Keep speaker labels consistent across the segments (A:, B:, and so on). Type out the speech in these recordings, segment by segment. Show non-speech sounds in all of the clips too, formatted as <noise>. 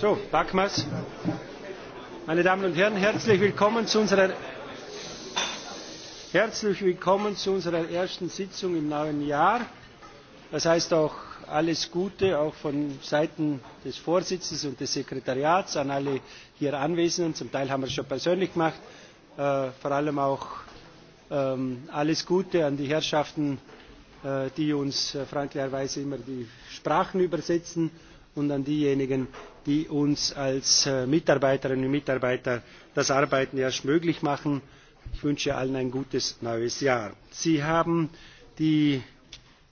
A: So, Backmas. Meine Damen und Herren, herzlich willkommen zu unserer Herzlich willkommen zu unserer ersten Sitzung im neuen Jahr. Das heißt auch alles Gute auch von Seiten des Vorsitzes und des Sekretariats an alle hier Anwesenden. Zum Teil haben wir es schon persönlich gemacht. Äh, vor allem auch ähm, alles Gute an die Herrschaften, äh, die uns äh, freundlicherweise immer die Sprachen übersetzen und an diejenigen die uns als äh, mitarbeiterinnen und mitarbeiter das arbeiten erst möglich machen. ich wünsche allen ein gutes neues jahr. sie haben die,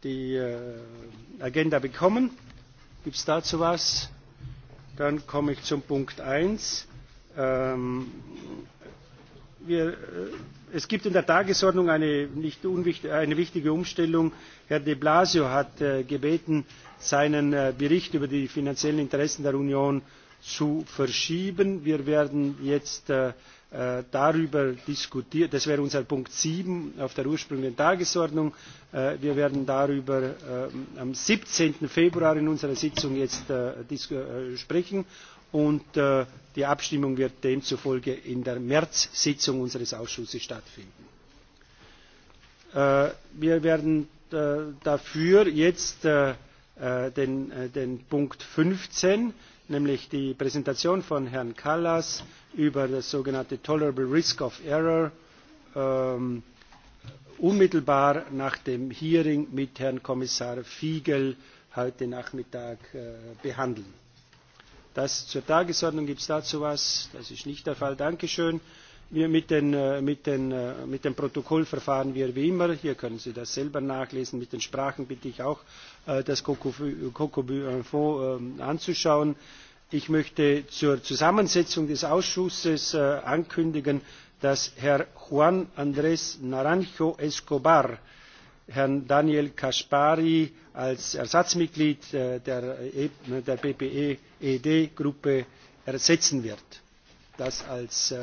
A: die äh, agenda bekommen. gibt es dazu etwas? dann komme ich zum punkt. eins ähm, Wir, äh, es gibt in der tagesordnung eine, eine wichtige umstellung. herr de blasio hat äh, gebeten seinen äh, bericht über die finanziellen interessen der union zu verschieben. wir werden jetzt äh, äh, darüber diskutieren das wäre unser punkt sieben auf der ursprünglichen tagesordnung äh, wir werden darüber äh, am. siebzehn februar in unserer sitzung jetzt äh, sprechen und die abstimmung wird demzufolge in der märzsitzung unseres ausschusses stattfinden. wir werden dafür jetzt Äh, den, äh, den Punkt 15, nämlich die Präsentation von Herrn Kallas über das sogenannte Tolerable Risk of Error, ähm, unmittelbar nach dem Hearing mit Herrn Kommissar Fiegel heute Nachmittag äh, behandeln. Das zur Tagesordnung gibt es dazu was. Das ist nicht der Fall. Dankeschön mit den, äh, mit, den, äh, mit dem Protokoll verfahren wir wie immer. Hier können Sie das selber nachlesen. Mit den Sprachen bitte ich auch, äh, das Kokobu-Info ähm, anzuschauen. Ich möchte zur Zusammensetzung des Ausschusses ankündigen, dass Herr Juan Andrés Naranjo Escobar Herrn Daniel Kaspari als Ersatzmitglied der, e, der PPE-ED-Gruppe ersetzen wird. Das als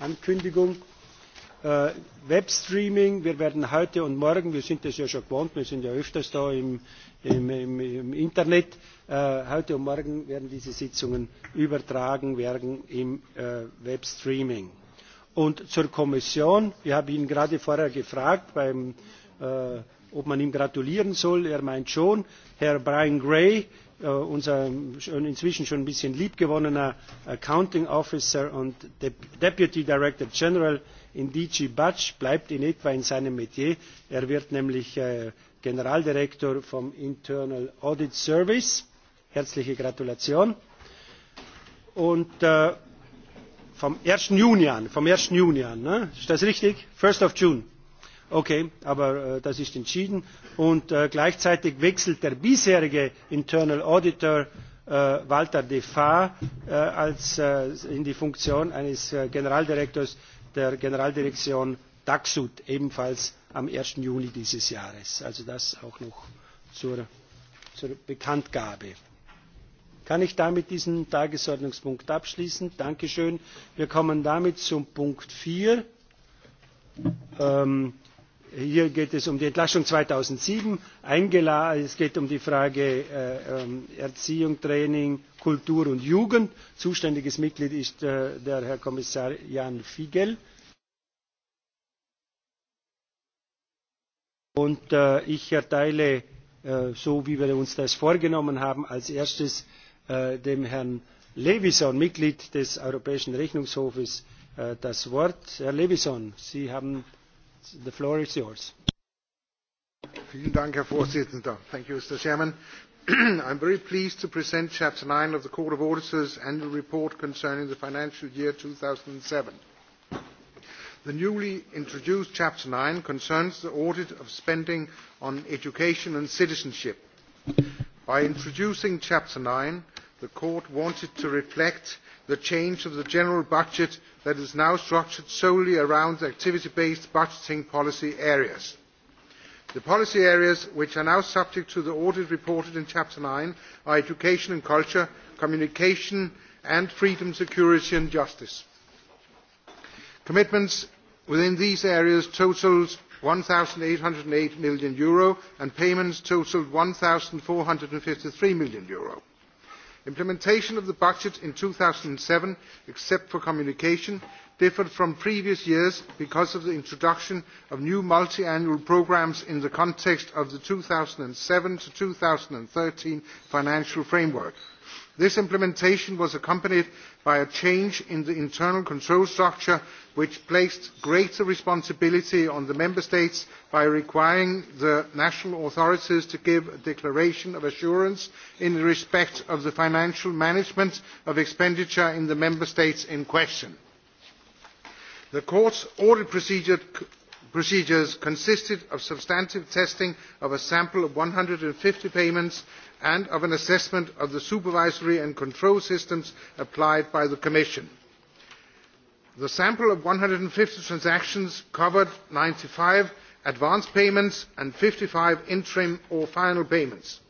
A: Ankündigung. Äh, Webstreaming, wir werden heute und morgen, wir sind das ja schon gewohnt, wir sind ja öfters da im, im, im, im Internet, äh, heute und morgen werden diese Sitzungen übertragen werden im äh, Webstreaming. Und zur Kommission, ich habe ihn gerade vorher gefragt, beim, äh, ob man ihm gratulieren soll, er meint schon, Herr Brian Gray, äh, äh, unser schon, inzwischen schon ein bisschen liebgewonnener äh, Accounting Officer und De Deputy Director General in DG Batsch bleibt in etwa in seinem Metier. Er wird nämlich äh, Generaldirektor vom Internal Audit Service. Herzliche Gratulation. Und äh, vom 1. Juni an, vom 1. Juni an, ne? ist das richtig? 1. of June Okay, aber äh, das ist entschieden. Und äh, gleichzeitig wechselt der bisherige Internal Auditor äh, Walter Defa äh, als, äh, in die Funktion eines äh, Generaldirektors der Generaldirektion DAXUD, ebenfalls am 1. Juli dieses Jahres. Also das auch noch zur, zur Bekanntgabe. Kann ich damit diesen Tagesordnungspunkt abschließen? Dankeschön. Wir kommen damit zum Punkt 4. Ähm, hier geht es um die entlastung zweitausendsieben es geht um die frage äh, ähm, erziehung training kultur und jugend zuständiges mitglied ist äh, der herr kommissar jan figel' und äh, ich erteile so wie wir uns das vorgenommen haben als erstes dem herrn levinson mitglied des europäischen rechnungshofes das wort. herr levinson sie haben The floor is yours. Vielen Dank, Herr Vorsitzender. Thank you, Mr.
B: Chairman. <clears throat> I'm very pleased to present Chapter 9 of the Court of Auditors Annual Report concerning the financial year 2007. The newly introduced Chapter 9 concerns the audit of spending on education and citizenship. By introducing Chapter 9, the Court wanted to reflect the change of the general budget that is now structured solely around activity based budgeting policy areas. The policy areas which are now subject to the audit reported in Chapter 9 are education and culture, communication and freedom, security and justice. Commitments within these areas totalled one eight hundred and eight million Euro, and payments totalled one four hundred and fifty three million Euro implementation of the budget in two thousand and seven except for communication differed from previous years because of the introduction of new multiannual programmes in the context of the two thousand and seven to two thousand and thirteen financial framework this implementation was accompanied by a change in the internal control structure which placed greater responsibility on the member states by requiring the national authorities to give a declaration of assurance in respect of the financial management of expenditure in the member states in question. the court's audit procedure procedures consisted of substantive testing of a sample of one hundred and fifty payments and of an assessment of the supervisory and control systems applied by the commission. the sample of one hundred and fifty transactions covered ninety five advance payments and fifty five interim or final payments.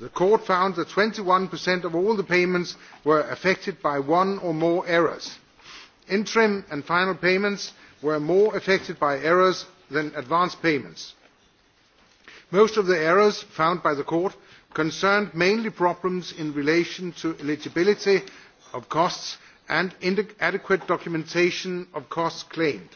B: the court found that twenty one of all the payments were affected by one or more errors. interim and final payments were more affected by errors than advance payments. most of the errors found by the court concerned mainly problems in relation to eligibility of costs and inadequate documentation of costs claimed.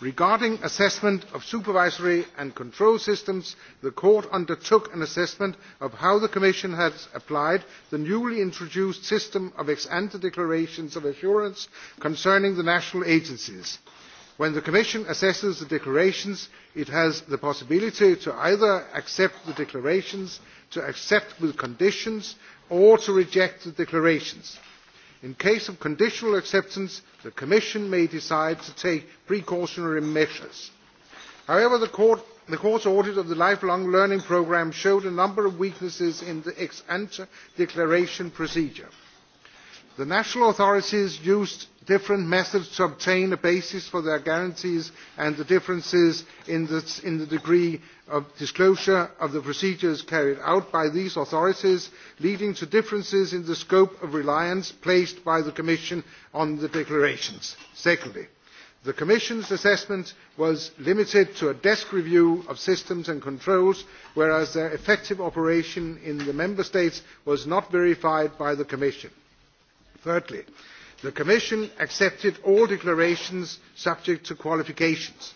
B: regarding assessment of supervisory and control systems the court undertook an assessment of how the commission has applied the newly introduced system of ex ante declarations of assurance concerning the national agencies when the commission assesses the declarations it has the possibility to either accept the declarations to accept with conditions or to reject the declarations. in case of conditional acceptance the commission may decide to take precautionary measures. however the court's audit of the lifelong learning programme showed a number of weaknesses in the ex ante declaration procedure. the national authorities used different methods to obtain a basis for their guarantees and the differences in the, in the degree of disclosure of the procedures carried out by these authorities, leading to differences in the scope of reliance placed by the Commission on the declarations. Secondly, the Commission's assessment was limited to a desk review of systems and controls, whereas their effective operation in the Member States was not verified by the Commission. Thirdly, the commission accepted all declarations subject to qualifications.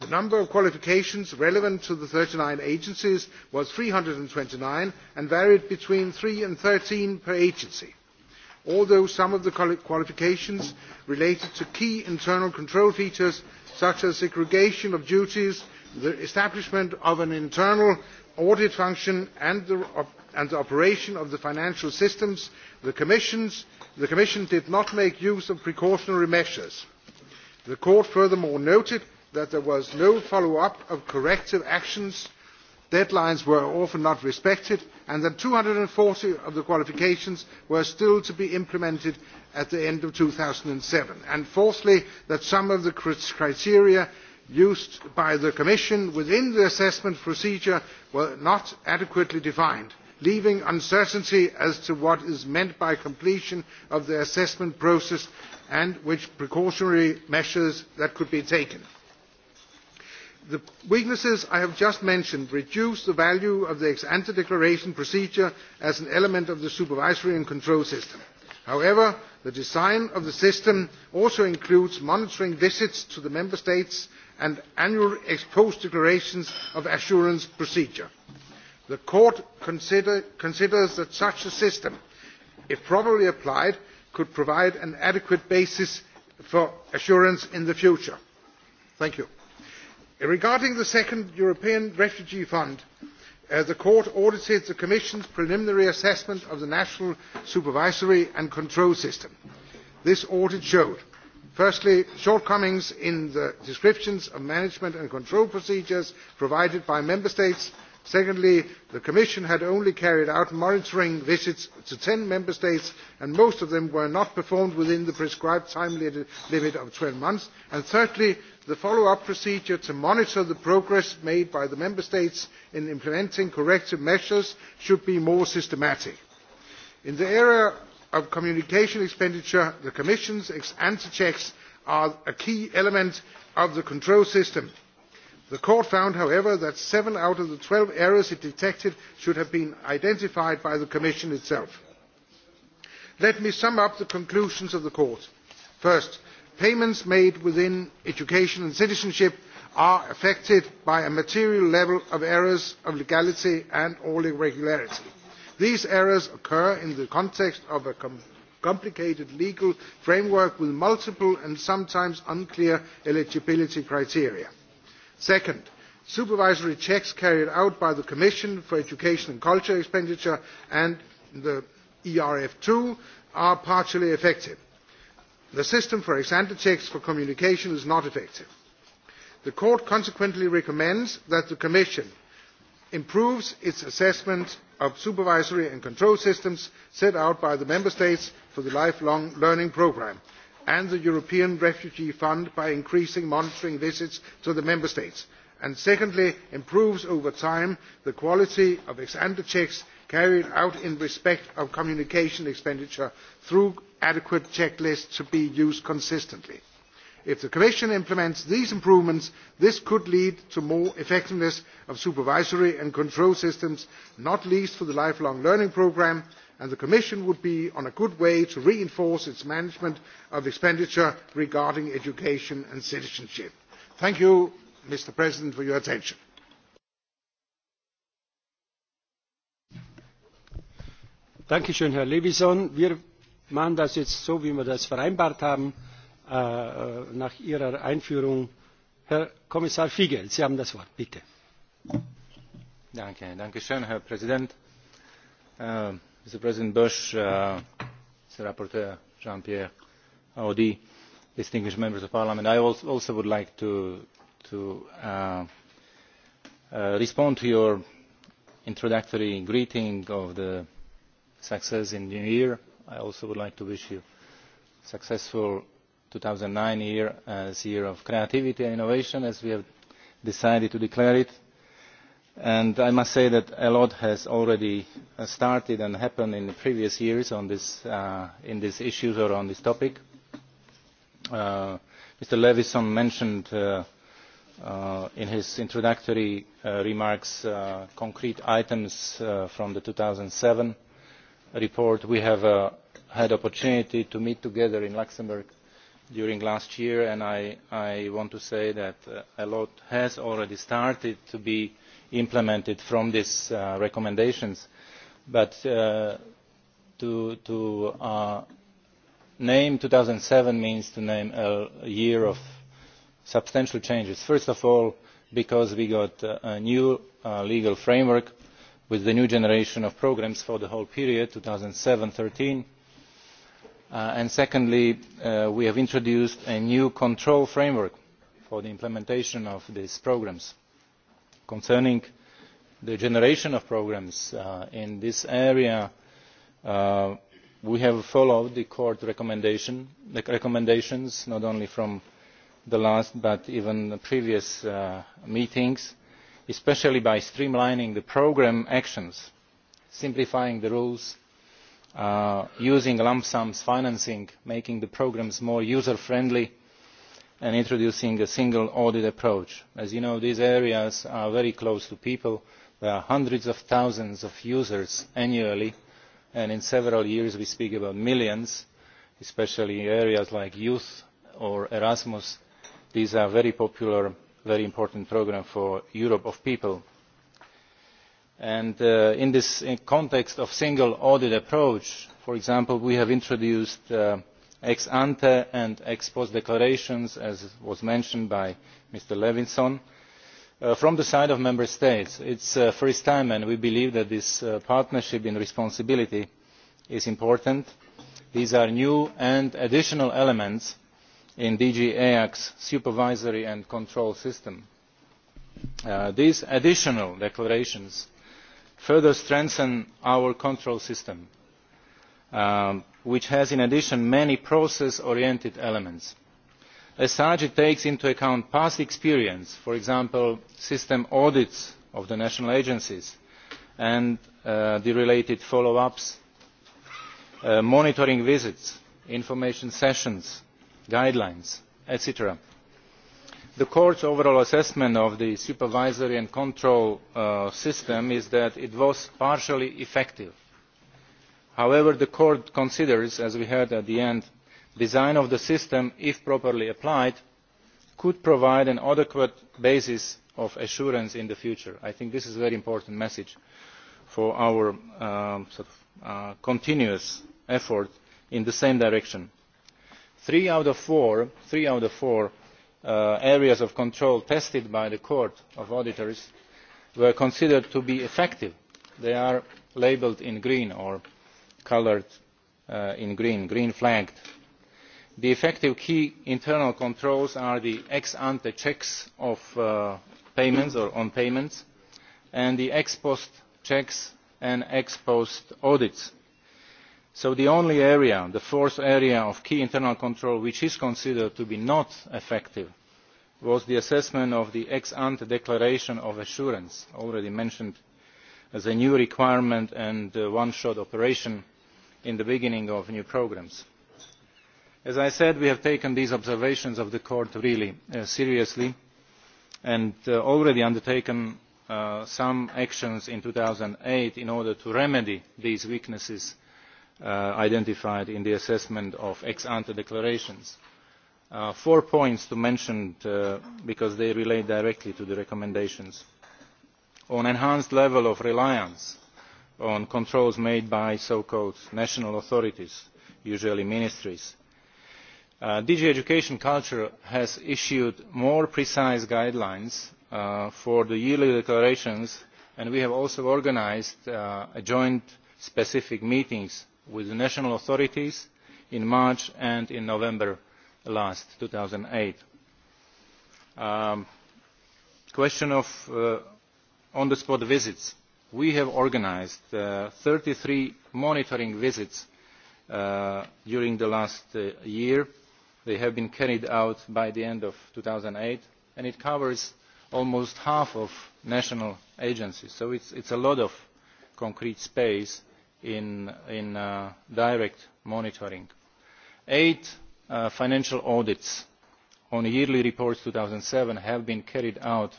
B: the number of qualifications relevant to the thirty nine agencies was three hundred and twenty nine and varied between three and thirteen per agency. although some of the qualifications related to key internal control features such as segregation of duties the establishment of an internal audit function and the, op and the operation of the financial systems the commission's the commission did not make use of precautionary measures. the court furthermore noted that there was no follow up of corrective actions deadlines were often not respected and that two hundred and forty of the qualifications were still to be implemented at the end of two thousand and seven and fourthly that some of the criteria used by the commission within the assessment procedure were not adequately defined leaving uncertainty as to what is meant by completion of the assessment process and which precautionary measures could be taken. the weaknesses i have just mentioned reduce the value of the ex ante declaration procedure as an element of the supervisory and control system. however the design of the system also includes monitoring visits to the member states and annual ex post declarations of assurance procedure the court consider, considers that such a system if properly applied could provide an adequate basis for assurance in the future. regarding the second european refugee fund uh, the court audited the commission's preliminary assessment of the national supervisory and control system. this audit showed firstly shortcomings in the descriptions of management and control procedures provided by member states secondly the commission had only carried out monitoring visits to ten member states and most of them were not performed within the prescribed time limit of twelve months and thirdly the follow up procedure to monitor the progress made by the member states in implementing corrective measures should be more systematic. in the area of communication expenditure the commission's ex ante checks are a key element of the control system the court found however that seven out of the twelve errors it detected should have been identified by the commission itself. let me sum up the conclusions of the court. first payments made within education and citizenship are affected by a material level of errors of legality and or irregularity. these errors occur in the context of a complicated legal framework with multiple and sometimes unclear eligibility criteria second supervisory checks carried out by the commission for education and culture expenditure and the erf ii are partially effective. the system for ex ante checks for communication is not effective. the court consequently recommends that the commission improves its assessment of supervisory and control systems set out by the member states for the lifelong learning programme and the european refugee fund by increasing monitoring visits to the member states and secondly improves over time the quality of ex ante checks carried out in respect of communication expenditure through adequate checklists to be used consistently. if the commission implements these improvements this could lead to more effectiveness of supervisory and control systems not least for the lifelong learning programme and the commission would be on a good way to reinforce its management of expenditure regarding education and citizenship. thank you
A: mr president for your attention. danke schön herr levinson. wir machen das jetzt so wie wir das vereinbart haben äh, äh nach ihrer einführung. herr kommissar figel' sie haben das wort bitte.
C: danke, danke schön herr präsident! Äh, mr president buzek uh, mr rapporteur jean pierre audy distinguished members of parliament i also would like to, to uh, uh, respond to your introductory greeting of the success in the new year. i also would like to wish you a successful two thousand and nine year as uh, a year of creativity and innovation as we have decided to declare it and i must say that a lot has already uh, started and happened in previous years on this, uh, this issue or on this topic. Uh, mr levinson mentioned uh, uh, in his introductory uh, remarks concrete items from the two thousand and seven report. we have had the opportunity to meet together in luxembourg during last year and i, I want to say that a lot has already started to implemented from these uh, recommendations but uh, to, to uh, name two thousand and seven means to name a year of substantial changes first of all because we got uh, a new uh, legal framework with the new generation of programmes for the whole period two thousand and seven two thousand and thirteen uh, and secondly we have introduced a new control framework for the implementation of these programmes concerning the generation of programmes uh, in this area uh, we have followed the court recommendations not only from the last but even the previous uh, meetings especially by streamlining the programme actions simplifying the rules using lump sum financing making the programmes more user friendly and introducing a single audit approach. as you know these areas are very close to people there are hundreds of thousands of users annually and in several years we speak about millions especially in areas like youth or erasmus. these are very popular very important programmes for europe of people. And, uh, in this in context of a single audit approach for example we have introduced uh, ex ante and ex post declarations as was mentioned by mr levinson uh, from the side of member states. it is the uh, first time and we believe that this uh, partnership in responsibility is important. these are new and additional elements in dg eeas's supervisory and control system. Uh, these additional declarations further strengthen our control system. Um, which has in addition many process oriented elements. as such it takes into account past experience for example system audits of the national agencies and uh, the related follow ups uh, monitoring visits information sessions guidelines etc. the court's overall assessment of the supervisory and control uh, system is that it was partially effective however the court considers as we heard at the end that the design of the system if properly applied could provide an adequate basis of assurance in the future. i think this is a very important message for our um, uh, continuous effort in the same direction. three out of the four uh, areas of control tested by the court of auditors were considered to be effective. they are labelled in green coloured uh, in green green flagged. the effective key internal controls are the ex ante checks of uh, payments or on payments and the ex post checks and ex post audits. so the only area the fourth area of key internal control which is considered to be not effective was the assessment of the ex ante declaration of assurance already mentioned as a new requirement and a uh, one shot operation in the beginning of new programmes. as i said we have taken these observations of the court really uh, seriously and uh, already undertaken uh, some actions in two thousand and eight in order to remedy these weaknesses uh, identified in the assessment of ex ante declarations. Uh, four points to mention uh, because they relate directly to the recommendations on an enhanced level of reliance on controls made by so called national authorities usually ministries. Uh, dg education culture has issued more precise guidelines uh, for the yearly declarations and we have also organised uh, joint specific meetings with the national authorities in march and in november last. two thousand and eight the um, question of uh, on the spot visits we have organised uh, thirty three monitoring visits uh, during the last uh, year. they have been carried out by the end of two thousand and eight and it covers almost half of national agencies so it is a lot of concrete space in, in uh, direct monitoring. eight uh, financial audits on yearly reports two thousand and seven have been carried out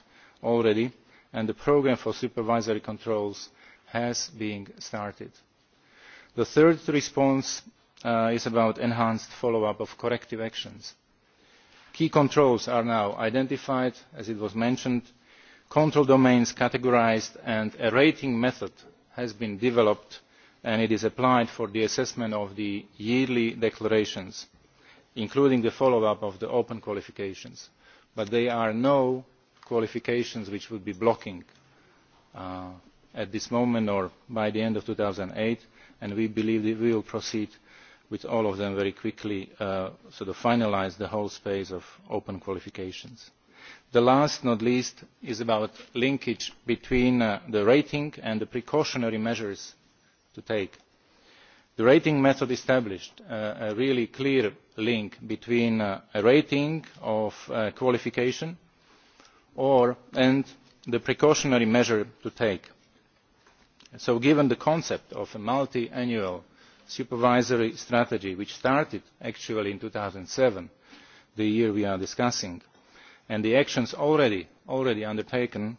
C: already and the programme for supervisory controls has been started. the third response uh, is about enhanced follow up of corrective actions. key controls are now identified as was mentioned control domains categorised and a rating method has been developed and it is applied for the assessment of the yearly declarations including the follow up of the open qualifications but there are no qualifications which would be blocking uh, at this moment or by the end of two thousand and eight and we believe that we will proceed with all of them very quickly uh, sort of finalise the whole space of open qualifications. the last but not least is about the linkage between uh, the rating and the precautionary measures to take. the rating method established uh, a really clear link between uh, a rating of uh, qualification or, and the precautionary measure to take. so given the concept of a multiannual supervisory strategy which started actually in two thousand and seven the year we are discussing and the actions already, already undertaken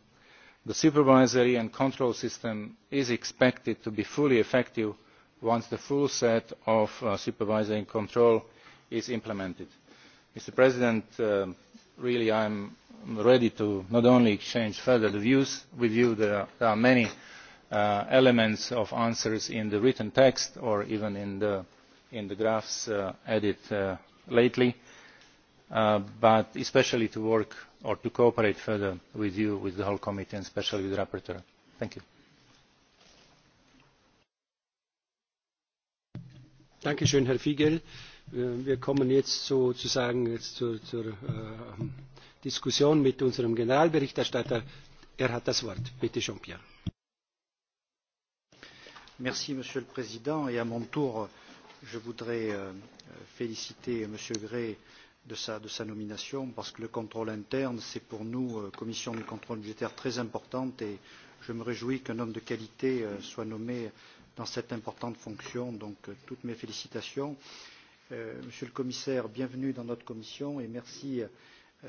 C: the supervisory and control system is expected to be fully effective once the full set of uh, supervisory and control is implemented. mr president uh, really i am ready to not only exchange further views with you there are many uh, elements of answers in the written text or even in the, in the drafts uh, added uh, lately uh, but especially to work or to cooperate further with you with the whole committee and especially with the rapporteur. thank you.
A: Dankeschön, Herr Fiegel. Äh, wir kommen jetzt sozusagen jetzt zur, zur äh, Diskussion mit unserem Generalberichterstatter. Er hat das Wort. Bitte, Jean-Pierre.
D: Merci, Monsieur le Président. Et à mon tour, je voudrais euh, féliciter Monsieur Gray de sa, de sa nomination parce que le contrôle interne, c'est pour nous, euh, Commission du contrôle budgétaire, très importante et je me réjouis qu'un homme de qualité euh, soit nommé dans cette importante fonction. Donc, euh, toutes mes félicitations. Euh, Euh, Monsieur le Commissaire, bienvenue dans notre commission et merci euh,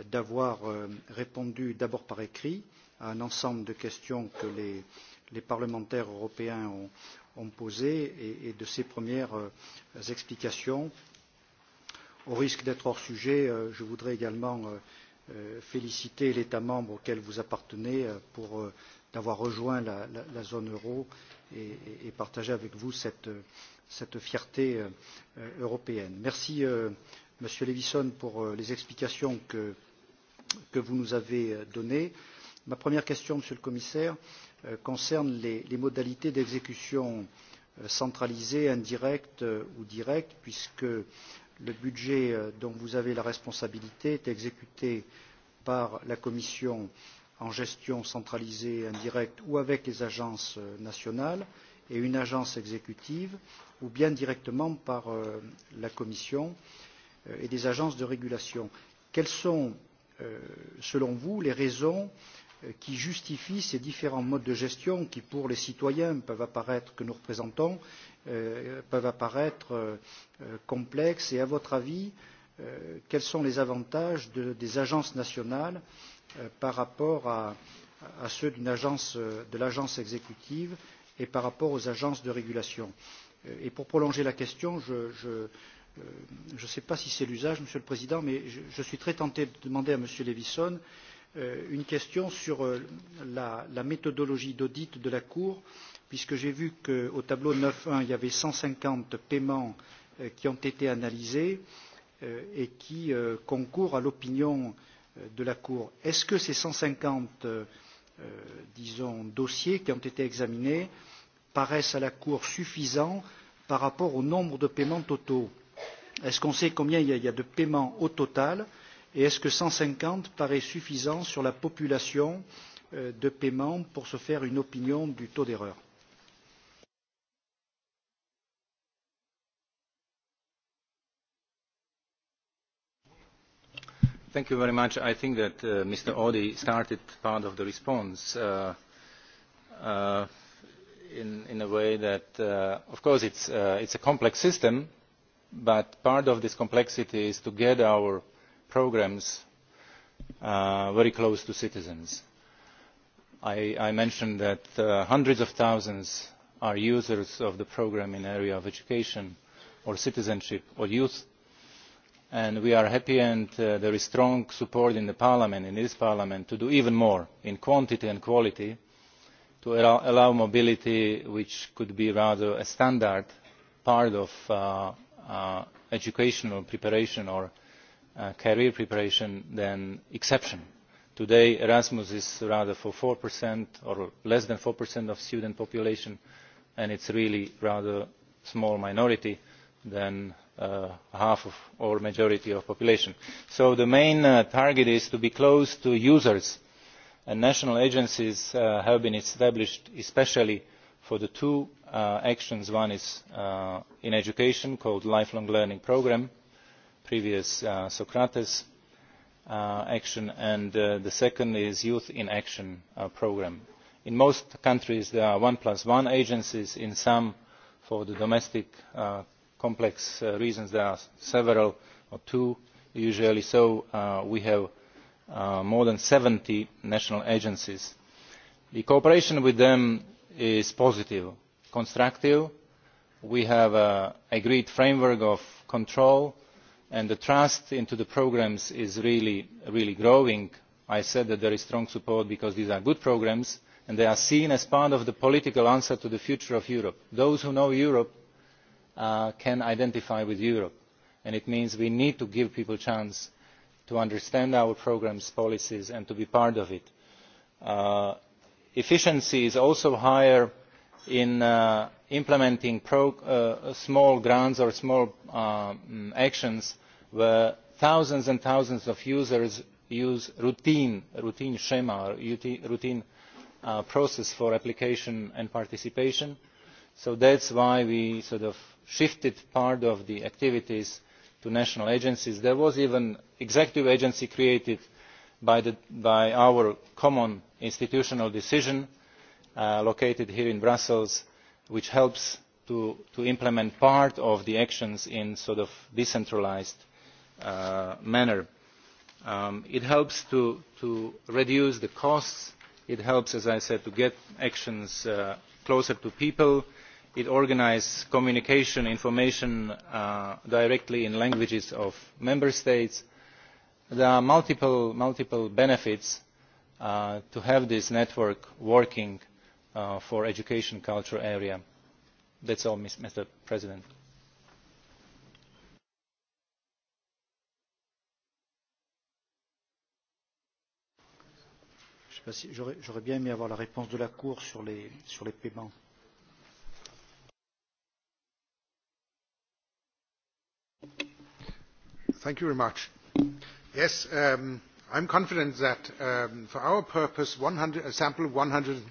D: d'avoir euh, répondu d'abord par écrit à un ensemble de questions que les, les parlementaires européens ont, ont posées et, et de ces premières explications. Au risque d'être hors sujet, je voudrais également féliciter l'État membre auquel vous appartenez pour d'avoir rejoint la, la, la zone euro et, et, et partager avec vous cette, euh, cette fierté euh, européenne. Merci euh, Monsieur Levison pour euh, les explications que, que vous nous avez données. Ma première question, Monsieur le Commissaire, concerne les, les modalités d'exécution centralisée, indirecte ou directe, puisque le budget dont vous avez la responsabilité est exécuté par la Commission en gestion centralisée, indirecte ou avec les agences nationales et une agence exécutive ou bien directement par euh, la Commission euh, et des agences de régulation. Quelles sont, euh, selon vous, les raisons euh, qui justifient ces différents modes de gestion qui, pour les citoyens, peuvent apparaître que nous représentons, euh, peuvent apparaître euh, euh complexes Et à votre avis, euh, quels sont les avantages de, des agences nationales euh, par rapport à, à ceux agence, euh, de l'agence exécutive et par rapport aux agences de régulation. Euh, Et pour prolonger la question, je, je, euh, je ne sais pas si c'est l'usage, Monsieur le Président, mais je, je suis très tenté de demander à Monsieur Levison euh, une question sur euh, la, la méthodologie d'audit de la Cour, puisque j'ai vu qu'au tableau 9.1, il y avait 150 paiements euh, qui ont été analysés euh, et qui euh, concourent à l'opinion euh, de la Cour. Est-ce que ces 150, euh, euh, disons, dossiers qui ont été examinés euh, paraissent à la Cour suffisants par rapport au nombre de paiements totaux. Est-ce qu'on sait combien il y, a, il y a de paiements au total et est-ce que 150 paraît suffisant sur la population euh, de paiements pour se faire une opinion du taux d'erreur
C: Thank you very much. I think that uh, Mr. Audi started part of the response. Uh, uh, in, in a way that, uh, of course, it's, uh, it's a complex system, but part of this complexity is to get our programs uh, very close to citizens. I, I mentioned that uh, hundreds of thousands are users of the program in the area of education or citizenship or youth, and we are happy and uh, there is strong support in the parliament, in this parliament, to do even more in quantity and quality to allow mobility which could be rather a standard part of uh, uh, educational preparation or uh, career preparation than an exception. today erasmus is rather for four or less than four of the student population and it is really rather a small minority than half or majority of the population. so the main target is to be close to users and national agencies uh, have been established especially for the two uh, actions one is uh, in education called the lifelong learning programme the previous socrates action and the second is the youth in action programme. in most countries there are one plus one agencies in some for domestic complex reasons there are several or two usually so we have uh, more than seventy national agencies. the cooperation with them is positive and constructive. we have an uh, agreed framework of control and the trust in the programmes is really, really growing. i said that there is strong support because these are good programmes and they are seen as part of the political answer to the future of europe. those who know europe uh, can identify with europe and it means we need to give people a chance to understand our programmes and policies and to be part of it. Uh, efficiency is also higher in uh, implementing pro, uh, small grants or small um, actions where thousands and thousands of users use routine routine schema or routine uh, process for application and participation so that is why we sort of shifted part of the activities to national agencies. there was even an executive agency created by, the, by our common institutional decision uh, located here in brussels which helps to, to implement part of the actions in a sort of decentralised uh, manner. Um, it helps to, to reduce the costs it helps as i said to get actions uh, closer to people it organises communication and information uh, directly in the languages of member states. there are multiple, multiple benefits uh, to having this network working uh, for the education and culture area. that is all mr president.
D: j'aurais bien aimé avoir la réponse de la cour sur les, sur les paiements.
B: Thank you very much. Yes, um, I'm confident that um, for our purpose, 100, a sample of 100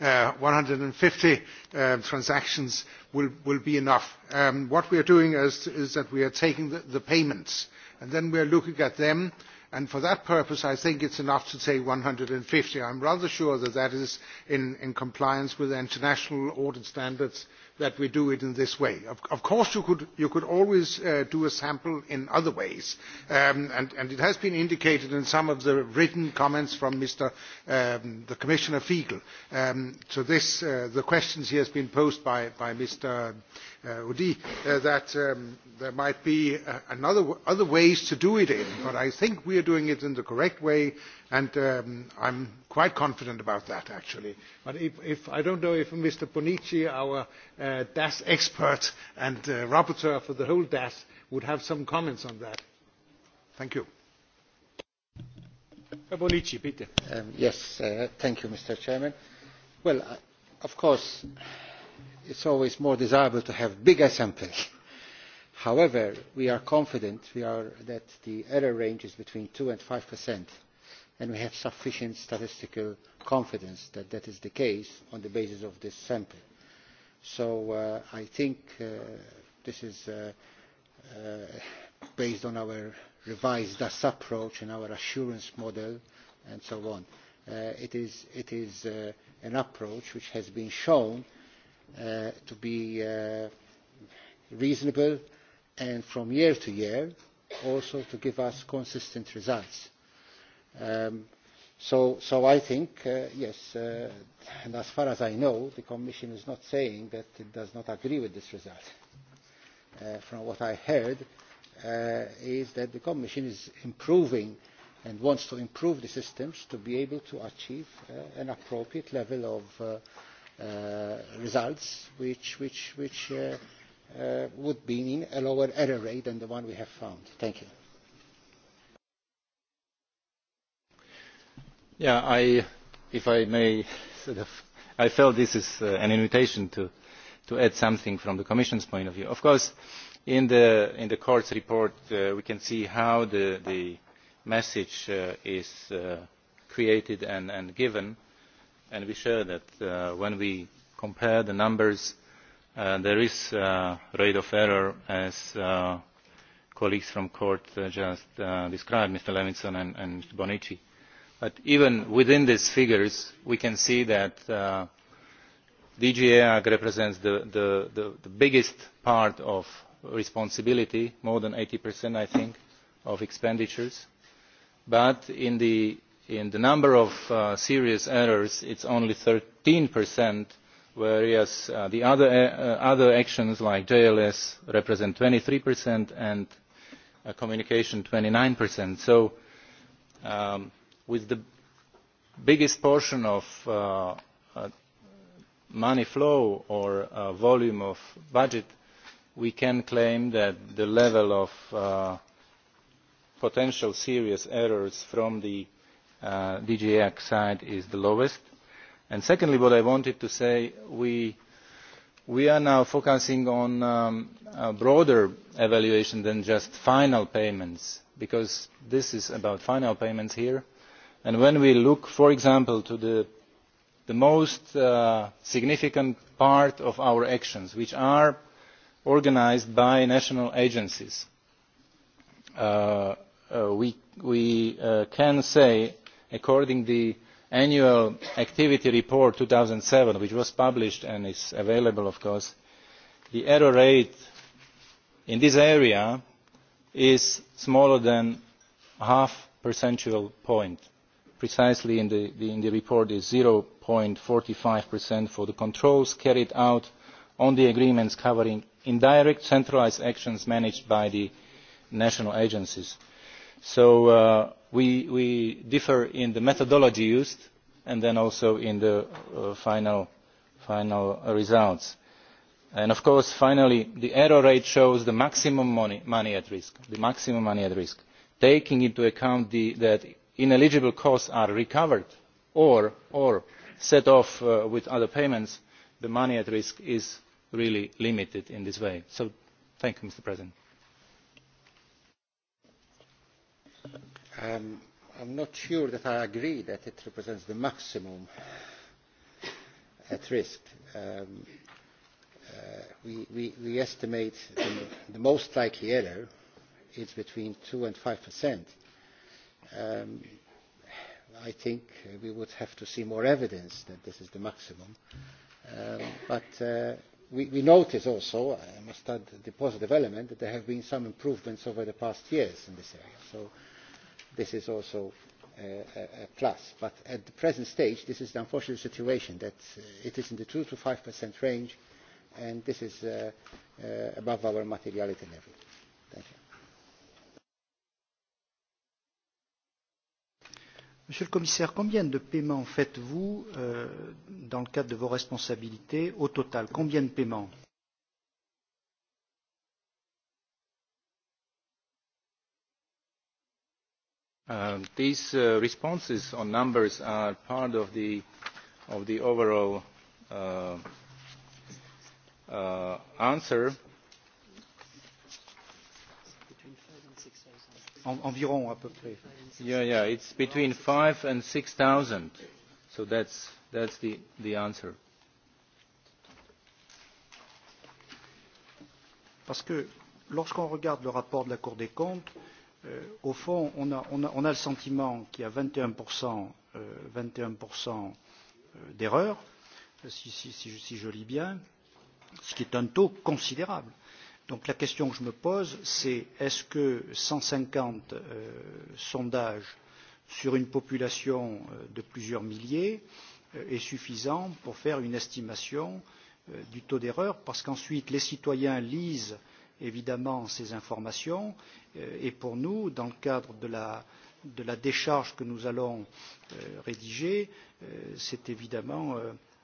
B: Uh, 150 uh, um, transactions will, will be enough. Um, what we are doing is, is that we are taking the, the payments, and then we are looking at them, and for that purpose, I think it's enough to say 150. I'm rather sure that that is in, in compliance with international audit standards that we do it in this way. Of, of course, you could, you could always uh, do a sample in other ways, um, and, and it has been indicated in some of the written comments from Mr. Um, the Commissioner Fiegel. Um, to this, uh, the questions he has been posed by, by Mr uh, Udi, uh, that um, there might be uh, another, other ways to do it in, but I think we are doing it in the correct way, and um, I'm quite confident about that, actually. But if, if I don't know if Mr. Bonici, our uh, DAS expert and uh, rapporteur for the whole DAS, would have some comments
E: on that. Thank you. Bonici, um, yes, uh, thank you, Mr. Chairman. Well, uh, of course, it is always more desirable to have bigger samples. <laughs> however we are confident we are, that the error range is between two and five percent and we have sufficient statistical confidence that that is the case on the basis of this sample. so uh, i think uh, this is uh, uh based on our revised DAS approach and our assurance model and so on. Uh, it is, it is uh, an approach which has been shown uh, to be uh, reasonable and from year to year also to give us consistent results. Um, so, so I think, uh, yes, uh, and as far as I know, the Commission is not saying that it does not agree with this result. Uh, from what I heard, uh, is that the Commission is improving and wants to improve the systems to be able to achieve uh, an appropriate level of uh, uh, results which, which, which uh, uh, would mean a lower error rate than the one we have found. Thank you. Yeah,
C: I, if I may, sort of, I felt this is uh, an invitation to, to add something from the Commission's point of view. Of course, in the, in the Court's report, uh, we can see how the, the message uh, is uh, created and, and given. Uh, and we share that uh, when we compare the numbers uh, there is a uh, rate of error as uh, colleagues from court uh, just uh, described mr levinson and, and bonnici but even within these figures we can see that dg eeag represents the, the, the, the biggest part of responsibility more than eighty i think of expenditures but in the in the number of uh, serious errors it is only thirteen whereas uh, the other, uh, other actions like jls represent twenty three and uh, communication. twenty nine so um, with the biggest portion of uh, uh, money flow or volume of budget we can claim that the level of potential serious errors from the uh, dg ag side is the lowest. And secondly what i wanted to say we we are now focusing on um, a broader evaluation than just final payments because this is about final payments here and when we look for example to the, the most uh, significant part of our actions which are organised by national agencies uh, uh, we, we uh, can say according to the annual activity report two thousand and seven which was published and is available of course the error rate in this area is smaller than half a percentage point precisely in the, in the report is. zero forty five for the controls carried out on the agreements covering indirect centralised actions managed by the national agencies. so uh, we, we differ in the methodology used and then also in the uh, final, final results. And of course finally the error rate shows the maximum money, money at risk the maximum money at risk taking into account the, that ineligible costs are recovered or, or set off uh, with other payments the money at risk is really limited in this way. so thank you mr president.
E: Um, I'm not sure that I agree that it represents the maximum at risk. Um, uh, we, we, we estimate the, the most likely error is between 2 and 5 percent. Um, I think we would have to see more evidence that this is the maximum. Um, but uh, we, we notice also, I must add the positive element, that there have been some improvements over the past years in this area. So this is also a plus. But at the present stage, this is the unfortunate situation that uh, it is in the 2 to 5% range, and this is uh, uh, above our materiality level. Thank you.
D: Monsieur le Commissaire, combien de paiements faites-vous euh, dans le cadre de vos responsabilités au total Combien de paiements
C: Um, these uh, responses on numbers are part of the, of the overall uh, uh, answer.
D: En environ à peu près.
C: Yeah, yeah, it's between 5 and 6,000. So that's, that's the, the answer.
D: Parce que lorsqu'on regarde le rapport de la Cour des comptes, euh, euh, au fond, on a, on, a, on a le sentiment qu'il y a 21%, euh, 21 euh, d'erreurs, si, si, si, si je lis bien, ce qui est un taux considérable. Donc la question que je me pose, c'est est-ce que 150 euh, sondages sur une population euh, de plusieurs milliers euh, est suffisant pour faire une estimation euh, du taux d'erreur Parce qu'ensuite, les citoyens lisent euh, évidemment ces informations euh, et pour nous, dans le cadre de la, de la décharge que nous allons euh, rédiger, euh, c'est évidemment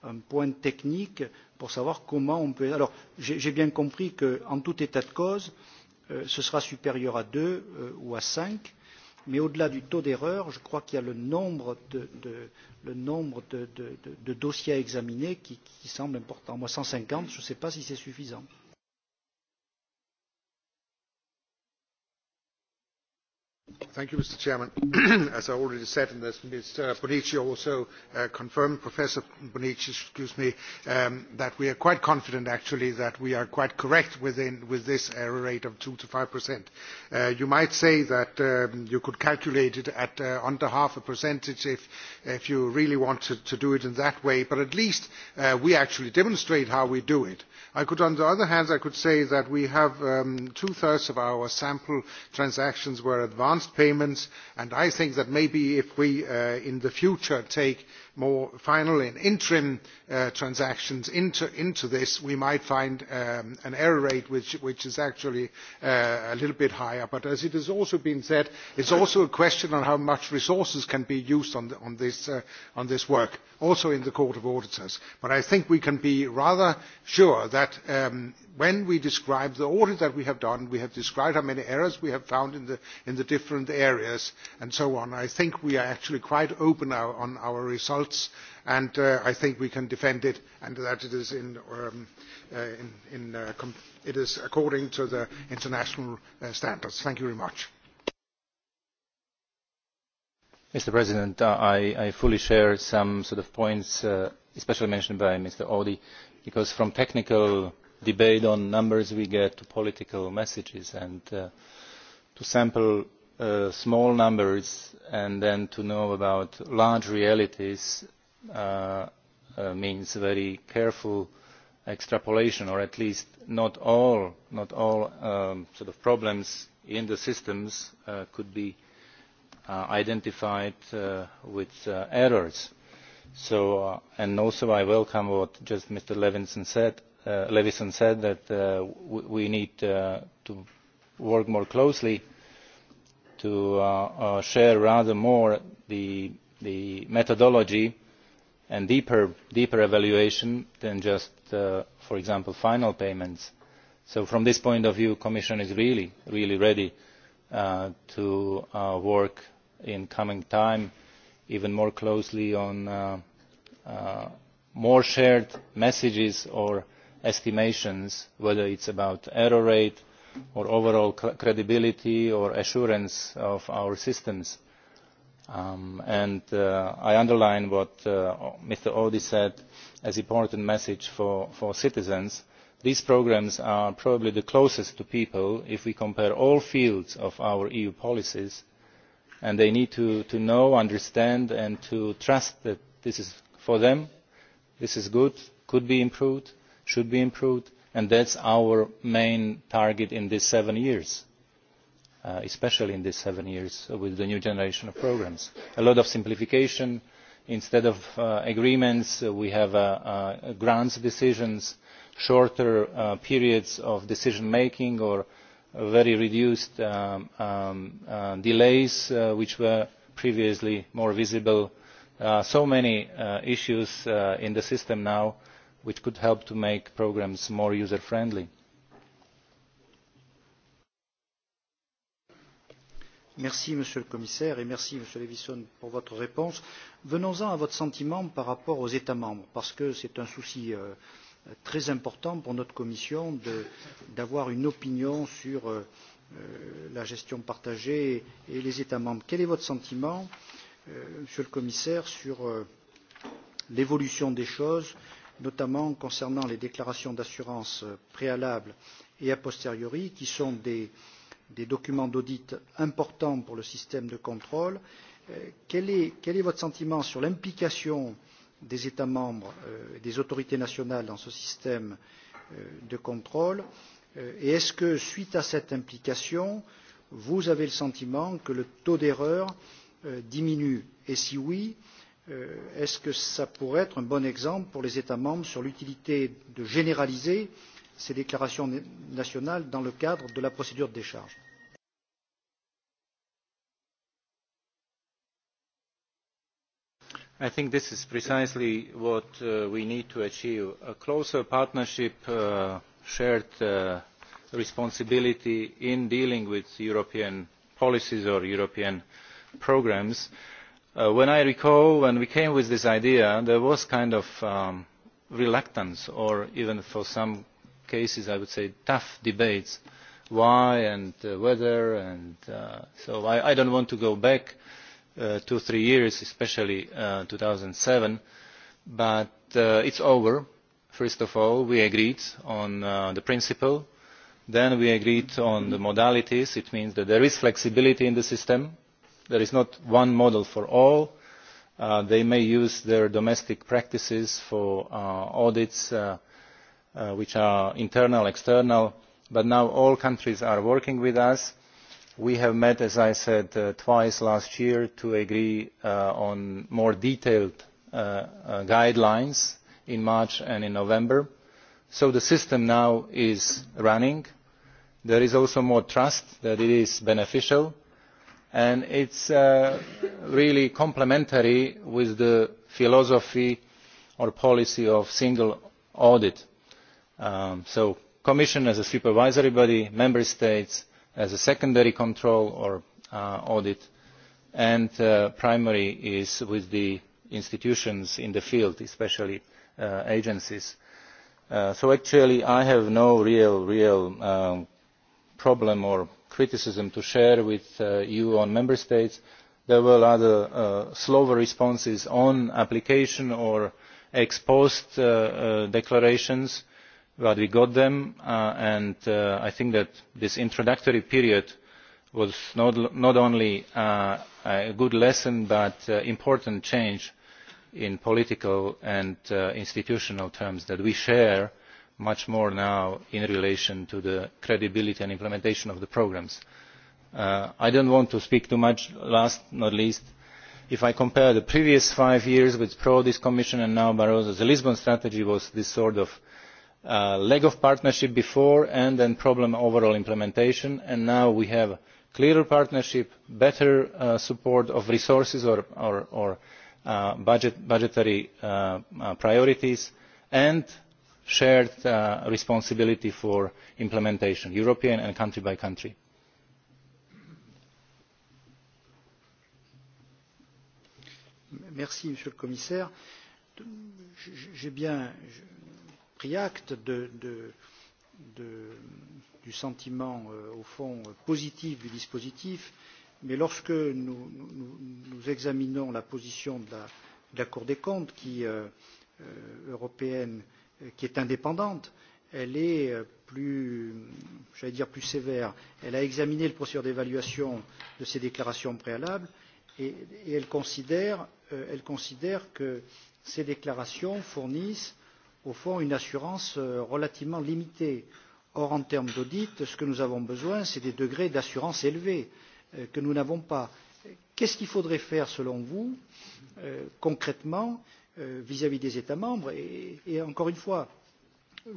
D: un point technique pour savoir comment on peut. Alors, j'ai bien compris qu'en tout état de cause, ce sera supérieur à 2 ou à 5, mais au-delà du taux d'erreur, je crois qu'il y a le nombre de, de, le nombre de, de, de, de dossiers à examiner qui, qui semble important. Moi, 150, je ne sais pas si c'est suffisant.
B: You, mr president <clears throat> as i already said and as mr uh, bonnici also uh, confirmed professor bonnici me, um, that we are quite confident actually that we are quite correct within, with this error rate of two to five percent. Uh, you might say that um, you could calculate it at uh, under half a percentage if, if you really wanted to do it in that way but at least uh, we actually demonstrate how we do it. Could, on the other hand i could say that we have um, two thirds of our sample transactions were advanced advanced payments and i think that maybe if we uh, in the future take more final and interim uh, transactions into, into this, we might find um, an error rate which, which is actually uh, a little bit higher. But as it has also been said, it's also a question on how much resources can be used on, the, on, this, uh, on this work, also in the Court of Auditors. But I think we can be rather sure that um, when we describe the audit that we have done, we have described how many errors we have found in the, in the different areas and so on. I think we are actually quite open our, on our results results and uh, I think we can defend it and that it is, in, um, uh, in, in, uh, com it is according to the international uh, standards. Thank you very much.
C: Mr. President, uh, I, I fully share some sort of points, uh, especially mentioned by Mr. Audi, because from technical debate on numbers we get to political messages and uh, to sample uh, small numbers and then to know about large realities uh, uh, means very careful extrapolation or at least not all, not all um, sort of problems in the systems uh, could be uh, identified uh, with uh, errors. So, uh, and also I welcome what just Mr. Levinson said, uh, Levison said that uh, we need uh, to work more closely uh, to uh, uh, share rather more the, the methodology and deeper, deeper evaluation than just uh, for example final payments. so from this point of view the commission is really, really ready uh, to uh, work in coming time even more closely on uh, more shared messages or estimations whether it is about error rate or overall credibility or assurance of our systems. Um, and uh, i underline what uh, mr audy said as an important message for, for citizens these programmes are probably the closest to people if we compare all fields of our eu policies and they need to, to know understand and to trust that this is for them this is good could be improved should be improved and that is our main target in these seven years uh, especially in these seven years with the new generation of programmes. a lot of simplification instead of uh, agreements uh, we have uh, uh, grants decisions shorter uh, periods of decision making or very reduced um, um, delays which were previously more visible. so many issues in the system now which could help to make programmes more user friendly.
D: merci monsieur le commissaire et merci monsieur levinson pour votre réponse. venons en à votre sentiment par rapport aux états membres parce que c'est un souci euh, très important pour notre commission d'avoir une opinion sur euh, euh, la gestion partagée et les états membres. quel est votre sentiment euh, monsieur le commissaire sur euh, l'évolution des choses notamment concernant les déclarations d'assurance euh, préalables et a posteriori, qui sont des, des documents d'audit importants pour le système de contrôle. Euh, quel est, quel est votre sentiment sur l'implication des États membres euh, et des autorités nationales dans ce système de contrôle Et est-ce que, suite à cette implication, vous avez le sentiment que le taux d'erreur diminue Et si oui, euh, Euh, est ce que cela pourrait être un bon exemple pour les états membres sur l'utilité de généraliser ces déclarations nationales dans le cadre de la procédure de décharge?
C: i think this is precisely what uh, we need to achieve a closer partnership uh, shared uh, responsibility in dealing with european policies or european programmes and Uh, when i recall when we came with this idea there was kind of um, reluctance or even for some cases i would say tough debates why and uh, whether and uh, so i, I do not want to go back uh, two or three years especially uh, two thousand and seven but uh, it is over first of all we agreed on the principle then we agreed on the modalities it means that there is flexibility in the system there is not one model for all. Uh, they may use their domestic practices for uh, audits uh, uh which are internal and external but now all countries are working with us. we have met as i said uh, twice last year to agree uh, on more detailed guidelines in march and in november so the system now is running. there is also more trust that it is beneficial and it is uh, really complementary with the philosophy or policy of single audit. Um, so the commission as a supervisory body member states as a secondary control or uh, audit and uh, primary is with the institutions in the field especially uh, agencies. Uh, so actually i have no real, real um, problem or criticism to share with uh, you on member states. there were rather uh, slower responses on application or ex post uh, declarations but we got them and i think that this introductory period was not only a good lesson but an important change in political and institutional terms that we share much more now in relation to the credibility and implementation of the programmes. Uh, i do not want to speak too much. last but not least if i compare the previous five years with the prodi commission and now barroso the lisbon strategy was this sort of uh, leg of partnership before and then problem overall implementation and now we have clearer partnership better uh, support of resources or, or, or uh, budget, budgetary uh, uh, priorities and shared uh, responsibility for implementation european and country by country.
D: Merci, monsieur le commissaire j'ai bien pris acte de, de, de, du sentiment euh, au fond positif du dispositif mais lorsque nous, nous, nous examinons la position de la, de la cour des comptes qui, euh, euh européenne Euh, qui est indépendante, elle est euh, plus, j'allais dire, plus sévère. Elle a examiné le procédure d'évaluation de ces déclarations préalables et, et elle, considère, euh, elle considère que ces déclarations fournissent, au fond, une assurance euh, relativement limitée. Or, en termes d'audit, ce que nous avons besoin, c'est des degrés d'assurance élevés euh, que nous n'avons pas. Qu'est-ce qu'il faudrait faire, selon vous, euh, concrètement euh, vis à vis des États membres et, et encore une fois,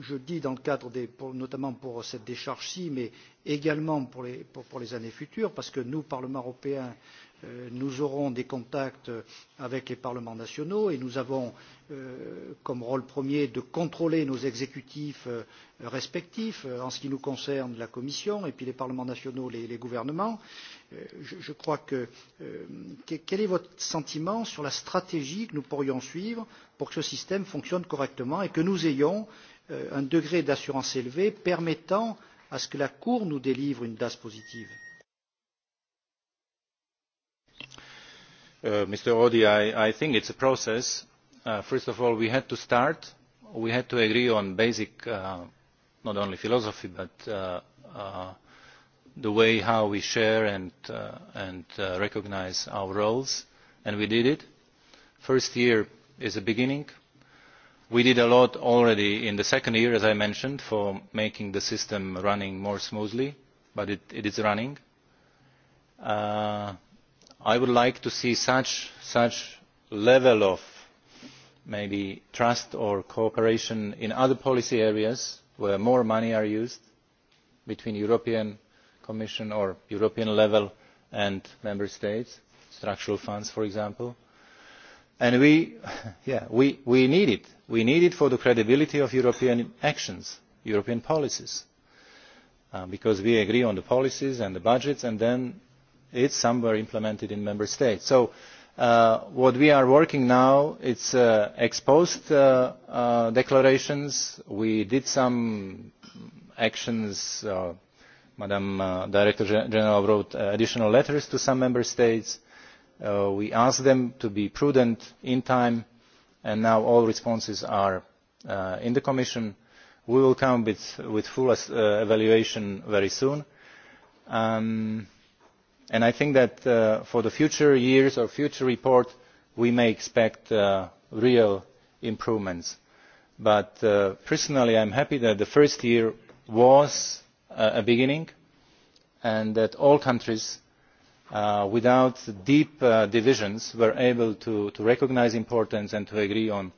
D: je dis dans le cadre des, pour, notamment pour cette décharge-ci, mais également pour les, pour, pour les années futures, parce que nous, Parlement européen, Euh, nous aurons des contacts avec les parlements nationaux et nous avons euh, comme rôle premier de contrôler nos exécutifs euh, respectifs en ce qui nous concerne la commission et puis les parlements nationaux les, les gouvernements je crois que quel est votre sentiment sur la stratégie que nous pourrions suivre pour que ce système fonctionne correctement et que nous ayons un degré d'assurance élevé permettant à ce que la cour nous délivre une das positive?
C: Uh, mr audy i think it is a process. Uh, first of all we had to start we had to agree on basic uh, not only philosophy but the way how we share and, uh, and uh, recognise our roles and we did it. the first year is a beginning. we did a lot already in the second year as i mentioned for making the system run more smoothly but it, it is running. Uh, i would like to see such a level of maybe trust or cooperation in other policy areas where more money is used between the european commission or european level and member states structural funds for example and we <laughs> need it. we need it for the credibility of european actions european policies uh, because we agree on the policies and the budgets and then is somewhere implemented in member states. so uh, what we are working on now is uh, ex post uh, uh, declarations. we did some actions uh, madam uh, director general wrote additional letters to some member states. we asked them to be prudent in time and now all responses are in the commission. we will come with a full evaluation very soon. Um, and i think that uh, for the future years or future reports we may expect uh, real improvements. but uh, personally i am happy that the first year was a beginning and that all countries without deep divisions were able to recognise the importance and to agree on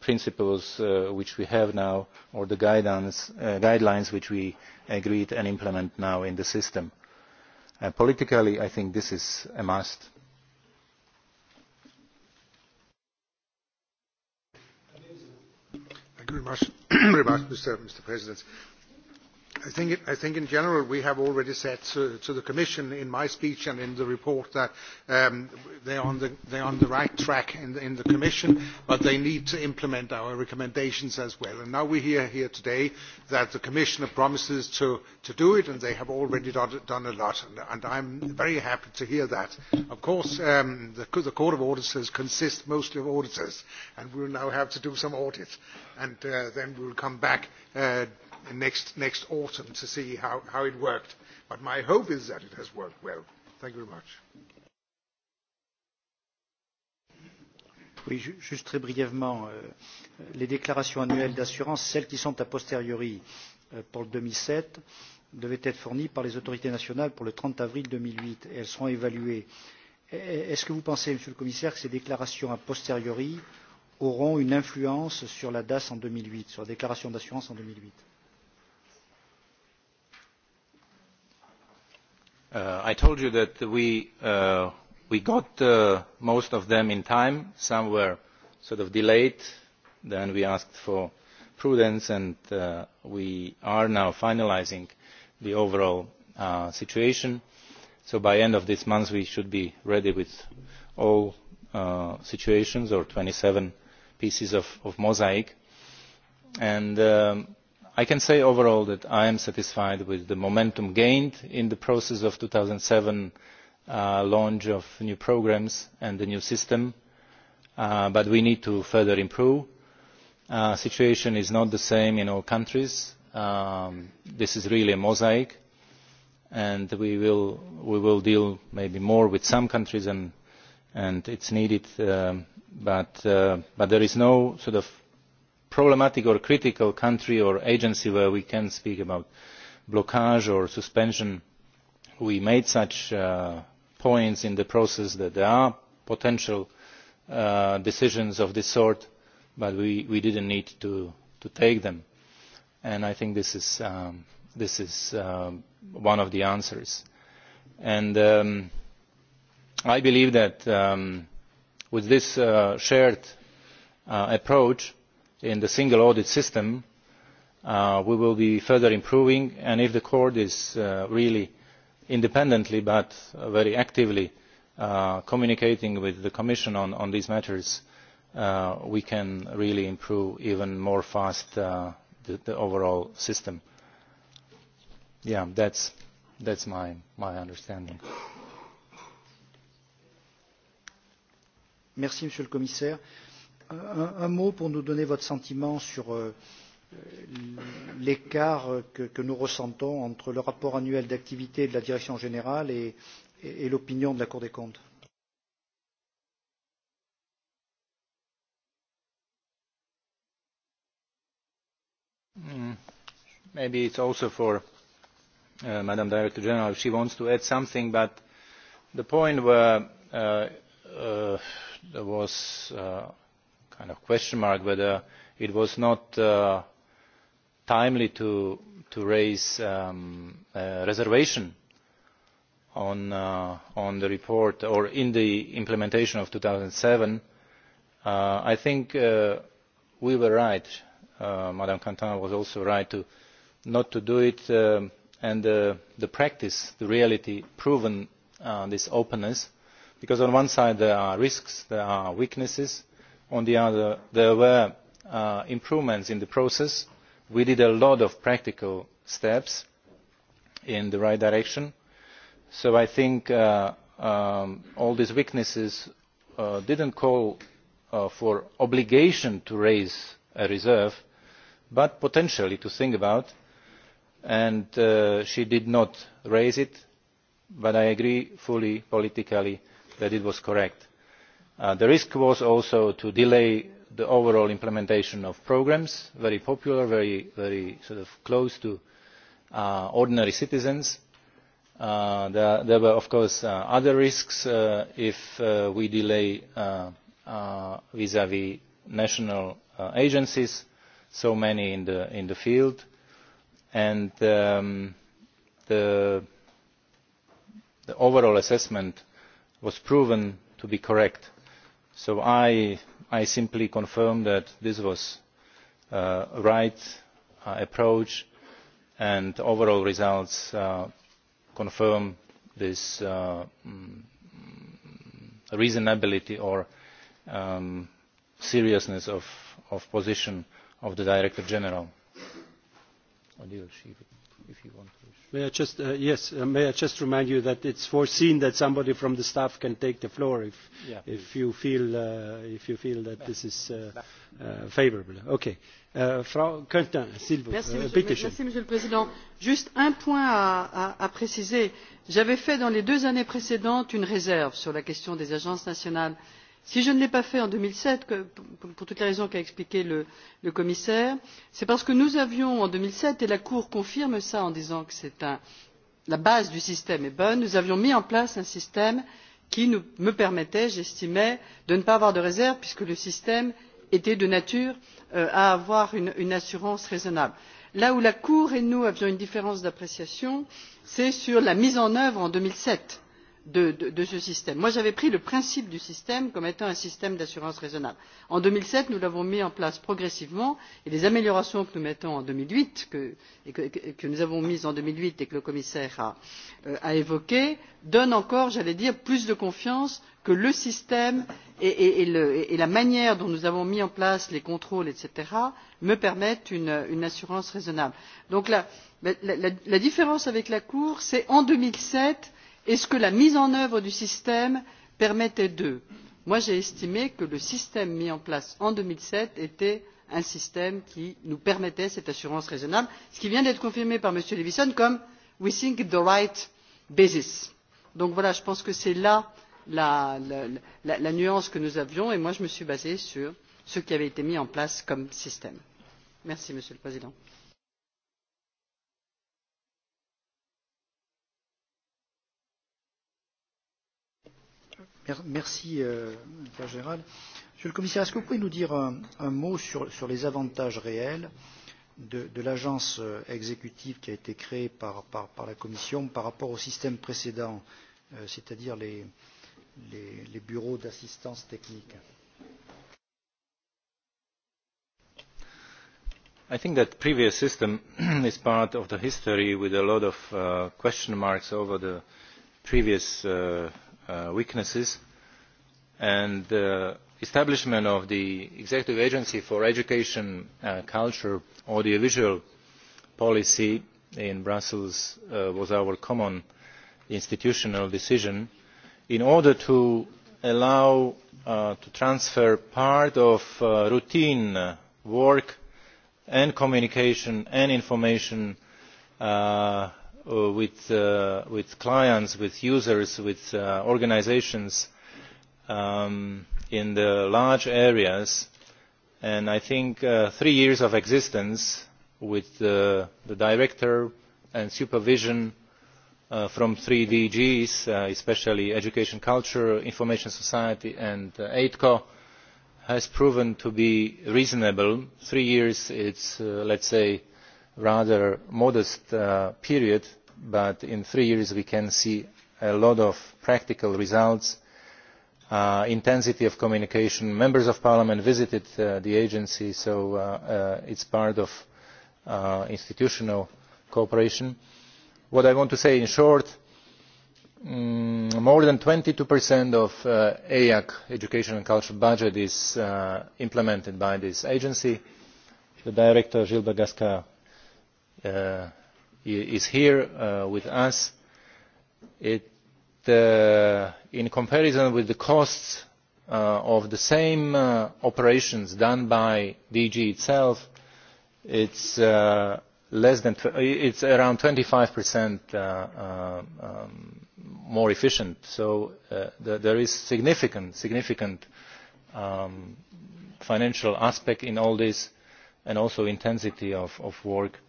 C: principles which we have now or the guidelines which we agreed and implement now in the system politically i think this is a must.
B: mr <clears throat> president I think, it, I think in general we have already said to, to the Commission in my speech and in the report that um, they're, on the, they're on the right track in the, in the Commission, but they need to implement our recommendations as well. And now we hear here today that the Commissioner promises to, to do it, and they have already done, done a lot. And, and I'm very happy to hear that. Of course, um, the, the Court of Auditors consists mostly of auditors, and we will now have to do some audits, and uh, then we will come back uh, next, next autumn to see how, how it worked. But my hope is that it has worked well. Thank you very much.
D: Oui, juste très brièvement, euh, euh, les déclarations annuelles d'assurance, celles qui sont a posteriori euh, pour le 2007, devaient être fournies par les autorités nationales pour le 30 avril 2008 et elles seront évaluées. Est-ce que vous pensez, Monsieur le Commissaire, que ces déclarations a posteriori auront une influence sur la DAS en 2008, sur la déclaration d'assurance en 2008
C: Uh, i told you that we, uh, we got uh, most of them in time some were sort of delayed then we asked for prudence and uh, we are now finalising the overall uh, situation so by the end of this month we should be ready with all uh, situations or twenty seven pieces of, of mosaic and um, i can say overall that i am satisfied with the momentum gained in the process of the two thousand and seven uh, launch of new programmes and the new system uh, but we need to further improve. the uh, situation is not the same in all countries. Um, this is really a mosaic and we will deal maybe more with some countries and it is needed um, but there is no sort of problematic or critical country or agency where we can speak about blockage or suspension we made such uh, points in the process that there are potential uh, decisions of this sort but we, we did not need to, to take them and i think this is, um, this is um, one of the answers. And, um, i believe that um, with this uh, shared uh, approach in the single audit system uh, we will be further improving and if the court is uh, really independently but very actively uh, communicating with the commission on, on these matters uh, we can really improve even more faster uh, the, the overall system. yeah that's that's my my understanding.
D: merci monsieur le commissaire un, un mot pour nous donner votre sentiment sur euh, l'écart que, que nous ressentons entre le rapport annuel d'activité de la direction générale et, et, et l'opinion de la Cour des comptes.
F: Mm.
C: Maybe it's also for uh, Madam Director General if she wants to add something, but the point where uh, uh, there was uh, kind of question mark whether it was not uh, timely to, to raise um, a reservation on, uh, on the report or in the implementation of. two thousand and seven uh, i think uh, we were right uh, ms quentin was also right to not to do it um, and uh, the practice the reality proven this openness because on one side there are risks there are weaknesses on the other there were uh, improvements in the process. we did a lot of practical steps in the right direction so i think uh, um, all these weaknesses uh, did not call uh, for an obligation to raise a reserve but potentially to think about and uh, she did not raise it but i agree fully politically that it was correct Uh, the risk was also to delay the overall implementation of programmes very popular very, very sort of close to uh, ordinary citizens. Uh, there, there were of course uh, other risks uh, if uh, we delay vis vis national agencies so many in the, in the field and um, the, the overall assessment was proven to be correct so i, I simply confirm that this was the uh, right uh, approach and the overall results uh, confirm this uh, mm, reasonability or um, seriousness of the position of the director general if you want to.
A: May I just, uh, yes, uh, may I just remind you that it's foreseen that somebody from the staff can take the floor if, yeah, if, please. you, feel, uh, if you feel that yeah. this is uh, uh, favorable. Okay. Uh, Frau Quentin, s'il vous plaît. Merci, euh,
G: merci, Monsieur le Président. Juste un point à, à, à préciser. J'avais fait dans les deux années précédentes une réserve sur la question des agences nationales euh, si je ne l'ai pas fait en deux mille sept pour toutes les raisons qu'a expliquées le commissaire c'est parce que nous avions en deux mille sept et la cour confirme cela en disant que la base du système est bonne mis en place un système qui me permettait j'estimais de ne pas avoir de réserve puisque le système était de nature euh, à avoir une assurance raisonnable. là où la cour et nous avions une différence d'appréciation c'est sur la mise en œuvre en deux mille sept de, de, de ce système. j'avais pris le principe du système comme étant un système d'assurance raisonnable. en deux mille sept nous l'avons mis en place progressivement et les améliorations que nous mettons en deux mille huit que, que, que nous avons mises en deux mille huit et que le commissaire a, euh, a évoquées donnent encore j'allais dire plus de confiance que le système et, et, et, le, et la manière dont nous avons mis en place les contrôles etc. me permettent une, une assurance raisonnable. donc la, la, la, la différence avec la cour c'est qu'en deux mille sept est ce que la mise en œuvre du système permettait d'eux? j'ai estimé que le système mis en place en deux mille sept était un système qui nous permettait cette assurance raisonnable ce qui vient d'être confirmé par m. levinson comme we think it's the right basis. donc voilà je pense que c'est là la, la, la, la nuance que nous avions et moi je me suis basée sur ce qui avait été mis en place comme système. merci monsieur le président.
D: Merci, euh, Gérald. Monsieur le Commissaire, est-ce que vous pouvez nous dire un, un mot sur, sur les avantages réels de, de l'agence euh, exécutive qui a été créée par, par, par la Commission par rapport au système précédent, euh, c'est-à-dire les, les, les bureaux d'assistance technique
C: I think that previous system <clears throat> is part of the history with a lot of uh, question marks over the previous uh, uh, weaknesses and the establishment of the executive agency for education uh, culture and audiovisual policy in brussels uh, was our common institutional decision in order to allow uh, the transfer of part of routine work and communication and information Uh, with, uh, with clients, with users, with uh, organizations um, in the large areas. And I think uh, three years of existence with uh, the director and supervision uh, from three DGs, uh, especially Education, Culture, Information Society and uh, AIDCO, has proven to be reasonable. Three years, it's, uh, let's say, uh, rather modest uh, period but in three years we can see a lot of practical results uh, intensity of communication members of parliament visited uh, the agency so uh, uh, it is part of uh, institutional cooperation. what i want to say in short um, more than twenty two of eeac education and culture budget is implemented by this agency. the director gilles de gascar uh, is here uh, with us it, uh, in comparison with the costs uh, of the same uh, operations done by DG itself, it's uh, less than tw it's around 25% uh, uh, um, more efficient. So uh, th there is significant, significant um, financial aspect in all this, and also intensity of, of work uh,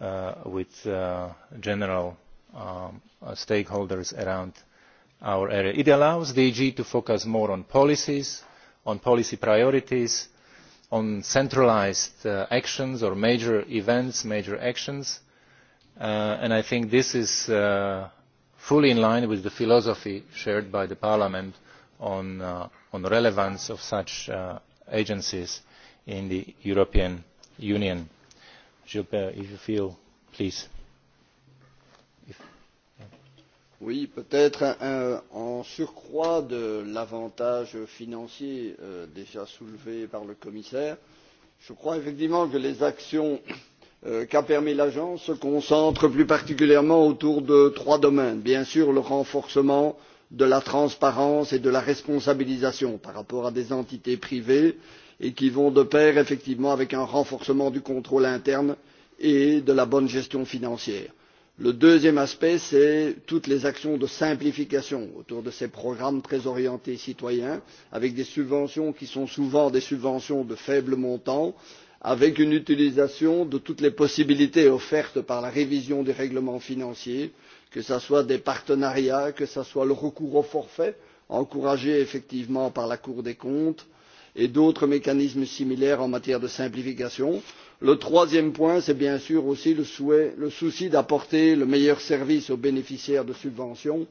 C: uh, with uh, general um, uh, stakeholders around our area. It allows DG to focus more on policies, on policy priorities, on centralised uh, actions or major events, major actions, uh, and I think this is uh, fully in line with the philosophy shared by the Parliament on, uh, on the relevance of such uh, agencies in the European Union Gilbert, if you feel, please.
H: If... Oui, peut-être euh, en surcroît de l'avantage financier euh, déjà soulevé par le commissaire, je crois effectivement que les actions euh, qu'a permis l'agence se concentrent plus particulièrement autour de trois domaines. Bien sûr, le renforcement de la transparence et de la responsabilisation par rapport à des entités privées, euh, et qui vont de pair effectivement avec un renforcement du contrôle interne et de la bonne gestion financière. le deuxième aspect c'est toutes les actions de simplification autour de ces programmes très orientés citoyens avec des subventions qui sont souvent des subventions de faible montant avec une utilisation de toutes les possibilités offertes par la révision des règlements financiers que ce soit des partenariats que ce soit le recours au forfait encouragé effectivement par la cour des comptes et d'autres mécanismes similaires en matière de simplification. le troisième point c'est bien sûr aussi le, souhait, le souci d'apporter le meilleur service aux bénéficiaires de subventions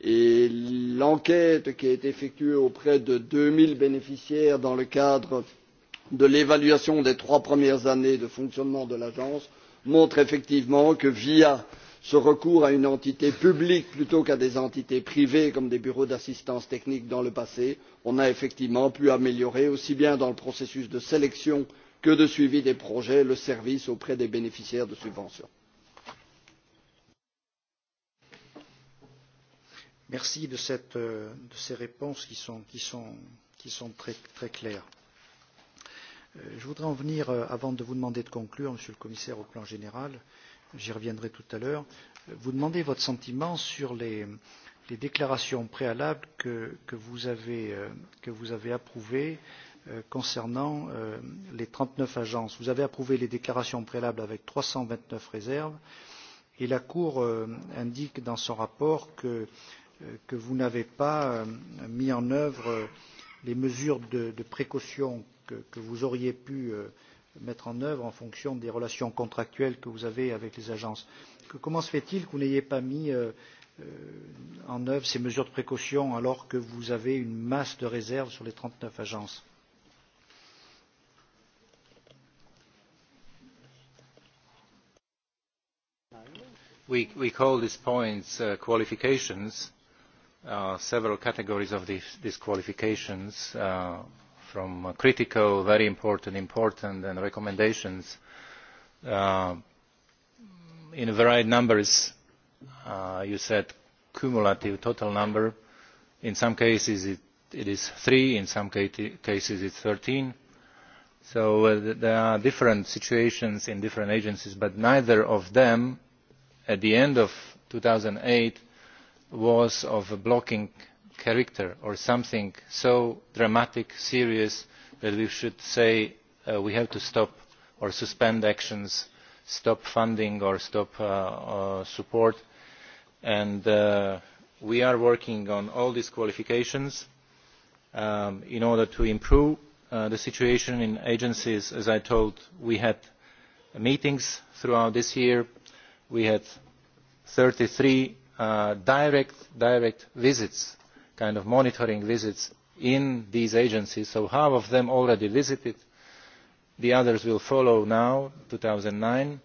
H: et l'enquête qui a été effectuée auprès de deux zéro bénéficiaires dans le cadre de l'évaluation des trois premières années de fonctionnement de l'agence montre effectivement que via ce recours à une entité publique plutôt qu'à des entités privées comme des bureaux d'assistance technique dans le passé on a effectivement pu améliorer aussi bien dans le processus de sélection que de suivi des projets le service auprès des bénéficiaires de subventions.
D: merci de, cette, euh, de ces réponses qui sont, qui sont, qui sont très, très claires. Euh, je voudrais en venir, euh, avant de vous demander de conclure, Monsieur le Commissaire, au plan général. Euh, j'y reviendrai tout à l'heure, vous demander votre sentiment sur les, les déclarations préalables que, que, vous avez, euh, que vous avez approuvées euh, concernant euh, les 39 agences. Vous avez approuvé les déclarations préalables avec 329 réserves et la Cour euh, indique dans son rapport que, euh, que vous n'avez pas euh, mis en œuvre euh, les mesures de, de précaution que, que vous auriez pu euh, mettre en œuvre en fonction des relations contractuelles que vous avez avec les agences. Que, comment se fait-il que vous n'ayez pas mis euh, euh, en œuvre ces mesures de précaution alors que vous avez une masse de réserves sur les 39 agences
C: We, we call these points uh, qualifications, uh, several categories of these, these qualifications. Uh, from critical very important important and recommendations uh, in a varied numbers uh, you said cumulative total number in some cases it, it is three in some cases it is thirteen so uh, there are different situations in different agencies but neither of them at the end of two thousand and eight was of a blocking character or something so dramatic and serious that we should say uh, we have to stop or suspend actions stop funding or stop uh, uh support and uh, we are working on all these qualifications um, in order to improve uh, the situation in agencies. as i told you we had meetings throughout this year we had thirty three uh, direct, direct visits kind of monitoring visits in these agencies so half of them already visited the others will follow now in. two thousand and nine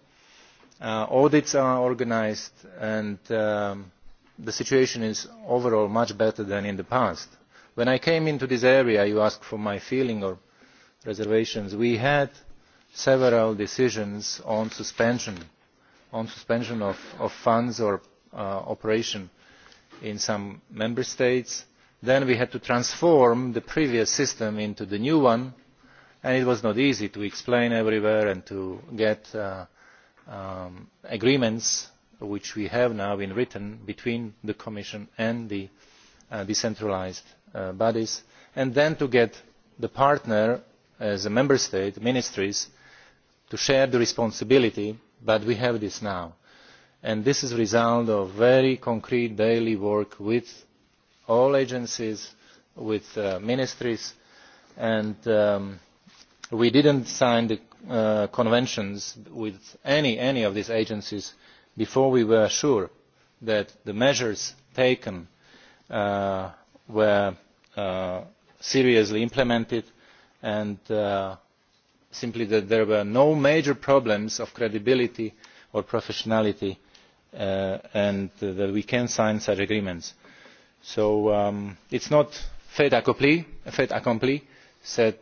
C: uh, audits are organised and um, the situation is overall much better than in the past. when i came into this area you asked for my feeling or reservations we had several decisions on suspension on suspension of, of funds or uh, operations in some member states then we had to transform the previous system into the new one and it was not easy to explain everywhere and to get uh, um, agreements which we have now in writing between the commission and the uh, decentralised uh, bodies and then to get the partner as a member state ministries to share the responsibility but we have this now and this is the result of very concrete daily work with all agencies with uh, ministries and um, we did not sign the uh, conventions with any, any of these agencies before we were sure that the measures taken uh, were uh, seriously implemented and uh, simply that there were no major problems of credibility or professionality uh, and that we can sign such agreements. so um, it is not fait accompli, fait accompli it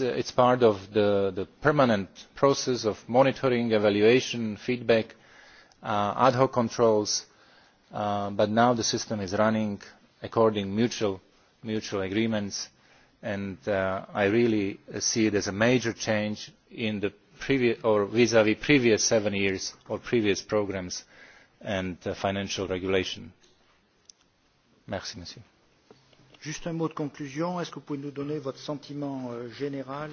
C: uh, is part of the, the permanent process of monitoring evaluation feedback uh, ad hoc controls uh, but now the system is running according to mutual, mutual agreements and uh, i really see it as a major change in the previous or vis vis previous seven years or previous programmes and uh, financial regulation. Merci, monsieur.
D: Juste un mot de conclusion. Est-ce que vous pouvez nous donner votre sentiment euh, général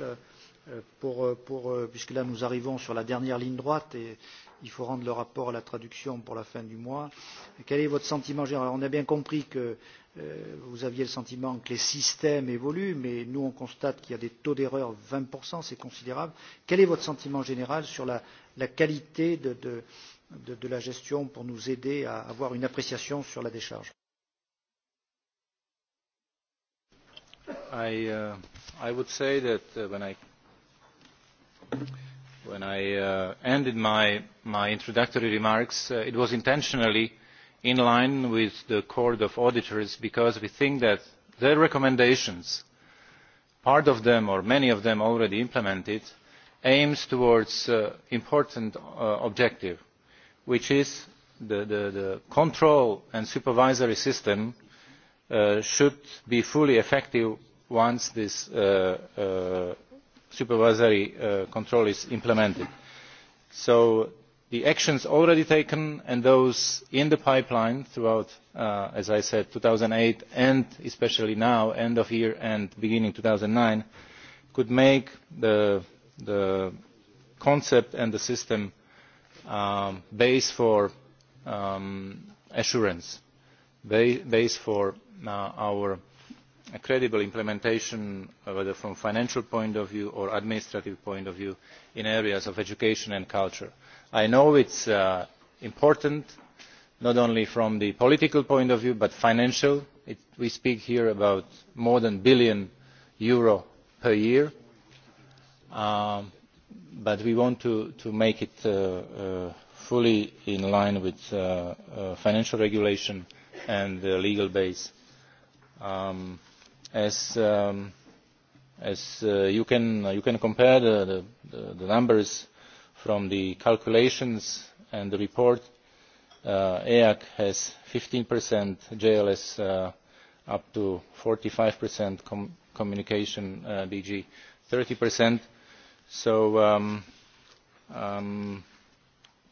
D: euh, pour, euh, pour, euh, puisque là nous arrivons sur la dernière ligne droite et il faut rendre le rapport à la traduction pour la fin du mois. Quel est votre sentiment général On a bien compris que euh, vous aviez le sentiment que les systèmes évoluent, mais nous on constate qu'il y a des taux d'erreur 20%, c'est considérable. Quel est votre sentiment général sur la, la qualité de, de, euh, de, de la gestion pour nous aider à avoir une appréciation sur la décharge.
C: I, uh, I would say that uh, when I, when I uh, ended my, my introductory remarks, uh, it was intentionally in line with the Court of Auditors because we think that their recommendations, part of them or many of them already implemented, aims towards an uh, important uh, objective which is the, the, the control and supervisory system uh, should be fully effective once this uh, uh supervisory uh, control is implemented. so the actions already taken and those in the pipeline throughout uh, as i said two thousand and eight and especially now end of year and beginning two thousand and nine could make the, the concept and the system um, base for um, assurance ba base for uh, our credible implementation whether from a financial point of view or an administrative point of view in areas of education and culture. i know it is uh, important not only from the political point of view but also financially. we speak here about more than a billion euro per year. Um, but we want to, to make it uh, uh, fully in line with uh, uh, financial regulation and the legal base. Um, as um, as uh, you, can, you can compare the, the, the numbers from the calculations and the report, uh, EAC has 15%, JLS uh, up to 45%, com communication uh, DG 30%, so um, um,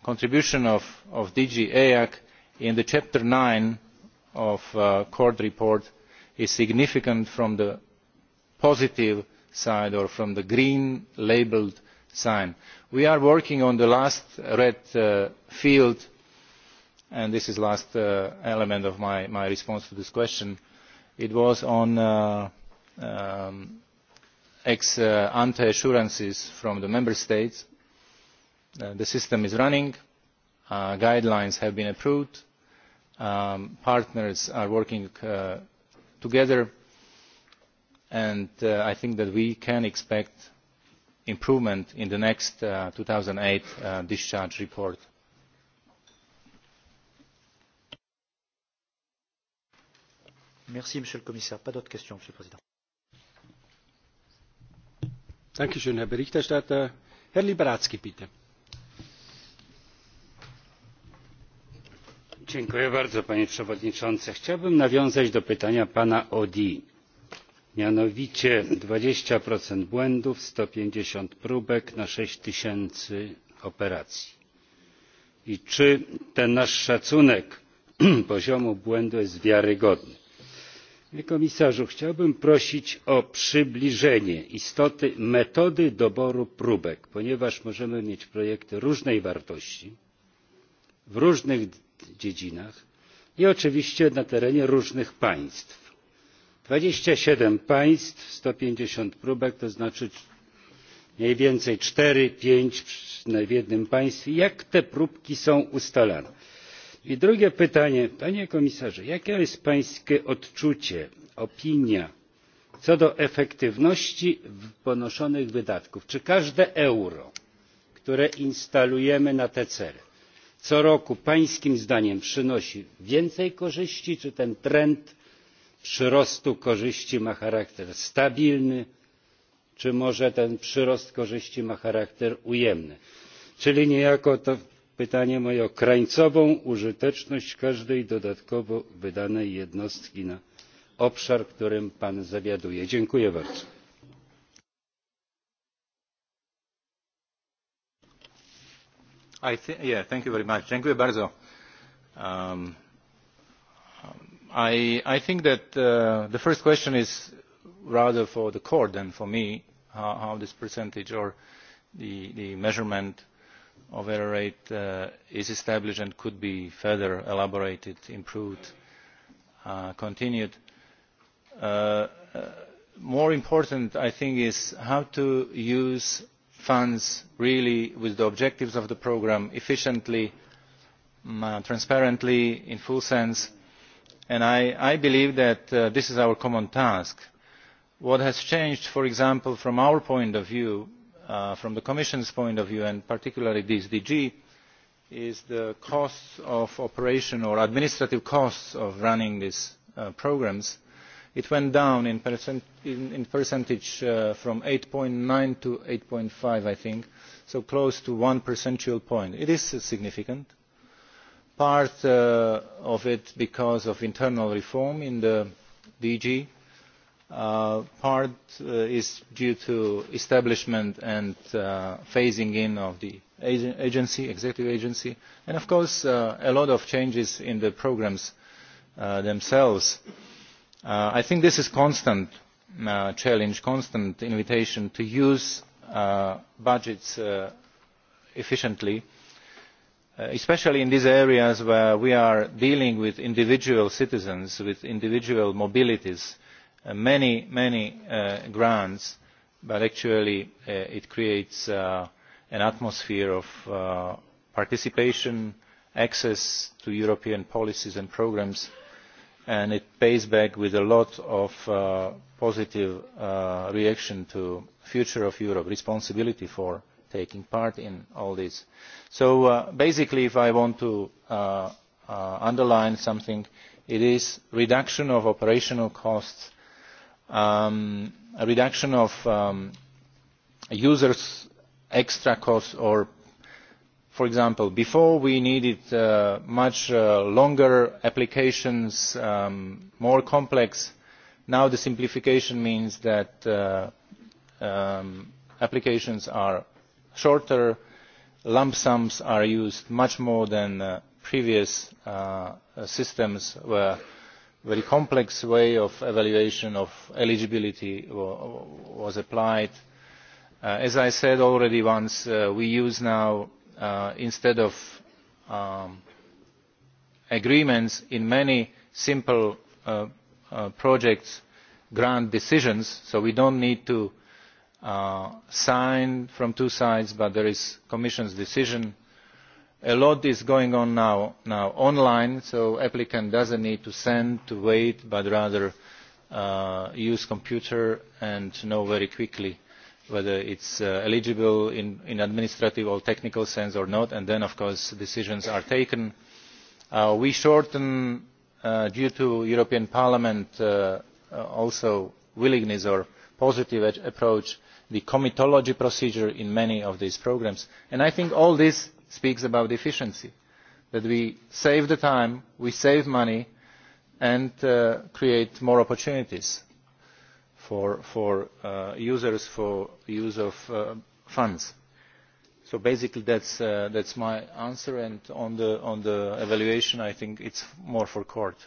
C: contribution of, of DG EAC in the chapter 9 of uh, court report is significant from the positive side or from the green labelled sign. We are working on the last red uh, field and this is the last uh, element of my, my response to this question. It was on uh, um, ex ante assurances from the member states. Uh, the system is running uh, guidelines have been approved um, partners are working uh, together and i think that we can expect improvement in the next two thousand and eight discharge report.
D: Merci, monsieur le commissaire pas d'autres questions monsieur le président.
A: Dankeschön, Herr Berichterstatter. Herr Liberacki, bitte.
I: Bardzo, panie przewodniczący! chciałbym nawiązać do pytania pana audy'ego mianowicie dwadzieścia błędów sto pięćdziesiąt próbek na sześć tysięcy operacji i czy ten nasz szacunek <clears throat> poziomu błędu jest wiarygodny? panie komisarzu chciałbym prosić o przybliżenie istoty metody doboru próbek ponieważ możemy mieć projekty różnej wartości w różnych dziedzinach i oczywiście na terenie różnych państw. dwadzieścia siedem państw sto pięćdziesiąt próbek to znaczy mniej więcej cztery pięć w jednym państwie. jak te próbki są ustalane? i drugie pytanie panie komisarzu jakie jest pańskie odczucie opinia co do efektywności ponoszonych wydatków czy każde euro które instalujemy na te cele co roku pańskim zdaniem przynosi więcej korzyści czy ten trend przyrostu korzyści ma charakter stabilny czy może ten przyrost korzyści ma charakter ujemny czyli niejako to pytanie moje o krańcową użyteczność każdej dodatkowo wydanej jednostki na obszar którym pan zawiaduje. dziękuję bardzo.
C: Yeah, dziękuję bardzo. Um, I, i think that uh, the first question is rather for the court than for me how, how this percentage or the, the measurement of error rate uh, is established and could be further elaborated, improved, uh, continued. Uh, uh, more important, I think, is how to use funds really with the objectives of the programme efficiently, um, transparently, in full sense. And I, I believe that uh, this is our common task. What has changed, for example, from our point of view uh, from the commission's point of view and particularly this dg is the costs of operation or administrative costs of running these uh, programmes. it went down in, percent, in, in percentage uh, from. eight nine to. eight five i think so close to one percentage point. it is significant part uh, of it because of internal reform in the dg Uh, part uh, is due to establishment and uh, phasing in of the agency, executive agency and of course uh, a lot of changes in the programmes uh, themselves. Uh, i think this is a constant challenge a constant invitation to use budgets efficiently especially in these areas where we are dealing with individual citizens with individual mobilities Uh, many many uh, grants but actually uh, it creates an atmosphere of participation access to european policies and programmes and it pays back with a lot of positive reaction to the future of europe responsibility for taking part in all this. so basically if i want to underline something it is a reduction of operational costs um, a reduction of um, users' extra costs or for example before we needed uh, much uh, longer applications um, more complex now the simplification means that uh, um, applications are shorter lump sums are used much more than uh, previous uh, systems where very complex way of evaluation of eligibility was applied. Uh, as i said already once uh, we use now uh, instead of um, agreements in many simple uh, uh, projects grant decisions so we do not need to uh, sign from two sides but there is a commission decision a lot is going on now, now online so the applicant does not need to send to wait but rather uh, use a computer and know very quickly whether it is uh, eligible in an administrative or technical sense or not and then of course decisions are taken. Uh, we shorten uh, due to the european parliament uh, uh, also willingness or positive approach the comitology procedure in many of these programmes and i think all this speaks about efficiency that we save the time we save money and uh, create more opportunities for, for uh, users for use of uh, funds. so basically that's, uh, that's my answer and on the, on the evaluation i think it's more for court.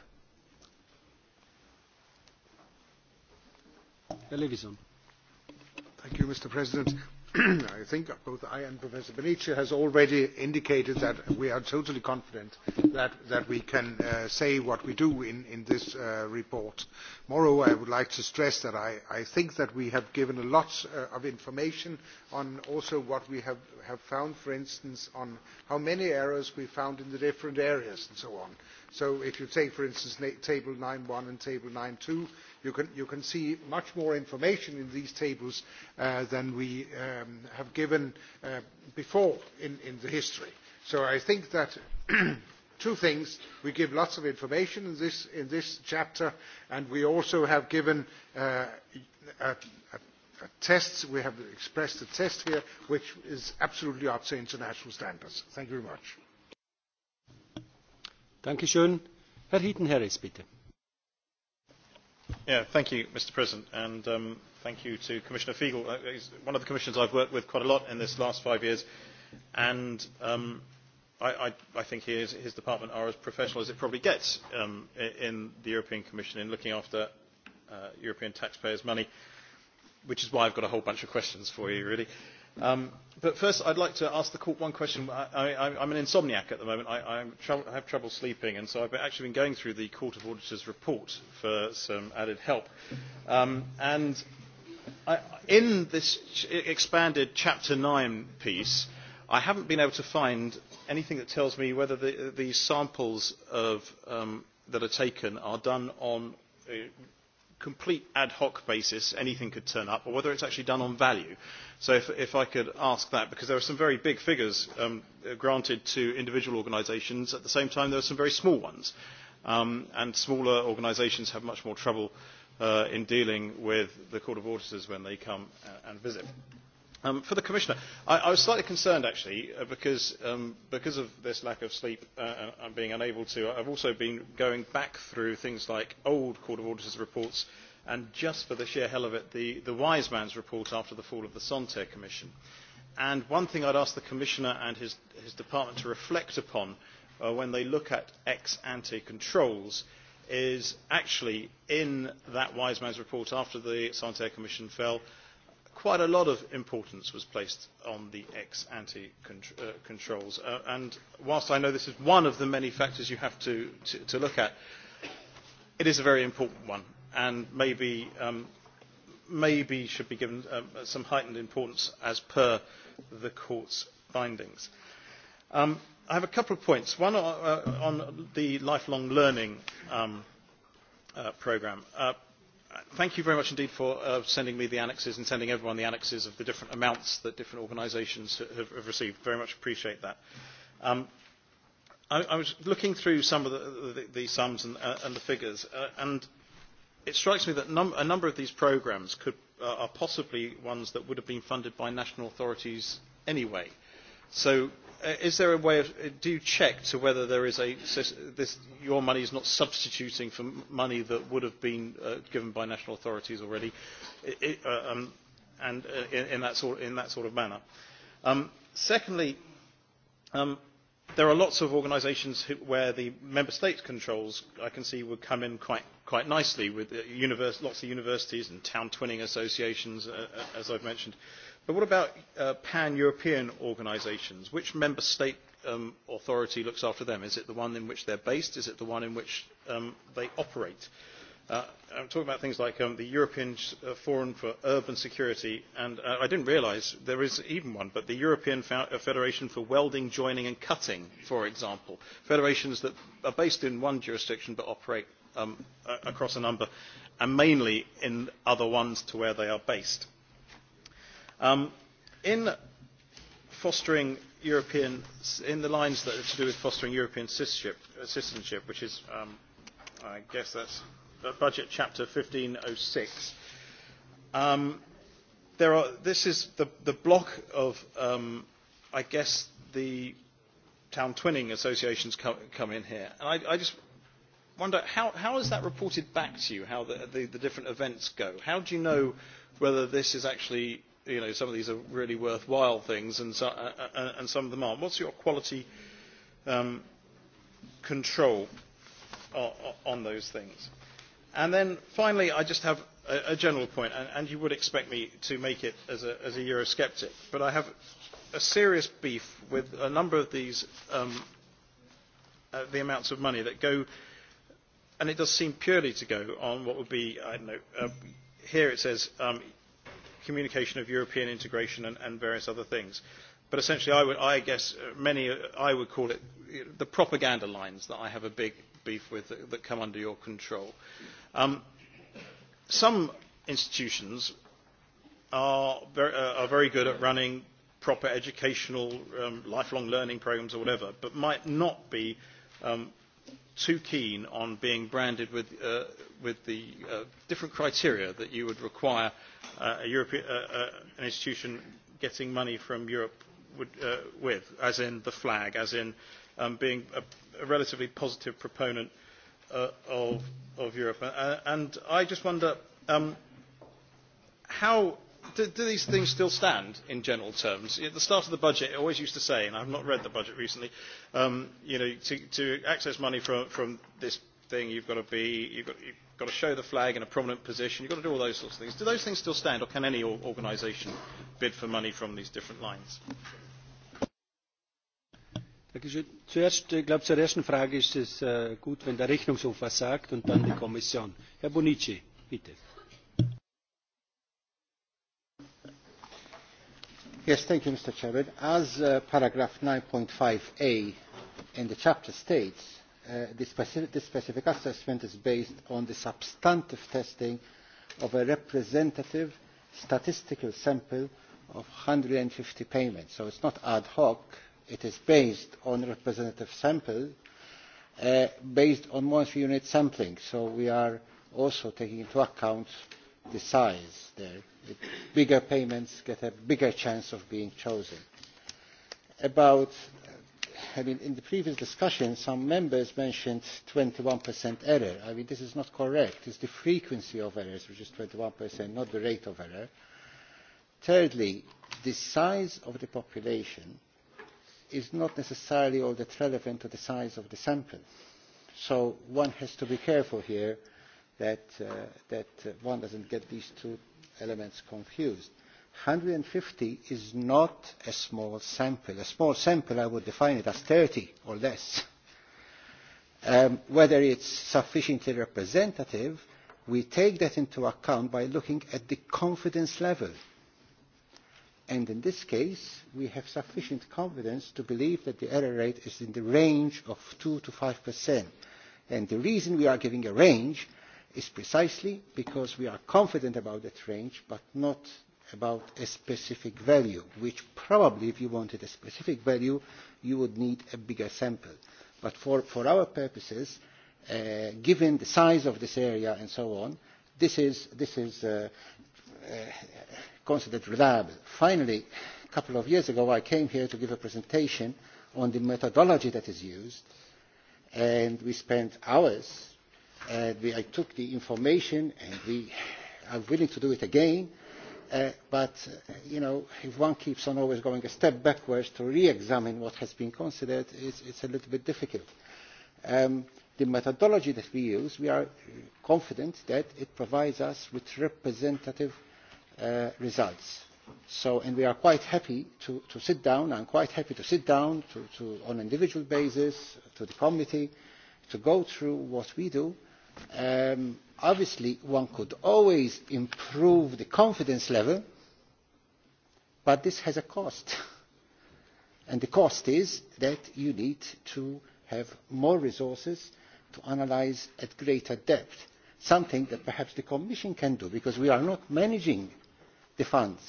B: Thank you, mr president <clears throat> I think both I and Professor Benici has already indicated that we are totally confident that, that we can uh, say what we do in, in this uh, report. Moreover, I would like to stress that I, I think that we have given a lot uh, of information on also what we have, have found, for instance, on how many errors we found in the different areas and so on. So if you take, for instance, Table 9.1 and Table 9.2, You can, you can see much more information in these tables uh, than we um, have given uh, before in, in the history. So I think that <clears throat> two things we give lots of information in this, in this chapter and we also have given uh, a, a tests we have expressed a test here which is absolutely up to international standards. thank you very much.
A: Dankeschön. herr heaton harris bitte.
J: Yeah, thank you, Mr. President, and um, thank you to Commissioner Fiegel. Uh, uh, he's one of the commissioners I've worked with quite a lot in this last five years, and um, I, I, I think he is, his department are as professional as it probably gets um, in the European Commission in looking after uh, European taxpayers' money, which is why I've got a whole bunch of questions for you, really. Uh, Um, but first, I'd like to ask the court one question. I, I, I'm an insomniac at the moment. I, I'm tr- I have trouble sleeping, and so I've actually been going through the Court of Auditors report for some added help. Um, and I, in this ch- expanded Chapter 9 piece, I haven't been able to find anything that tells me whether the, the samples of, um, that are taken are done on uh, complete ad hoc basis, anything could turn up, or whether it's actually done on value. So if, if I could ask that, because there are some very big figures um, uh, granted to individual organisations, at the same time there are some very small ones. Um, and smaller organisations have much more trouble uh, in dealing with the Court of Auditors when they come uh, and visit. Um, for the Commissioner, I, I was slightly concerned actually uh, because, um, because of this lack of sleep uh, uh and I'm being unable to. I've also been going back through things like old Court of Auditors reports and just for the sheer hell of it, the, the Wise Man's report after the fall of the Santer Commission. And one thing I'd ask the Commissioner and his, his department to reflect upon uh, when they look at ex ante controls is actually in that Wise Man's report after the Santer Commission fell quite a lot of importance was placed on the ex ante contr uh, controls. Uh, and whilst I know this is one of the many factors you have to, to, to look at, it is a very important one and maybe, um, maybe should be given um, some heightened importance as per the court's findings. Um, I have a couple of points. One uh, on the lifelong learning um, uh, programme. Uh, thank you very much indeed for uh, sending me the annexes and sending everyone the annexes of the different amounts that different organisations have, have received. Very much appreciate that. Um, I, I was looking through some of the, the, the sums and, uh, and the figures, uh, and it strikes me that num a number of these programmes could, uh, are possibly ones that would have been funded by national authorities anyway. So Uh, is there a way of uh, do you check to whether there is a so this your money is not substituting for money that would have been uh, given by national authorities already it, it, uh, um, and uh, in, in that sort in that sort of manner um, secondly um, there are lots of organisations where the member state controls I can see would come in quite quite nicely with uh, universe, lots of universities and town twinning associations uh, uh as I've mentioned uh, But what about uh, pan-European organisations? Which member state um, authority looks after them? Is it the one in which they're based? Is it the one in which um, they operate? Uh, I'm talking about things like um, the European uh, Forum for Urban Security, and uh, I didn't realise there is even one, but the European uh, Federation for Welding, Joining and Cutting, for example, federations that are based in one jurisdiction but operate um, across a number, and mainly in other ones to where they are based Um, in fostering European, in the lines that are to do with fostering European citizenship, uh, citizenship which is, um, I guess that's budget chapter 1506, um, there are, this is the, the block of, um, I guess, the town twinning associations come, come in here. And I, I just wonder, how, how is that reported back to you, how the, the, the different events go? How do you know whether this is actually you know, some of these are really worthwhile things and, so, uh, uh, uh and some of them aren't. What's your quality um, control on, on those things? And then finally, I just have a, a general point, and, and you would expect me to make it as a, as a Eurosceptic, but I have a serious beef with a number of these, um, uh, the amounts of money that go, and it does seem purely to go on what would be, I don't know, uh, here it says um, communication of European integration and, and various other things. But essentially, I, would, I guess uh, many, uh, I would call it the propaganda lines that I have a big beef with that, that come under your control. Um, some institutions are very, uh, are very good at running proper educational, um, lifelong learning programs or whatever, but might not be um, too keen on being branded with, uh, with the uh, different criteria that you would require uh, a European, uh, uh, an institution getting money from Europe would, uh, with, as in the flag, as in um, being a, a relatively positive proponent uh, of, of Europe. Uh, and I just wonder um, how do, do these things still stand in general terms? At the start of the budget, it always used to say, and I've not read the budget recently, um, you know, to, to access money from, from this thing, you've got to be, you've got, you've got to show the flag in a prominent position, you've got to do all those sorts of things. Do those things still stand, or can any organisation bid for money from these different lines?
A: Dankeschön. Zuerst, ich glaube, zur ersten Frage ist es äh, gut, wenn der Rechnungshof was sagt und dann die Kommission. Herr Bonici, bitte.
E: Yes, thank you, Mr. Chairman. As uh, paragraph 9.5a in the chapter states, uh, the, specific, the specific assessment is based on the substantive testing of a representative statistical sample of 150 payments. So it's not ad hoc, it is based on a representative sample uh, based on monetary unit sampling. So we are also taking into account the size there with bigger payments get a bigger chance of being chosen. About, I mean, in the previous discussion, some members mentioned 21% error. I mean, this is not correct. It's the frequency of errors, which is 21%, not the rate of error. Thirdly, the size of the population is not necessarily all that relevant to the size of the sample. So one has to be careful here that, uh, that one doesn't get these two elements confused. 150 is not a small sample. A small sample, I would define it as 30 or less. Um, whether it's sufficiently representative, we take that into account by looking at the confidence level. And in this case, we have sufficient confidence to believe that the error rate is in the range of 2 to 5%. And the reason we are giving a range is precisely because we are confident about that range but not about a specific value, which probably if you wanted a specific value, you would need a bigger sample. But for, for our purposes, uh, given the size of this area and so on, this is, this is uh, uh, considered reliable. Finally, a couple of years ago, I came here to give a presentation on the methodology that is used, and we spent hours and we, I took the information and we are willing to do it again. Uh, but, uh, you know, if one keeps on always going a step backwards to re-examine what has been considered, it's, it's a little bit difficult. Um, the methodology that we use, we are confident that it provides us with representative uh, results. So, and we are quite happy to, to sit down, I'm quite happy to sit down to, to, on an individual basis, to the committee, to go through what we do um, obviously one could always improve the confidence level but this has a cost <laughs> and the cost is that you need to have more resources to analyse at greater depth something that perhaps the commission can do because we are not managing the funds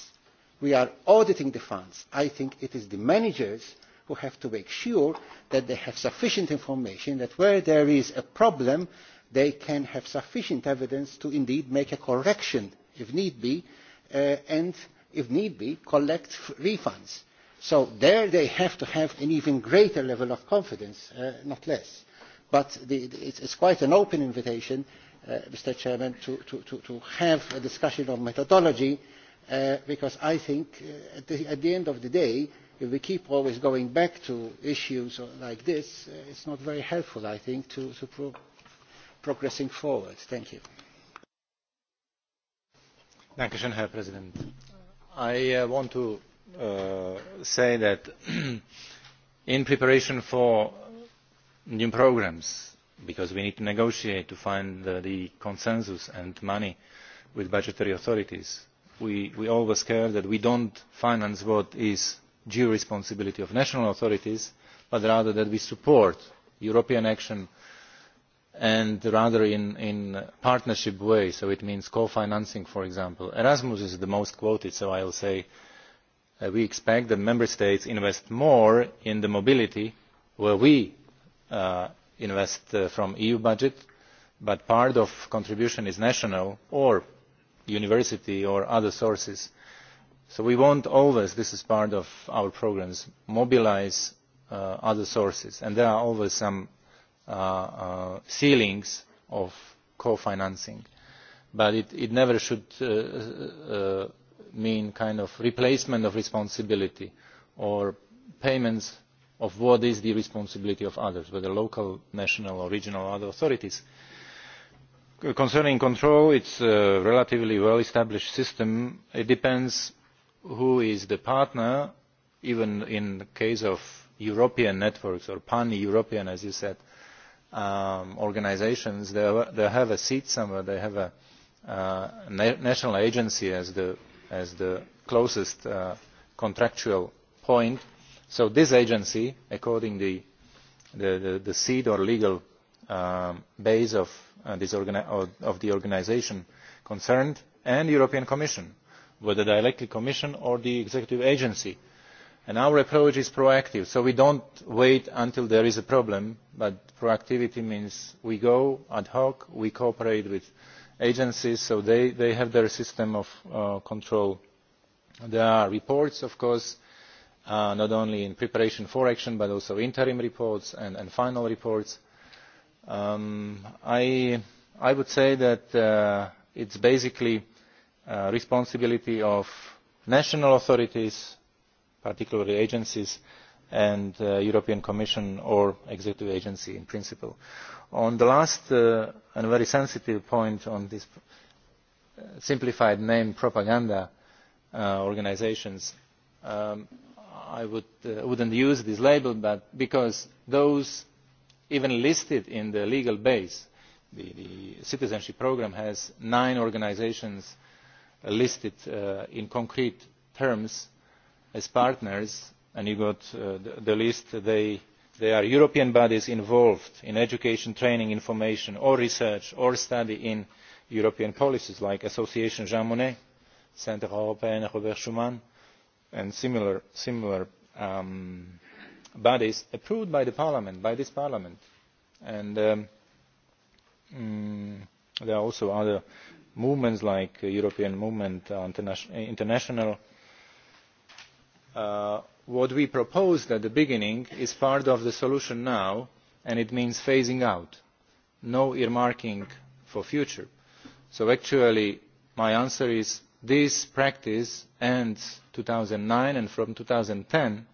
E: we are auditing the funds. i think it is the managers who have to make sure that they have sufficient information that where there is a problem they can have sufficient evidence to indeed make a correction if need be uh, and if need be collect refunds. so there they have to have an even greater level of confidence uh, not less. but the, the, it is quite an open invitation uh, mr chairman to, to, to, to have a discussion on methodology uh, because i think uh, at, the, at the end of the day if we keep always going back to issues like this, uh, it's not very helpful, I think, to, to pro progressing forward. Thank you.
C: Dankeschön, Herr Präsident. I uh, want to uh, say that <clears throat> in preparation for new programs, because we need to negotiate to find uh, the consensus and money with budgetary authorities, we, we always care that we don't finance what is due responsibility of national authorities, but rather that we support European action uh, and rather in, in a partnership way so it means co financing for example. erasmus is the most quoted so i will say uh, we expect that member states invest more in the mobility where we uh, invest uh, from the eu budget but part of the contribution is national or university or other sources. so we want always this is part of our programmes to mobilise uh, other sources and there are always some Uh, uh, ceilings of co financing but it, it never should uh, mean kind of replacement of responsibility or payments of what is the responsibility of others whether local national or regional or other authorities. concerning control it is a relatively well established system. it depends who is the partner even in the case of european networks or pan european as you said um, organizations, they, they have a seat somewhere, they have a uh, na national agency as the, as the closest uh, contractual point. So this agency, according the, the, the, the seed or legal um, base of, uh, this organi or, of the organization concerned, and European Commission, whether directly Commission or the executive agency, uh, and our approach is proactive so we do not wait until there is a problem but proactivity means we go ad hoc we cooperate with agencies so they have their system of uh, control. there are reports of course uh, not only in preparation for action but also interim reports and final reports. Um, i would say that uh, it is basically the responsibility of national authorities particularly agencies and the uh, european commission or executive agency in principle. on the last uh, and very sensitive point on this uh, simplified name propaganda organisations um, i would not use this label but because those even listed in the legal base the, the citizenship programme has nine organisations listed uh, in concrete terms as partners and you got uh, the, the list they, they are european bodies involved in education training information or research or study in european policies like association jean monnet centre european robert schuman and similar, similar um, bodies approved by parliament by this parliament and um, mm, there are also other movements like the european movement uh, international Uh, what we proposed at the beginning is part of the solution now and it means phasing out no earmarking for the future. so actually my answer is this practice ends in two thousand and nine and from two thousand and ten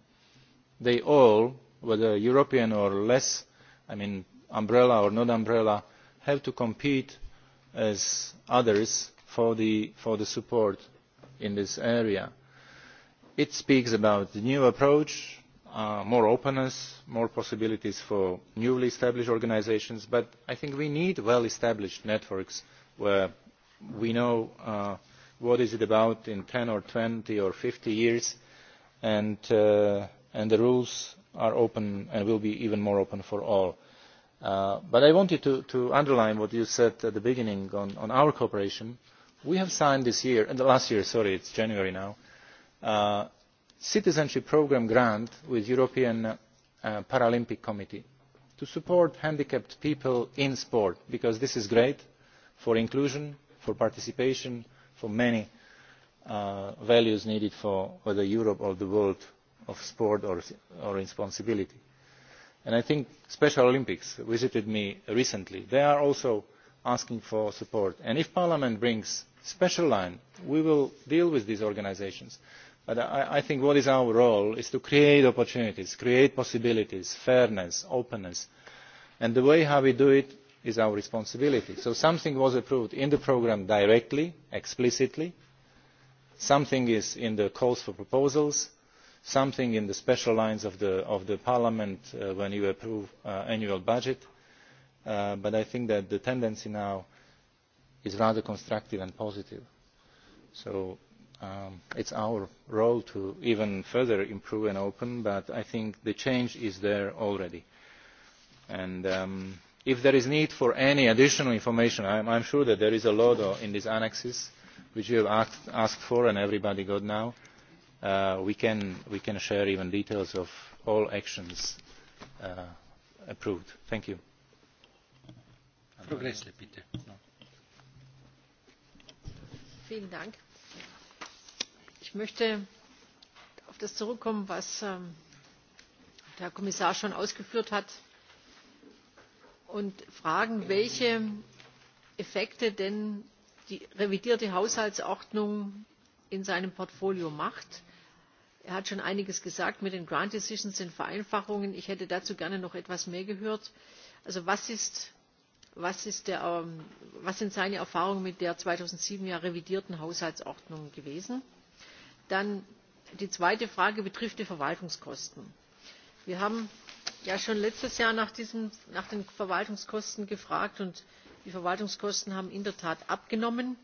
C: they all whether european or less i mean umbrella or not umbrella have to compete as others for the, for the support in this area it speaks about a new approach uh, more openness more possibilities for newly established organisations but i think we need well established networks where we know uh, what it is about in ten or twenty or fifty years and, uh, and the rules are open and will be even more open for all. Uh, but i wanted to, to underline what you said at the beginning on, on our cooperation. we have signed this year last year sorry it is january now uh, citizenship programme grant with the european uh, paralympic committee to support handicapped people in sport because this is great for inclusion for participation for many uh, values needed for whether europe or the world of sport or, or responsibility. And i think special olympics visited me recently they are also asking for support and if parliament brings a special line we will deal with these organisations but I, i think what is our role is to create opportunities create possibilities fairness openness and the way we do it is our responsibility. so something was approved in the programme directly explicitly something is in the calls for proposals something in the special lines of the, of the parliament uh, when you approve the uh, annual budget uh, but i think that the tendency now is rather constructive and positive. so um, it is our role to even further improve and open but i think the change is there already. And, um, if there is need for any additional information i am sure that there is a lot in these annexes which you have asked, asked for and everybody got now uh, we, can, we can share even details of all actions uh, approved. thank you. Progress,
K: ich möchte auf das zurückkommen was ähm, der kommissar schon ausgeführt hat und fragen welche effekte denn die revidierte haushaltsordnung in seinem portfolio macht. er hat schon einiges gesagt mit den grant decisions den vereinfachungen. ich hätte dazu gerne noch etwas mehr gehört. also was, ist, was, ist der, ähm, was sind seine erfahrungen mit der zweitausendsieben ja revidierten haushaltsordnung gewesen? Dann die zweite Frage betrifft die Verwaltungskosten. Wir haben ja schon letztes Jahr nach, diesem, nach den Verwaltungskosten gefragt und die Verwaltungskosten haben in der Tat abgenommen.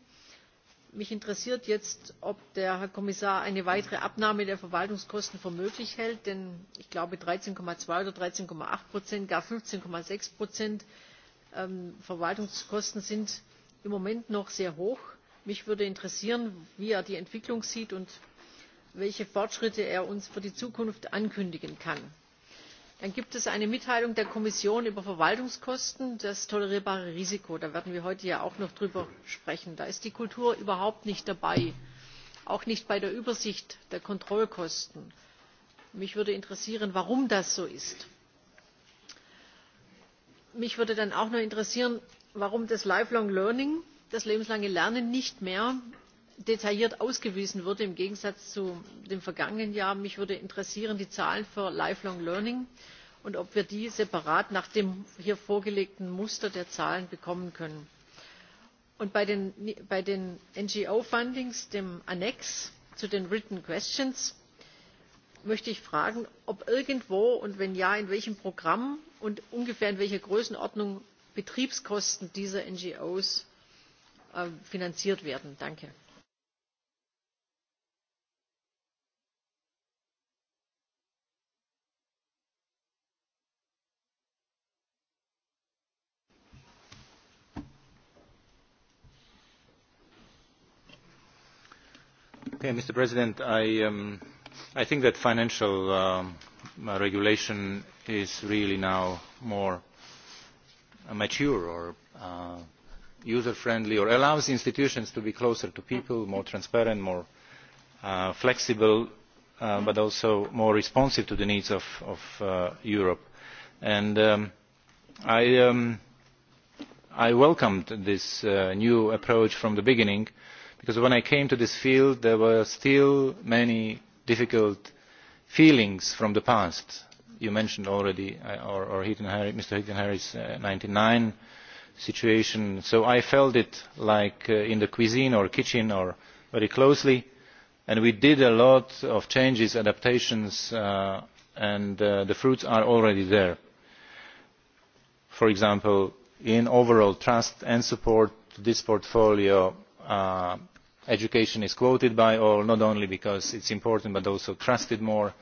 K: Mich interessiert jetzt, ob der Herr Kommissar eine weitere Abnahme der Verwaltungskosten für möglich hält, denn ich glaube 13,2 oder 13,8 Prozent, gar 15,6 Prozent ähm, Verwaltungskosten sind im Moment noch sehr hoch. Mich würde interessieren, wie er die Entwicklung sieht und welche fortschritte er uns für die zukunft ankündigen kann. dann gibt es eine mitteilung der kommission über verwaltungskosten das tolerierbare risiko da werden wir heute ja auch noch drüber sprechen. da ist die kultur überhaupt nicht dabei auch nicht bei der übersicht der kontrollkosten. mich würde interessieren warum das so ist. mich würde dann auch noch interessieren warum das lifelong learning das lebenslange lernen nicht mehr detailliert ausgewiesen wurde im gegensatz zu dem vergangenen jahr. mich würde interessieren die zahlen für lifelong learning und ob wir die separat nach dem hier vorgelegten muster der zahlen bekommen können. Und bei den, bei den ngo fundings dem annex zu den written questions möchte ich fragen ob irgendwo und wenn ja in welchem programm und ungefähr in welcher größenordnung betriebskosten dieser ngo äh, finanziert werden. danke.
C: Okay, mr president I, um, i think that financial um, regulation is really now more uh, mature or uh, user friendly or allows institutions to be closer to people more transparent more uh, flexible uh, mm-hmm. but also more responsive to the needs of, of uh, europe. And, um, I, um, i welcomed this uh, new approach from the beginning and because when i came to this field there were still many difficult feelings from the past. you mentioned already uh, or, or Heaton Harry, mr heaton harris's ninety uh, nine situation so i felt it like uh, in the cuisine or kitchen or very closely and we did a lot of changes adaptations uh, and uh, the fruits are already there for example in overall trust and support to this portfolio uh, education is quoted by all not only because it is important but also trusted more.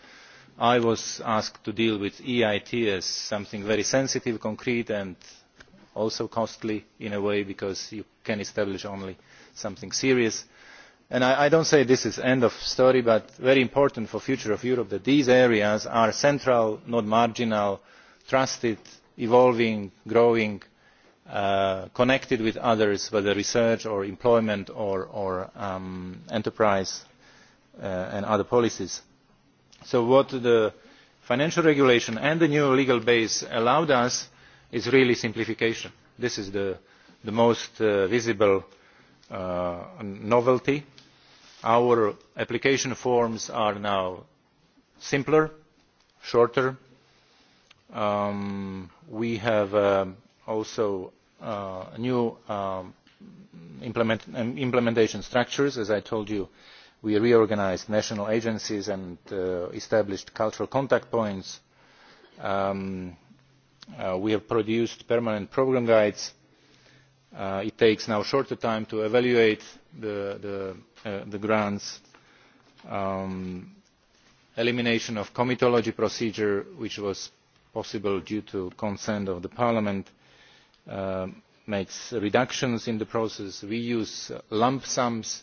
C: i was asked to deal with eit as something very sensitive concrete and also costly in a way because you can establish only something serious. And i, I do not say this is the end of the story but it is very important for the future of europe that these areas are central not marginal trusted evolving growing Uh, connected with others whether research or employment or, or um, enterprise uh, and other policies. so what the financial regulation and the new legal base allowed us is really simplification. this is the, the most uh, visible uh, novelty. our application forms are now simpler shorter. Um, we have um, also uh, new um, implement, um, implementation structures. As I told you, we reorganized national agencies and uh, established cultural contact points. Um, uh, we have produced permanent program guides. Uh, it takes now shorter time to evaluate the, the, uh, the grants. Um, elimination of comitology procedure, which was possible due to consent of the Parliament Uh, makes reductions in the process. we use uh, lump sums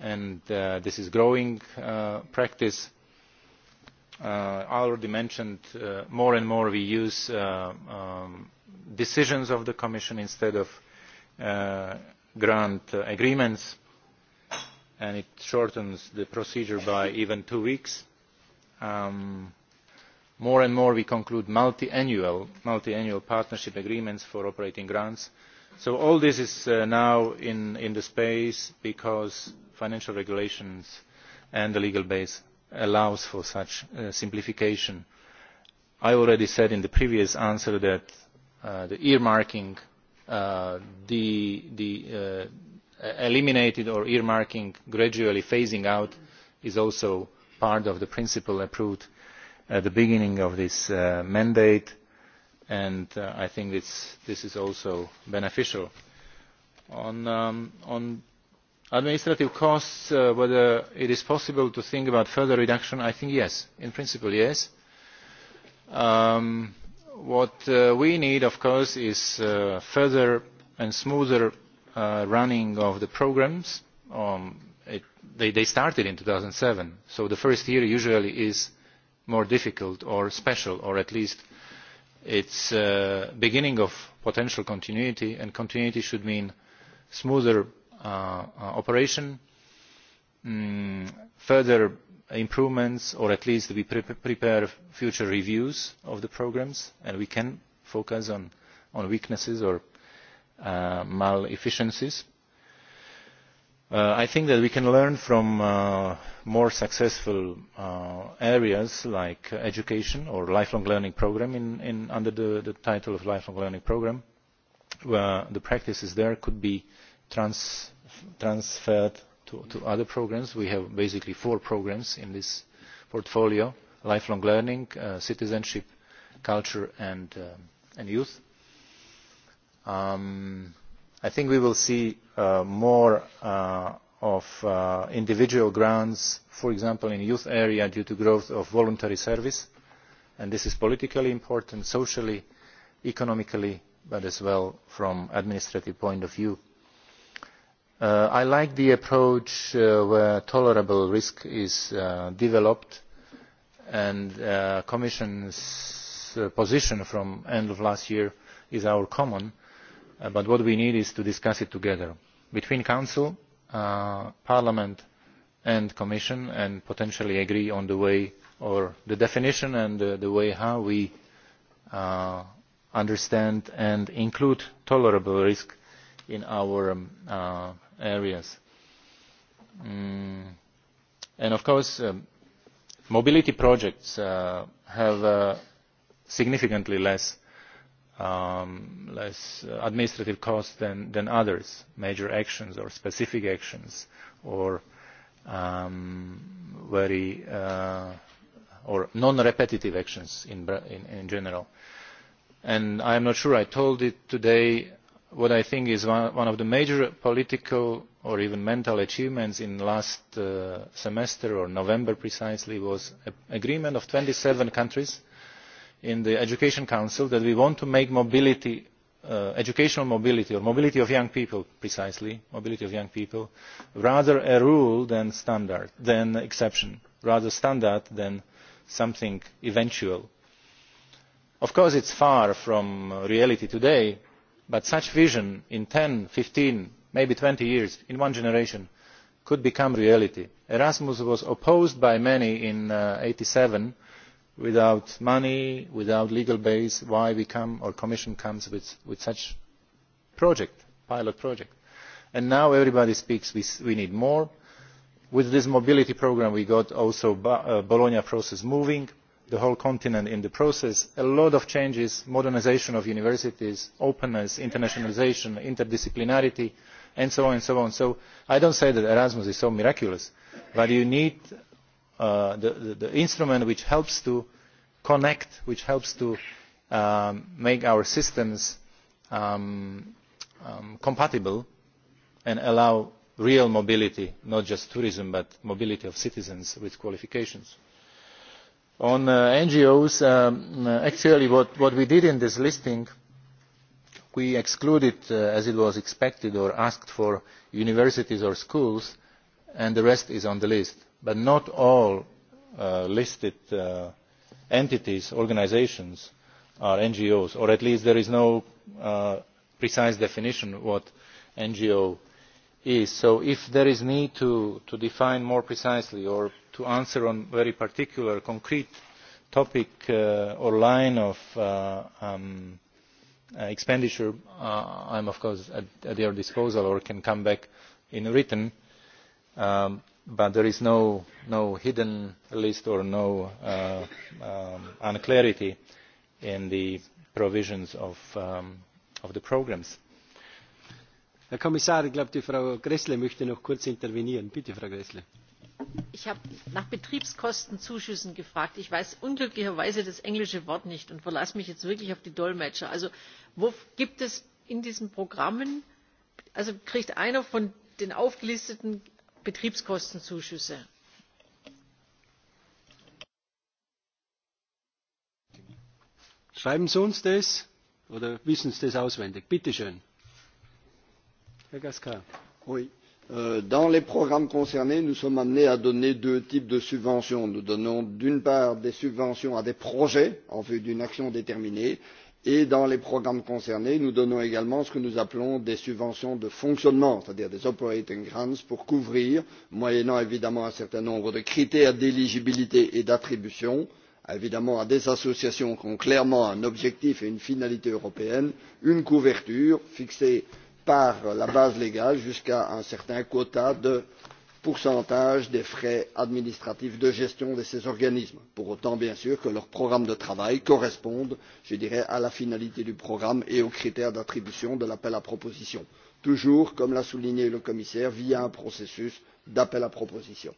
C: and uh, this is a growing uh, practice. Uh, i already mentioned that uh, more and more we use um, decisions of the commission instead of grant agreements and it shortens the procedure by even two weeks. Um, more and more we conclude multiannual multi partnership agreements for operating grants so all this is uh, now in, in the space because financial regulations and the legal base allow for such uh, simplification. i already said in the previous answer that uh, the earmarking uh, the, the uh, eliminated or earmarking gradually phasing out is also part of the principle approved at the beginning of this uh, mandate and uh, i think this, this is also beneficial. on, um, on administrative costs uh, whether it is possible to think about further reduction i think yes in principle yes. Um, what uh, we need of course is uh, further and smoother uh, running of the programmes. Um, they, they started in two thousand and seven so the first year usually more difficult or special or at least it is the uh, beginning of potential continuity and continuity should mean smoother uh, uh operation um, further improvements or at least we pre prepare future reviews of the programmes and we can focus on, on weaknesses or uh, malefficiencies Uh, i think that we can learn from uh, more successful uh, areas like education or lifelong learning programme in, in, under the, the title of lifelong learning programme where the practices there could be trans, transferred to, to other programmes. we have basically four programmes in this portfolio lifelong learning uh, citizenship culture and, uh, and youth. Um, i think we will see uh, more uh, of uh, individual grants for example in the youth area due to the growth of voluntary service and this is politically important socially economically but as well from an administrative point of view. i like the approach where tolerable risk' is developed and the commission's position from the end of last year is our common Uh, but what we need is to discuss it together between the council uh, parliament and the commission and potentially agree on the way or the definition and the way how we uh, understand and include tolerable risk in our um, areas. Mm. And of course um, mobility projects have significantly less um, less uh, administrative costs than, than others, major actions or specific actions or um, very uh, or non-repetitive actions in, in, in general. And I'm not sure I told it today what I think is one, one of the major political or even mental achievements in last uh, semester or November precisely was an agreement of 27 countries uh, in the education council that we want to make mobility Uh, educational mobility or mobility of young people precisely mobility of young people rather a rule than standard than exception rather standard than something eventual. of course it is far from uh, reality today but such a vision in ten fifteen maybe twenty years in one generation could become reality. erasmus was opposed by many in eighty uh, seven without money without a legal base why we come or the commission comes with, with such a project a pilot project. and now everybody speaks that we need more. with this mobility programme we got also the uh, bologna process moving the whole continent in the process a lot of changes modernisation of universities openness internationalisation interdisciplinarity and so on and so on. so i do not say that erasmus is so miraculous but you need uh, the, the, the instrument which helps to connect, which helps to um, make our systems um, um, compatible and allow real mobility, not just tourism, but mobility of citizens with qualifications. On uh, NGOs, um, uh, actually what, what we did in this listing, we excluded, uh, as it was expected or asked for, universities or schools, and the rest is on the list but not all uh, listed uh, entities or organisations are ngos or at least there is no uh, precise definition of what an ngo is. so if there is a need to, to define more precisely or to answer on a very particular concrete topic uh, or line of uh, um, uh, expenditure i am of course at, at your disposal or can come back in writing. Um, but there is no, no hidden list or no uh, um, unclarity in the provisions of, um, of the programs. Herr Kommissar, ich glaube, die Frau Gressle
A: möchte noch kurz intervenieren. Bitte, Frau Gressle.
K: Ich habe nach Betriebskostenzuschüssen gefragt. Ich weiß unglücklicherweise das englische Wort nicht und verlasse mich jetzt wirklich auf die Dolmetscher. Also wo gibt es in diesen Programmen, also kriegt einer von den aufgelisteten betriebskostenzuschüsse.
A: schreiben sie uns das oder wissen sie das auswendig? bitte schön. herr gasquet. Oui.
H: Euh, dans les programmes concernés, nous sommes amenés à donner deux types de subventions. Nous donnons d'une part des subventions à des projets en vue d'une action déterminée et dans les programmes concernés nous donnons également ce que nous appelons des subventions de fonctionnement c'est à dire des operating grants pour couvrir moyennant évidemment un certain nombre de critères d'éligibilité et d'attribution évidemment à des associations qui ont clairement un objectif et une finalité européenne une couverture fixée par la base légale jusqu'à un certain quota de pourcentage des frais administratifs de gestion de ces organismes pour autant bien sûr que leur programme de travail corresponde je dirais à la finalité du programme et aux critères d'attribution de l'appel à propositions toujours comme l'a souligné le commissaire via un processus d'appel à propositions.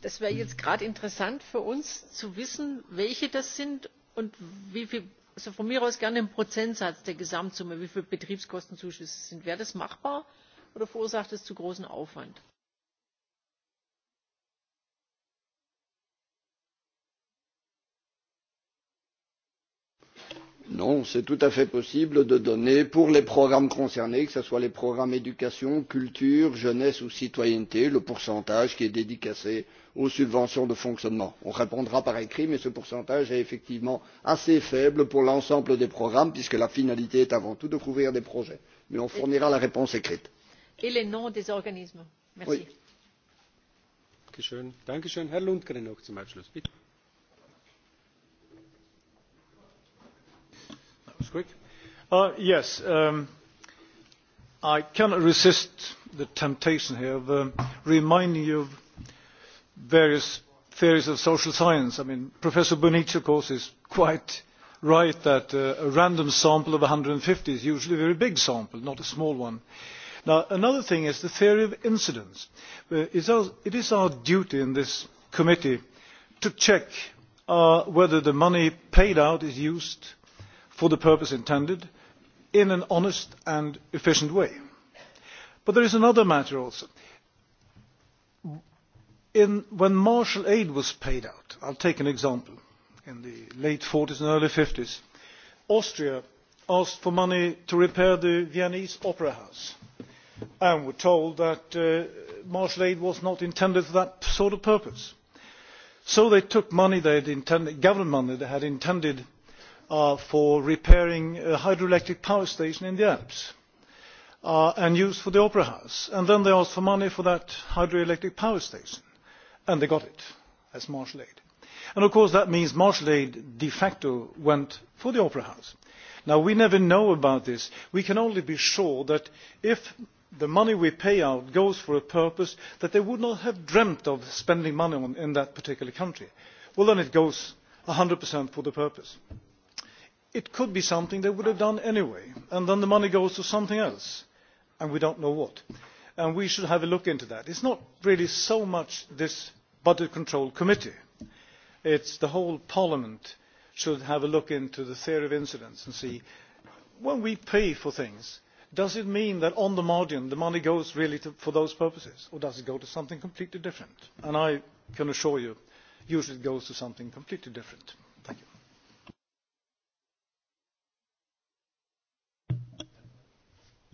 K: das wäre jetzt gerade interessant für uns zu wissen welche das sind und wie viel also von mir aus gerne einen prozentsatz der gesamtsumme wie viel betriebskostenzuschüsse es sind. wäre das machbar? oder verursacht es zu großen Aufwand?
H: Non, c'est tout à fait possible de donner pour les programmes concernés, que ce soit les programmes éducation, culture, jeunesse ou citoyenneté, le pourcentage qui est dédicacé aux subventions de fonctionnement. On répondra par écrit, mais ce pourcentage est effectivement assez faible pour l'ensemble des programmes, puisque la finalité est avant tout de couvrir des projets. Mais on fournira la réponse écrite
K: et les noms des organismes. merci.
A: Dankeschön. Herr Lundgren noch zum Abschluss, bitte.
F: That was quick. Uh, yes, um, I cannot resist the temptation here of um, reminding you of various theories of social science. I mean, Professor Bonici, of course, is quite right that uh, a random sample of 150 is usually a very big sample, not a small one. Uh, Now, another thing is the theory of incidents. Uh, it is our duty in this committee to check uh, whether the money paid out is used for the purpose intended in an honest and efficient way. But there is another matter also. In, when martial aid was paid out, I'll take an example, in the late 40s and early 50s, Austria asked for money to repair the Viennese Opera House and were told that uh, marshal aid was not intended for that sort of purpose. So they took money they had intended, government money they had intended uh, for repairing a hydroelectric power station in the Alps uh, and used for the opera house. And then they asked for money for that hydroelectric power station, and they got it as marshal aid. And of course that means marshal aid de facto went for the opera house. Now we never know about this. We can only be sure that if the money we pay out goes for a purpose that they would not have dreamt of spending money on in that particular country, well then it goes 100% for the purpose. It could be something they would have done anyway, and then the money goes to something else, and we don't know what. And we should have a look into that. It's not really so much this Budget Control Committee. It's the whole Parliament should have a look into the theory of incidents and see when we pay for things, does it mean that on the margin the money goes really to, for those purposes or does it go to something completely different? And I can assure you, usually it goes to something completely different. Thank you.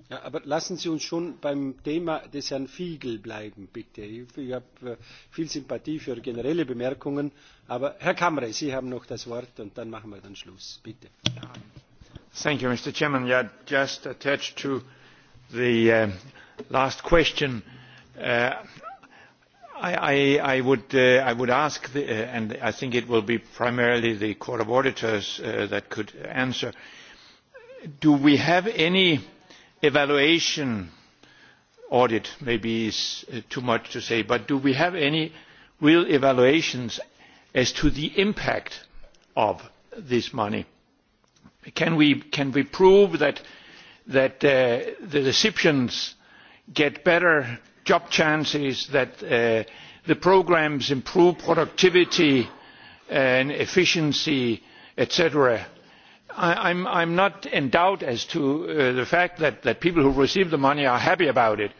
A: Ja, aber lassen Sie uns schon beim Thema des Herrn Fiegel bleiben, bitte. Ich, ich habe äh, viel Sympathie für generelle Bemerkungen, aber Herr Kamre, Sie haben noch das Wort und dann machen wir dann Schluss,
L: bitte. Ja. Thank you, Mr. Chairman. Yeah, just attached to the uh, last question, uh, I, I, I, would, uh, I would ask, the, uh, and I think it will be primarily the Court of Auditors uh, that could answer, do we have any evaluation audit, maybe is uh, too much to say, but do we have any real evaluations as to the impact of this money? Can we, can we prove that, that uh, the recipients get better job chances, that uh, the programs improve productivity and efficiency, etc.? I, I'm, I'm not in doubt as to uh, the fact that, that people who receive the money are happy about it.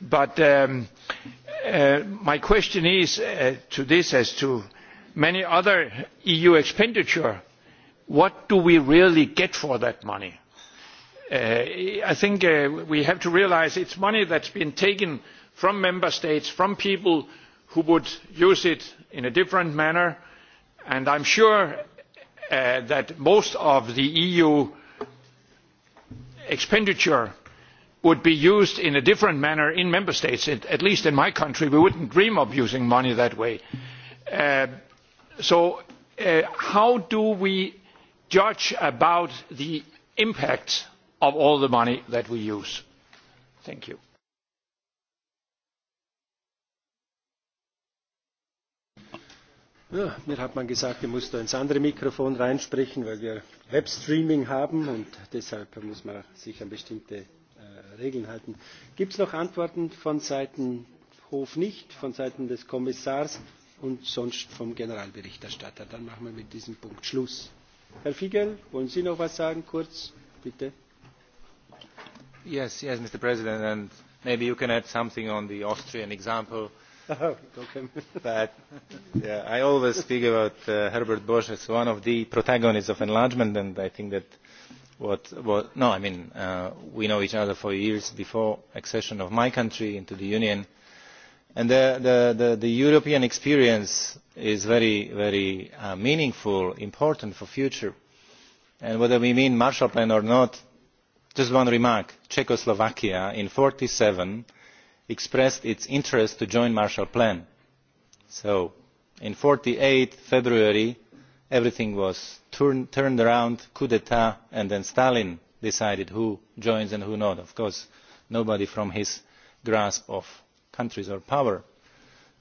L: But um, uh, my question is uh, to this as to many other EU expenditure what do we really get for that money? Uh, I think uh, we have to realize it's money that's been taken from member states, from people who would use it in a different manner, and I'm sure uh, that most of the EU expenditure would be used in a different manner in member states. It, at least in my country, we wouldn't dream of using money that way. Uh, so uh, how do we judge about the impact of all the money that we use. Thank you.
A: Ja, mir hat man gesagt, ich muss da ins andere Mikrofon reinsprechen, weil wir Webstreaming haben und deshalb muss man sich an bestimmte äh, Regeln halten. Gibt es noch Antworten von Seiten Hof nicht, von Seiten des Kommissars und sonst vom Generalberichterstatter? Dann machen wir mit diesem Punkt Schluss. Herr Figel, wollen Sie noch etwas sagen, kurz, bitte?
C: Yes, yes, Mr. President, and maybe you can add something on the Austrian example. <laughs> but yeah, I always speak about uh, Herbert Bosch as one of the protagonists of enlargement, and I think that what, what no, I mean uh, we know each other for years before accession of my country into the Union. Uh, and the, the, the, the european experience is very, very uh, meaningful and important for the future and whether we mean marshall plan or not just one remark czechoslovakia in one thousand nine hundred and forty seven expressed its interest to join the marshall plan so in forty eight february everything was turn, turned around coup d'tat and then stalin decided who joins and who does not of course nobody from his grasp of countries or power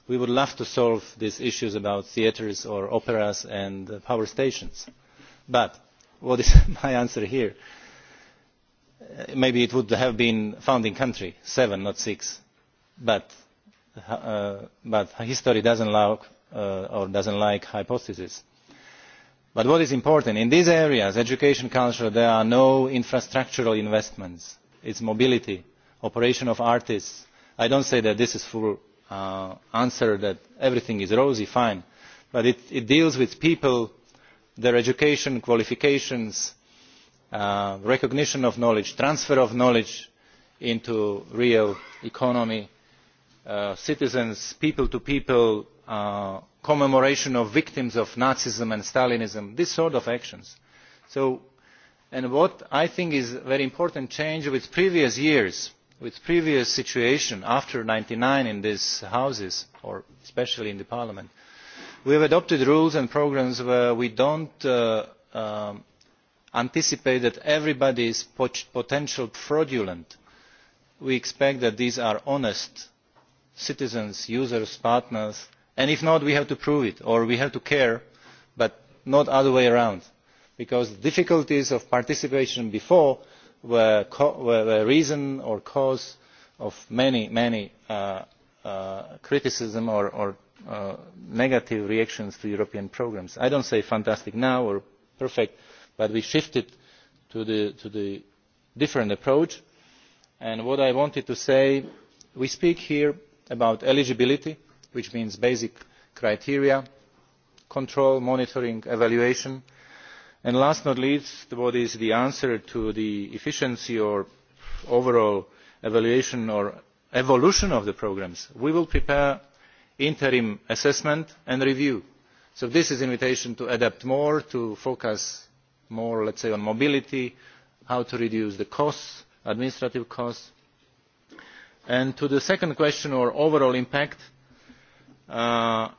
C: we would love to solve these issues about theatres or operas and uh, power stations but what is <laughs> my answer here? Uh, maybe it would have been the founding country seven not six but, uh, but history does not allow uh, or does not like hypotheses. but what is important in these areas education culture there are no infrastructural investments it is mobility operation of artists i do not say that this is a full uh, answer that everything is rosy and fine but it deals with people their education qualifications uh, recognition of knowledge transfer of knowledge into the real economy uh, citizens people to people commemoration of victims of nazism and stalinism these sorts of actions. so what i think is a very important change with previous years with the previous situation after one thousand nine hundred and ninety nine in these houses or especially in parliament we have adopted rules and programmes where we do not uh, um, anticipate that everybody is pot potentially fraudulent. we expect that these are honest citizens users partners and if not we have to prove it or we have to care but not the other way around because the difficulties of participation before were the reason or cause of many many uh, uh, criticisms or uh, negative reactions to european programmes. i do not say fantastic' now or perfect' but we shifted to a different approach and what i wanted to say is that we speak here about eligibility which means basic criteria control monitoring and evaluation and last but not least what is the answer to the efficiency or overall evaluation or evolution of the programmes? we will prepare interim assessment and review so this is an invitation to adapt more to focus more let us say on mobility how to reduce the costs administrative costs. and to the second question or overall impact uh,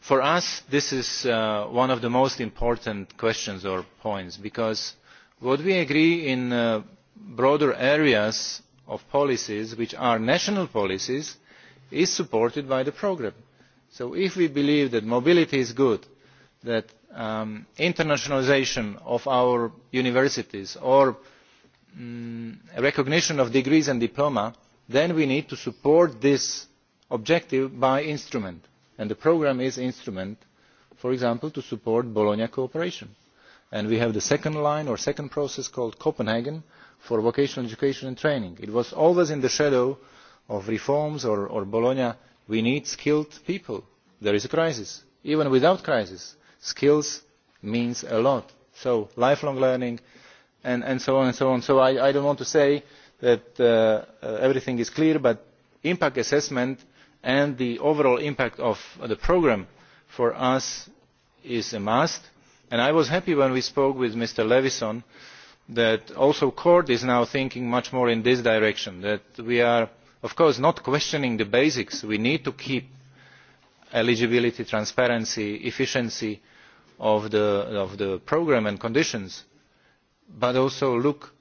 C: for us this is uh, one of the most important questions or points because what we agree in uh, broader areas of policies which are national policies is supported by the programme. so if we believe that mobility is good that um, internationalisation of our universities or um, recognition of degrees and diplomas then we need to support this objective by instruments and the programme is an instrument for example to support bologna cooperation and we have the second line or second process called copenhagen for vocational education and training. it was always in the shadow of reforms or, or bologna we need skilled people. there is a crisis. even without a crisis skills mean a lot so lifelong learning and, and so on and so on. so i, I do not want to say that uh, uh, everything is clear but impact assessment and the overall impact of the programme for us is a must and i was happy when we spoke with mr levinson that also the court is now thinking much more in this direction that we are of course not questioning the basics we need to keep eligibility transparency and efficiency of the, of the programme and conditions but also look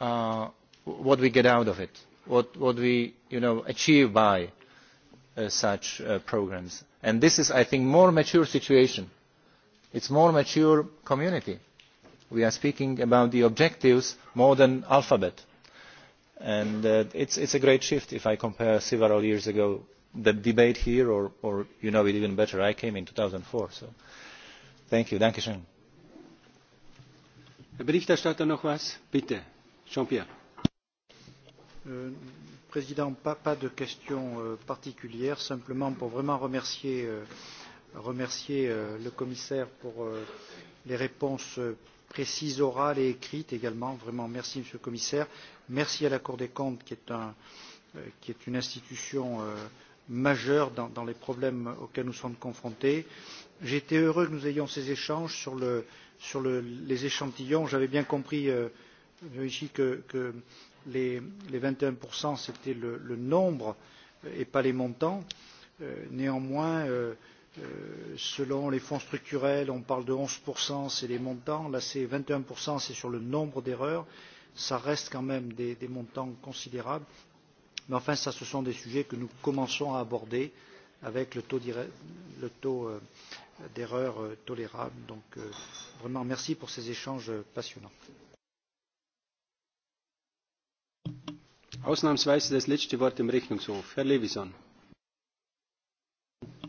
C: at uh, what we get out of it what, what we you know, achieve by Uh, such uh, programmes and this is i think a more mature situation it is a more mature community we are speaking about the objectives more than alphabet and uh, it is a great shift if i compare several years ago the debate here or, or you know it even better i came in two thousand and four so thank you danke schön herr berichterstatter noch was bitte jean pierre
D: äh, Président, pas, pas de questions euh, particulières, simplement pour vraiment remercier, euh, remercier euh, le commissaire pour euh, les réponses euh, précises, orales et écrites également. Vraiment, merci Monsieur le commissaire. Merci à la Cour des comptes qui est, un, euh, qui est une institution euh, majeure dans, dans les problèmes auxquels nous sommes confrontés. J'ai été heureux que nous ayons ces échanges sur, le, sur le, les échantillons. J'avais bien compris, euh, ici, que, que les, les 21%, c'était le, le nombre euh, et pas les montants. Euh, néanmoins, euh, euh, selon les fonds structurels, on parle de 11%, c'est les montants. Là, c'est 21%, c'est sur le nombre d'erreurs. Ça reste quand même des, des montants considérables. Mais enfin, ça, ce sont des sujets que nous commençons à aborder avec le taux, le taux euh, d'erreur euh, tolérable. Donc, euh, vraiment, merci pour ces échanges euh, passionnants.
A: Ausnahmsweise das letzte Wort im Rechnungshof. Herr Levison.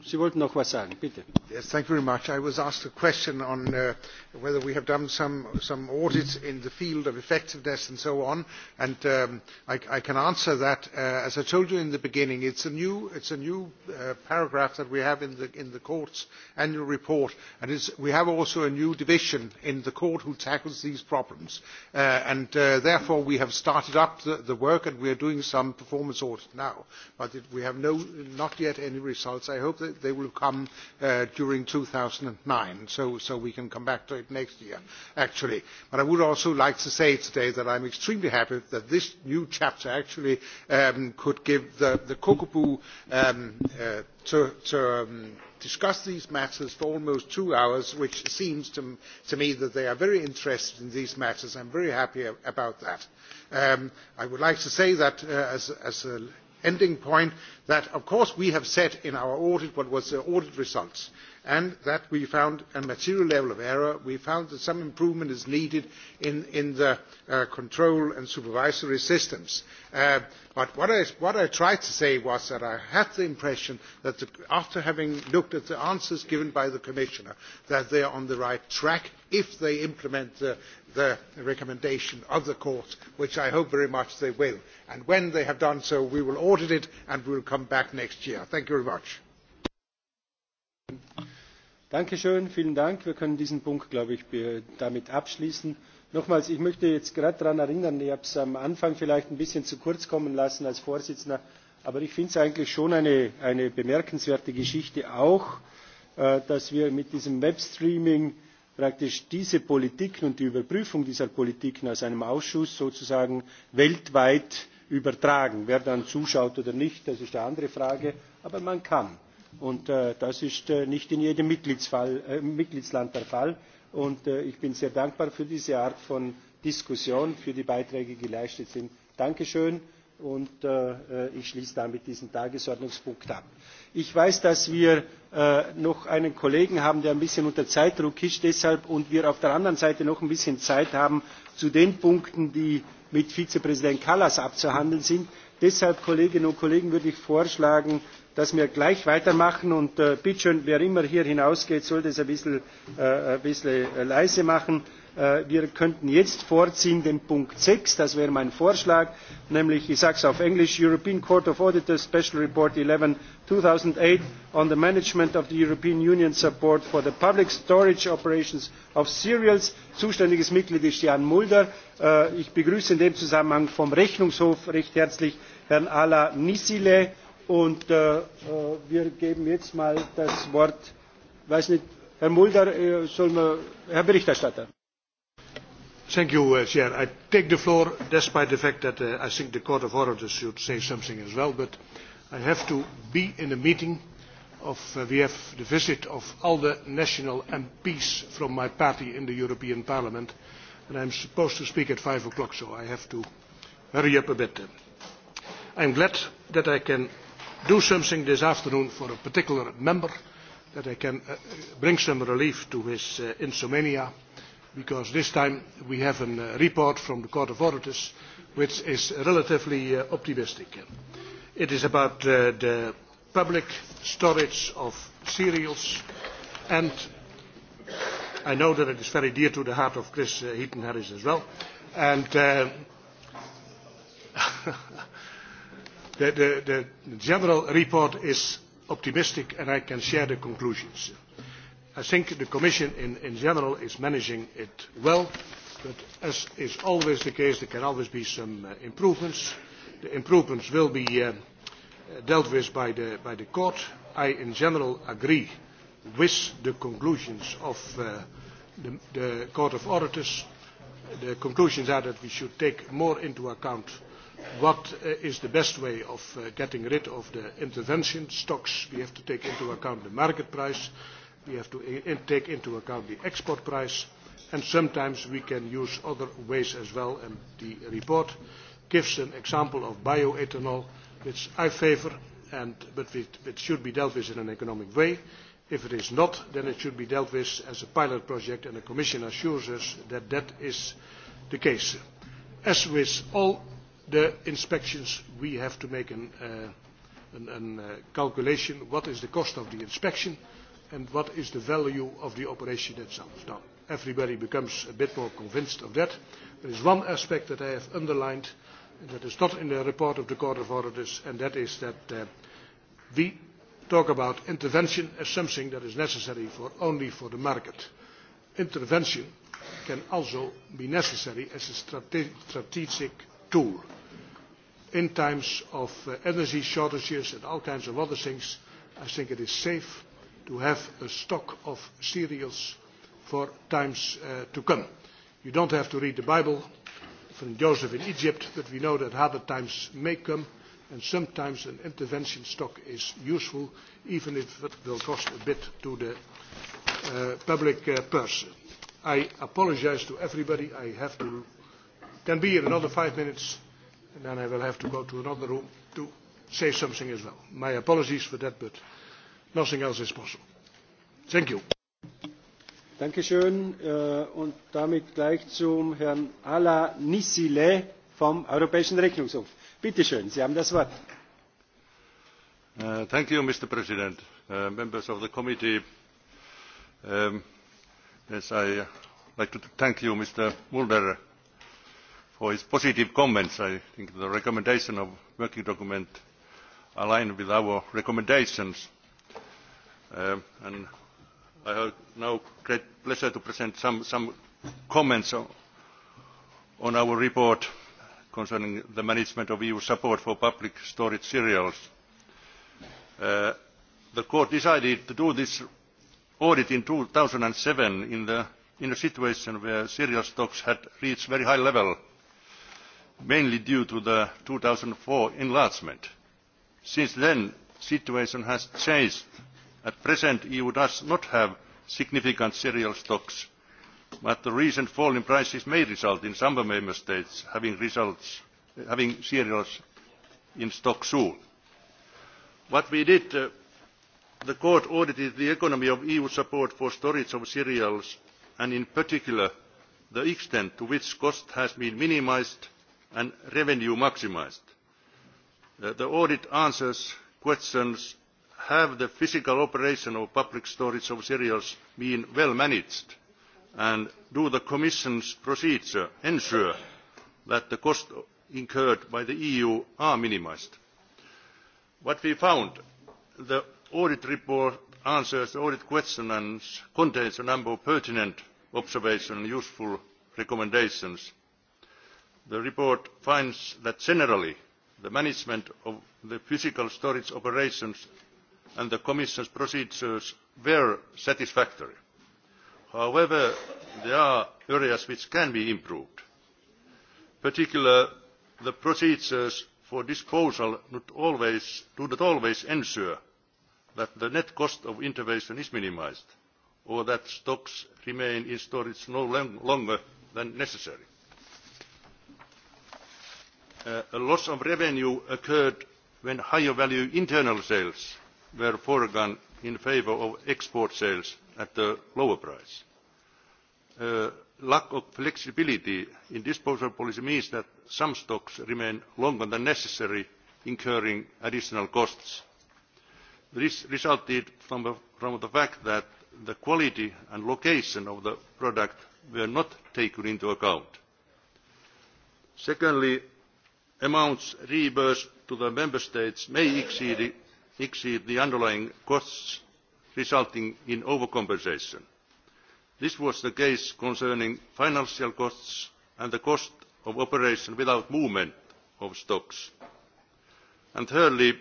A: Sie wollten noch was sagen, bitte.
B: Yes, thank you very much. I was asked a question on uh, whether we have done some, some audits in the field of effectiveness and so on, and um, I, I can answer that. Uh, as I told you in the beginning, it's a new, it's a new uh, paragraph that we have in the, in the court's annual report, and it's, we have also a new division in the court who tackles these problems, uh, and uh, therefore we have started up the, the work and we are doing some performance audit now, but it, we have no, not yet any results. I hope they will come uh, during 2009, so, so we can come back to it next year, actually. But I would also like to say today that I'm extremely happy that this new chapter actually um, could give the, the Kokobu um, uh, to, to um, discuss these matters for almost two hours, which seems to, to me that they are very interested in these matters. I'm very happy about that. Um, I would like to say that uh, as, as a ending point that of course we have set in our audit what was the audit results and that we found a material level of error. We found that some improvement is needed in, in the uh, control and supervisory systems. Uh, but what I, what I tried to say was that I had the impression that the, after having looked at the answers given by the Commissioner, that they are on the right track if they implement the, the recommendation of the court, which I hope very much they will. And when they have done so, we will audit it and we will come back next year. Thank you very much.
A: Dankeschön, vielen Dank. Wir können diesen Punkt, glaube ich, damit abschließen. Nochmals, ich möchte jetzt gerade daran erinnern, ich habe es am Anfang vielleicht ein bisschen zu kurz kommen lassen als Vorsitzender, aber ich finde es eigentlich schon eine, eine bemerkenswerte Geschichte auch, äh, dass wir mit diesem Webstreaming praktisch diese Politiken und die Überprüfung dieser Politiken aus einem Ausschuss sozusagen weltweit übertragen. Wer dann zuschaut oder nicht, das ist eine andere Frage, aber man kann. Und äh, das ist äh, nicht in jedem Mitgliedsfall, äh, Mitgliedsland der Fall. Und äh, ich bin sehr dankbar für diese Art von Diskussion, für die Beiträge, die geleistet sind. Dankeschön und äh, äh, ich schließe damit diesen Tagesordnungspunkt ab. Ich weiß, dass wir äh, noch einen Kollegen haben, der ein bisschen unter Zeitdruck ist, deshalb und wir auf der anderen Seite noch ein bisschen Zeit haben zu den Punkten, die mit Vizepräsident Kallas abzuhandeln sind. Deshalb, Kolleginnen und Kollegen, würde ich vorschlagen, dass wir gleich weitermachen. Und äh, bitte schön, wer immer hier hinausgeht, soll das ein bisschen, äh, ein bisschen äh, leise machen. Äh, wir könnten jetzt vorziehen den Punkt 6, das wäre mein Vorschlag, nämlich, ich sage es auf Englisch, European Court of Auditors Special Report 11 2008 on the Management of the European Union Support for the Public Storage Operations of Cereals. Zuständiges Mitglied ist Jan Mulder. Äh, ich begrüße in dem Zusammenhang vom Rechnungshof recht herzlich Herrn Ala Nisile, Und äh, äh, wir geben jetzt mal das Wort, weiß nicht, Herr Mulder, äh, soll man, Herr Berichterstatter.
M: Thank you, uh, Chair. I take the floor despite the fact that uh, I think the Court of Auditors should say something as well, but I have to be in a meeting of, uh, we have the visit of all the national MPs from my party in the European Parliament, and I'm supposed to speak at 5 o'clock, so I have to hurry up a bit. I'm glad that I can do something this afternoon for a particular member that I can uh, bring some relief to his uh, insomnia because this time we have a uh, report from the Court of Auditors which is relatively uh, optimistic. It is about uh, the public storage of cereals and I know that it is very dear to the heart of Chris uh, Heaton Harris as well. And uh, <laughs> the, the, the general report is optimistic and I can share the conclusions. I think the Commission in, in general is managing it well, but as is always the case, there can always be some uh, improvements. The improvements will be uh, dealt with by the, by the Court. I, in general, agree with the conclusions of uh, the, the Court of Auditors. The conclusions are that we should take more into account uh, what uh, is the best way of uh, getting rid of the intervention stocks. We have to take into account the market price. We have to uh, in take into account the export price. And sometimes we can use other ways as well. And the report gives an example of bioethanol, which I favor, and, but it should be dealt with in an economic way. If it is not, then it should be dealt with as a pilot project, and the Commission assures us that that is the case. As with all the inspections, we have to make an, uh, an, an uh, calculation what is the cost of the inspection and what is the value of the operation itself. Now, everybody becomes a bit more convinced of that. There is one aspect that I have underlined, and that is not in the report of the Court of Auditors, and that is that uh, we talk about intervention as something that is necessary for only for the market. Intervention can also be necessary as a strate strategic tool in times of uh, energy shortages and all kinds of other things, I think it is safe to have a stock of cereals for times uh, to come. You don't have to read the Bible from Joseph in Egypt, but we know that harder times may come, and sometimes an intervention stock is useful, even if it will cost a bit to the uh, public uh, purse. I apologize to everybody. I have to can be here another five minutes then I will have to go to another room to say something as well. My apologies for that, but nothing else is possible. Thank you. Dankeschön. Äh, und
A: damit gleich zum Herrn Ala Nisile vom Europäischen Rechnungshof. Bitte schön, Sie haben das Wort.
N: Uh, thank you, Mr. President, uh, members of the committee. Um, yes, I uh, like to thank you, Mr. Mulder, for his positive comments. I think the recommendation of working document align with our recommendations. Uh, and I have now great pleasure to present some, some comments on our report concerning the management of EU support for public storage cereals. Uh, the court decided to do this audit in two thousand and seven in a situation where cereal stocks had reached a very high level mainly due to the 2004 enlargement. Since then, situation has changed. At present, EU does not have significant cereal stocks, but the recent fall in prices may result in some member states having, results, having cereals in stock soon. What we did, uh, the court audited the economy of EU support for storage of cereals and in particular the extent to which cost has been minimised and revenue maximised. Uh, the audit answers questions have the physical operation of public storage of cereals been well managed and do the Commission's procedure ensure that the costs incurred by the EU are minimised? What we found, the audit report answers the audit question and contains a number of pertinent observations and useful recommendations the report finds that generally the management of the physical storage operations and the commission's procedures were satisfactory. however there are areas which can be improved. in particular the procedures for disposal always, do not always ensure that the net cost of intervention is minimised or that stocks remain in storage no longer than necessary uh, a loss of revenue occurred when higher value internal sales were foregone in favour of export sales at a lower price. Uh, lack of flexibility in disposal policy means that some stocks remain longer than necessary incurring additional costs. this resulted from the, from the fact that the quality and location of the product were not taken into account. secondly amounts reimbursed to the member states may exceed, exceed the underlying costs resulting in overcompensation. this was the case concerning financial costs and the cost of operation without movement of stocks. And thirdly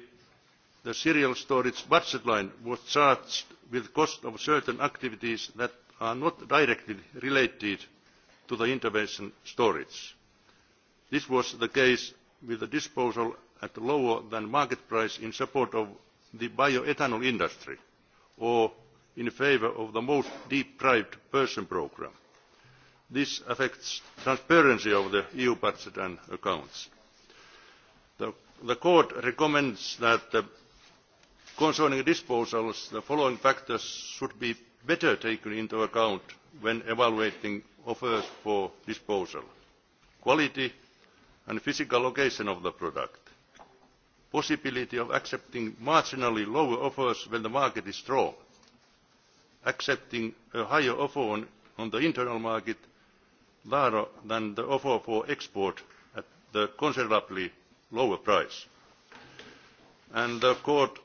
N: the cereal storage budget line was charged with the cost of certain activities that are not directly related to the intervention storage. this was the case with a disposal at lower than market price in support of the bioethanol industry or in favour of the most deprived person programme. this affects transparency of the eu budget and accounts. the, the court recommends that uh, concerning disposals the following factors should be better taken into account when evaluating offers for disposal quality and physical location of the product possibility of accepting marginally lower offers when the market is strong accepting a higher offer on, on the internal market rather than the offer for export at the considerably lower price. And the court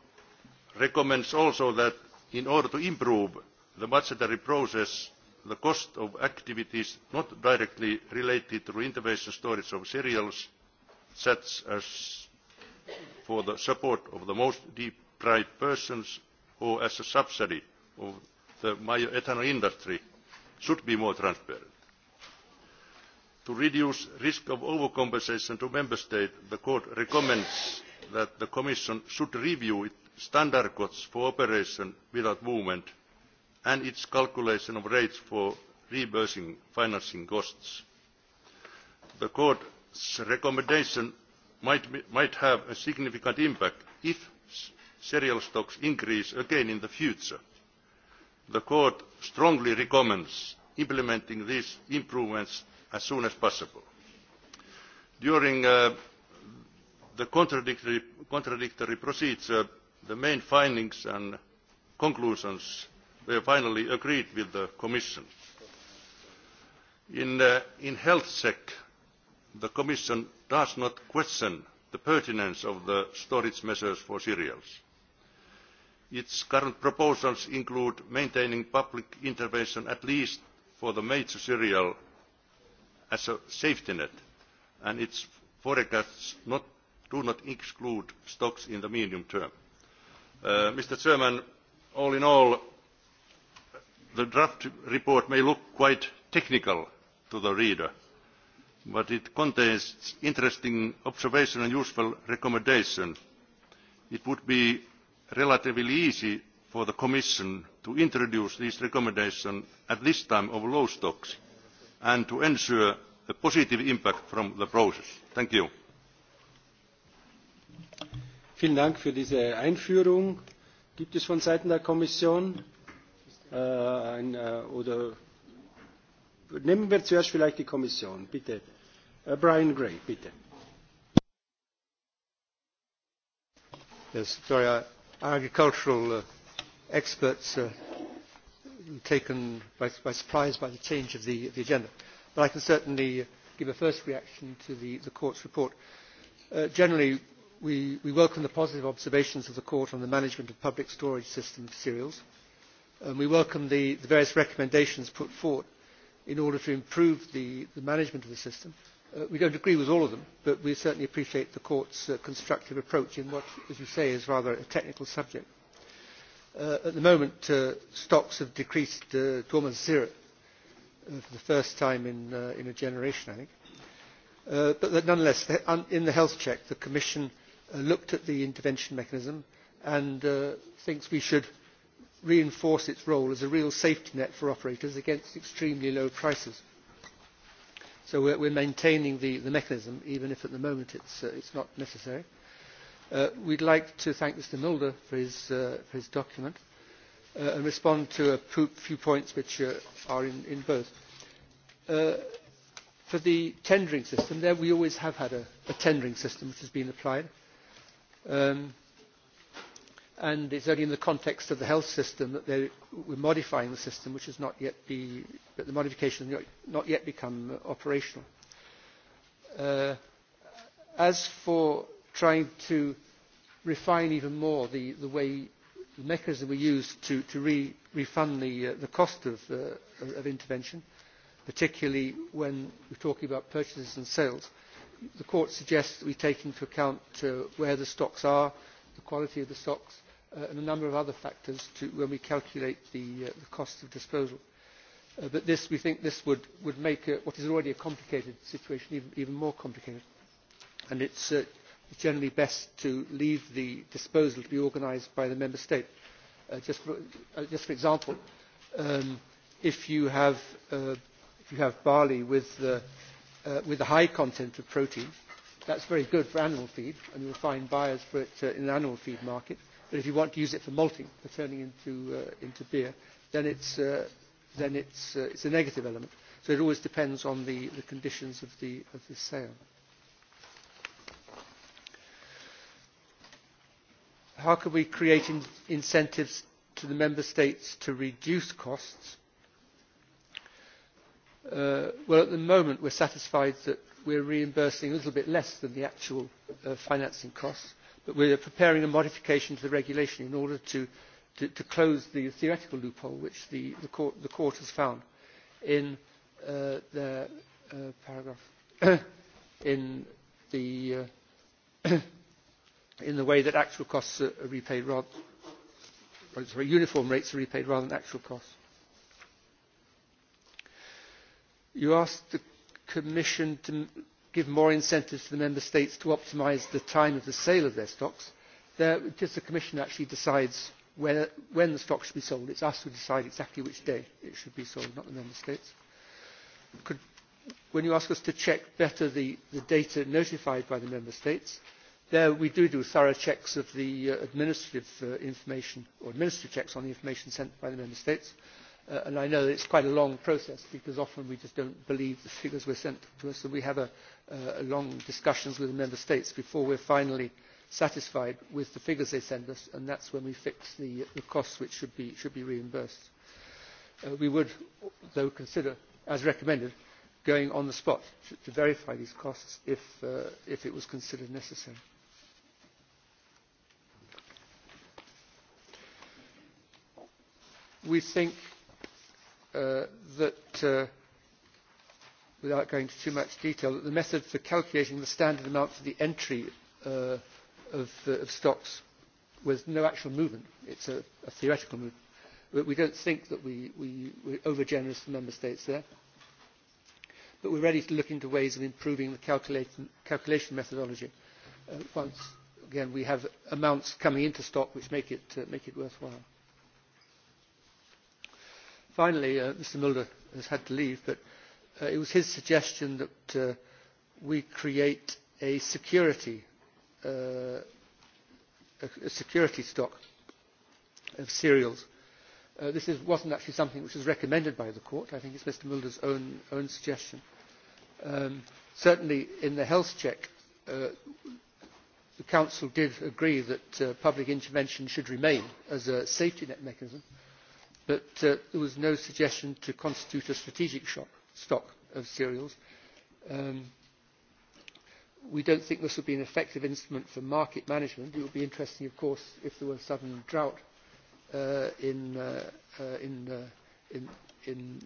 N: recommends also that in order to improve the budgetary process the cost of activities not directly related to intervention storage of cereals such as for the support of the most deprived persons or as a subsidy of the bioethanol industry should be more transparent. to reduce the risk of overcompensation to member states the court recommends that the commission should review its standard costs for operation without movement and its calculation of rates for reimbursing financing costs. the court's recommendation might, might have a significant impact if cereal stocks increase again in the future. the court strongly recommends implementing these improvements as soon as possible. during uh, the contradictory, contradictory procedure the main findings and conclusions were finally agreed with the Commission. In, uh, in HealthSec, the Commission does not question the pertinence of the storage measures for cereals. Its current proposals include maintaining public intervention at least for the major cereal as a safety net, and its forecasts not, do not exclude stocks in the medium term. Uh, Mr. Chairman, all in all, the draft report may look quite technical to the reader but it contains interesting observations and useful recommendations. it would be relatively easy for the commission to introduce these recommendations at this time of low stocks and to ensure a positive impact from the process. thank you.
A: vielen dank für diese einführung. gibt es von seiten der kommission äh, ein, äh, oder nehmen wir zuerst vielleicht die Kommission, bitte. Äh, Brian Gray, bitte.
O: Yes, sorry, our uh, agricultural uh, experts uh, taken by, by surprise by the change of the, the agenda. But I can certainly give a first reaction to the, the court's report. Uh, generally, we, we welcome the positive observations of the court on the management of public storage system cereals. Uh, and we welcome the, the various recommendations put forward in order to improve the, the management of the system. Uh, we do not agree with all of them but we certainly appreciate the court's uh, constructive approach in what as you say is rather a technical subject. Uh, at the moment uh, stocks have decreased uh, to almost zero uh, for the first time in, in a generation i think. but nonetheless in the health check the commission looked at the intervention mechanism and thinks we should reinforce its role as a real safety net for operators against extremely low prices. So we're, we're maintaining the, the mechanism, even if at the moment it's, uh, it's not necessary. Uh, we'd like to thank Mr Mulder for his, uh, for his document uh, and respond to a few points which uh, are in, in both. Uh, for the tendering system, there we always have had a, a tendering system which has been applied. Um, and it is only in the context of the health system that they were modifying the system which has not yet be, but the modification has not yet become operational. Uh, as for trying to refine even more the, the way the mechanism we use to, to re, refund the, uh, the cost of, uh, of intervention, particularly when we're talking about purchases and sales, the court suggests that we take into account uh, where the stocks are, the quality of the stocks, uh, and a number of other factors to, when we calculate the, uh, the cost of disposal. Uh, but this, we think this would, would make a, what is already a complicated situation even, even more complicated. And it's uh, generally best to leave the disposal to be organised by the member state. Uh, just, for, uh, just for example, um, if, you have, uh, if you have barley with, uh, uh, with a high content of protein, that's very good for animal feed, and you'll find buyers for it uh, in the animal feed market But if you want to use it for malting, for turning into, uh, into beer, then, it's, uh, then it's, uh, it's a negative element. So it always depends on the, the conditions of the, of the sale. How can we create in incentives to the member states to reduce costs? Uh, well, at the moment, we're satisfied that we're reimbursing a little bit less than the actual uh, financing costs we are preparing a modification to the regulation in order to, to, to close the theoretical loophole which the, the, court, the court has found in uh, their uh, paragraph <coughs> in the uh, <coughs> in the way that actual costs are repaid rather oh, sorry, uniform rates are repaid rather than actual costs. You asked the Commission to give more incentives to the member states to optimise the time of the sale of their stocks. The, just the Commission actually decides where, when the stock should be sold. It's us who decide exactly which day it should be sold, not the member states. Could, when you ask us to check better the, the data notified by the member states, there we do do thorough checks of the uh, administrative uh, information or administrative checks on the information sent by the member states. Uh, and I know that it's quite a long process because often we just don't believe the figures were sent to us. So we have a, uh, long discussions with the member states before we are finally satisfied with the figures they send us, and that's when we fix the, the costs which should be, should be reimbursed. Uh, we would, though, consider, as recommended, going on the spot to, to verify these costs if, uh, if it was considered necessary. We think uh, that uh, without going into too much detail, that the method for calculating the standard amount for the entry uh, of, uh, of stocks with no actual movement, it's a, a theoretical movement, but we don't think that we, we, we're over-generous to member states there. But we're ready to look into ways of improving the calculation, calculation methodology uh, once, again, we have amounts coming into stock which make it, uh, make it worthwhile. Finally, uh, Mr Mulder has had to leave, but uh, uh, it was his suggestion that uh, we create a security, uh, a, a security stock of cereals. Uh, this is, wasn't actually something which was recommended by the court. I think it's Mr Mulder's own, own suggestion. Um, certainly in the health check, uh, the Council did agree that uh, public intervention should remain as a safety net mechanism, but uh, there was no suggestion to constitute a strategic shock stock of cereals. Um, we don't think this would be an effective instrument for market management. It would be interesting, of course, if there were a sudden drought uh, in, uh, uh, in, uh, in, in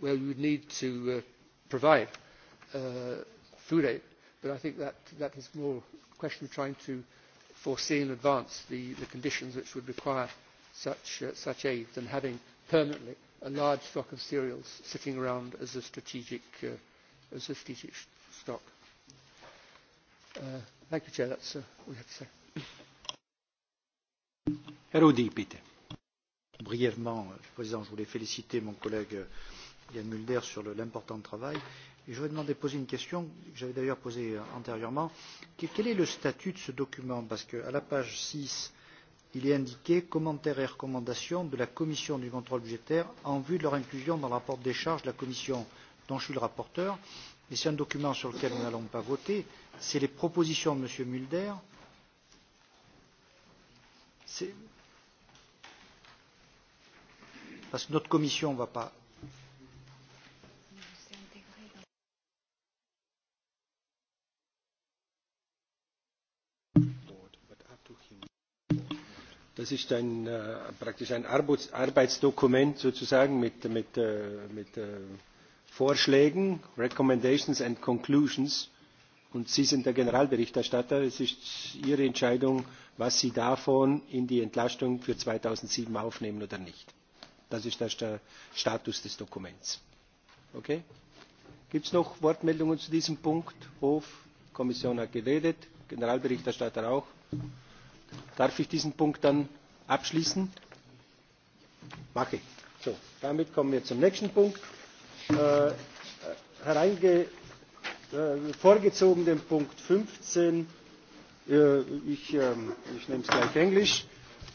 O: where we would need to uh, provide uh, food aid. But I think that, that is more a question of trying to foresee in advance the, the conditions which would require such, uh, such aid than having permanently a large stock of cereals sitting around as a strategic, uh, as a strategic stock. Uh, thank you, Chair. That's uh, all I have to say.
D: Herodi, bitte. Brièvement, euh, Président, je voulais féliciter mon collègue euh, Yann Mulder sur l'important travail. Et je vais demander poser une question que j'avais d'ailleurs posée euh, antérieurement. Quel est le statut de ce document Parce qu'à la page 6, il est indiqué commentaires et recommandations de la commission du contrôle budgétaire en vue de leur inclusion dans le rapport des charges de la commission dont je suis le rapporteur. C'est un document sur lequel nous n'allons pas voter. C'est les propositions de M. Mulder. Parce que notre commission ne va pas
A: das ist ein, äh, praktisch ein Arbeits Arbeitsdokument sozusagen mit, mit, äh, mit äh, Vorschlägen, Recommendations and Conclusions. Und Sie sind der Generalberichterstatter. Es ist Ihre Entscheidung, was Sie davon in die Entlastung für 2007 aufnehmen oder nicht. Das ist der Status des Dokuments. Okay? Gibt es noch Wortmeldungen zu diesem Punkt? Hof, Kommission hat geredet, Generalberichterstatter auch. Darf ich diesen Punkt dann abschließen? Mache ich. So, damit kommen wir zum nächsten Punkt. Äh, hereinge, äh, vorgezogen den Punkt 15. Äh, ich, äh, ich nehme es gleich Englisch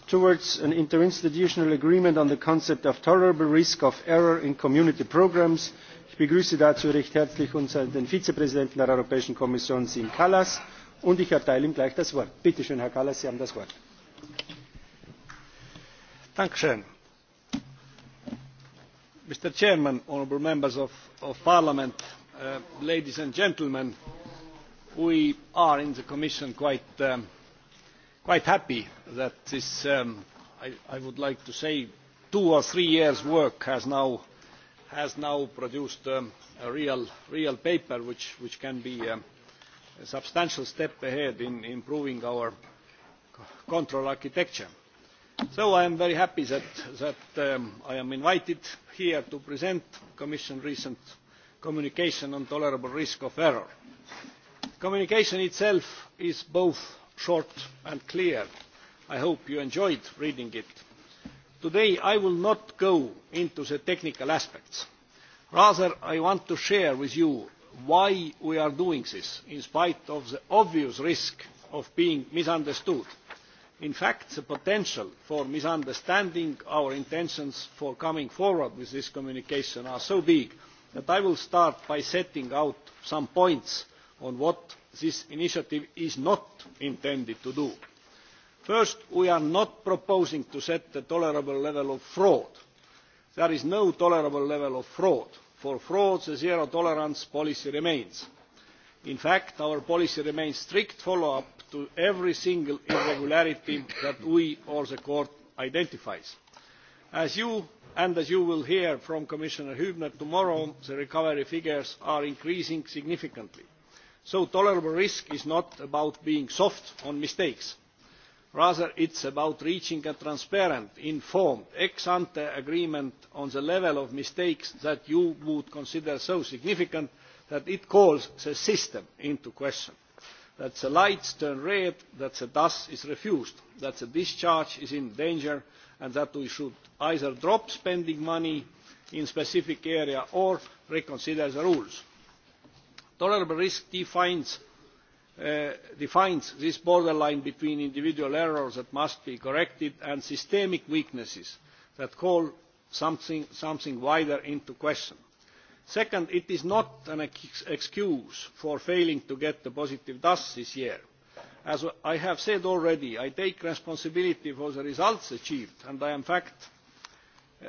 A: towards an interinstitutional agreement on the concept of tolerable risk of error in community programmes. ich begrüße dazu recht herzlich unseren, den vizepräsidenten der europäischen kommission siim kallas und ich erteile ihm gleich das Wort. Bitte schön, Herr Kallas, Sie haben das Wort.
P: Dankeschön. Mr. Chairman, honourable members of, of Parliament, uh, ladies and gentlemen, we are in the Commission quite, um, quite happy that this, um, I, I would like to say, two or three years' work has now, has now produced um, a real, real paper which, which can be um, a substantial step ahead in improving our control architecture. so i am very happy that, that um, i am invited here to present the commission's recent communication on tolerable risk of error. communication itself is both short and clear. i hope you enjoyed reading it. today i will not go into the technical aspects. rather i want to share with you why we are doing this in spite of the obvious risk of being misunderstood. in fact the potential for misunderstanding our intentions for coming forward with this communication is so big that i will start by setting out some points on what this initiative is not intended to do. first we are not proposing to set a tolerable level of fraud. there is no tolerable level of fraud for fraud the zero tolerance policy remains. in fact our policy remains strict follow up to every single irregularity that we or the court identifies. as you and as you will hear from commissioner hbner tomorrow the recovery figures are increasing significantly so tolerable risk is not about being soft on mistakes rather it is about reaching a transparent informed ex ante agreement on the level of mistakes that you would consider so significant that it calls the system into question that the lights turn red that the das is refused that the discharge is in danger and that we should either drop spending money in a specific area or reconsider the rules. tolerable risk defines uh, defines this borderline between individual errors that must be corrected and systemic weaknesses that call something, something wider into question. Second, it is not an ex excuse for failing to get the positive DAS this year. As I have said already, I take responsibility for the results achieved and I am, fact,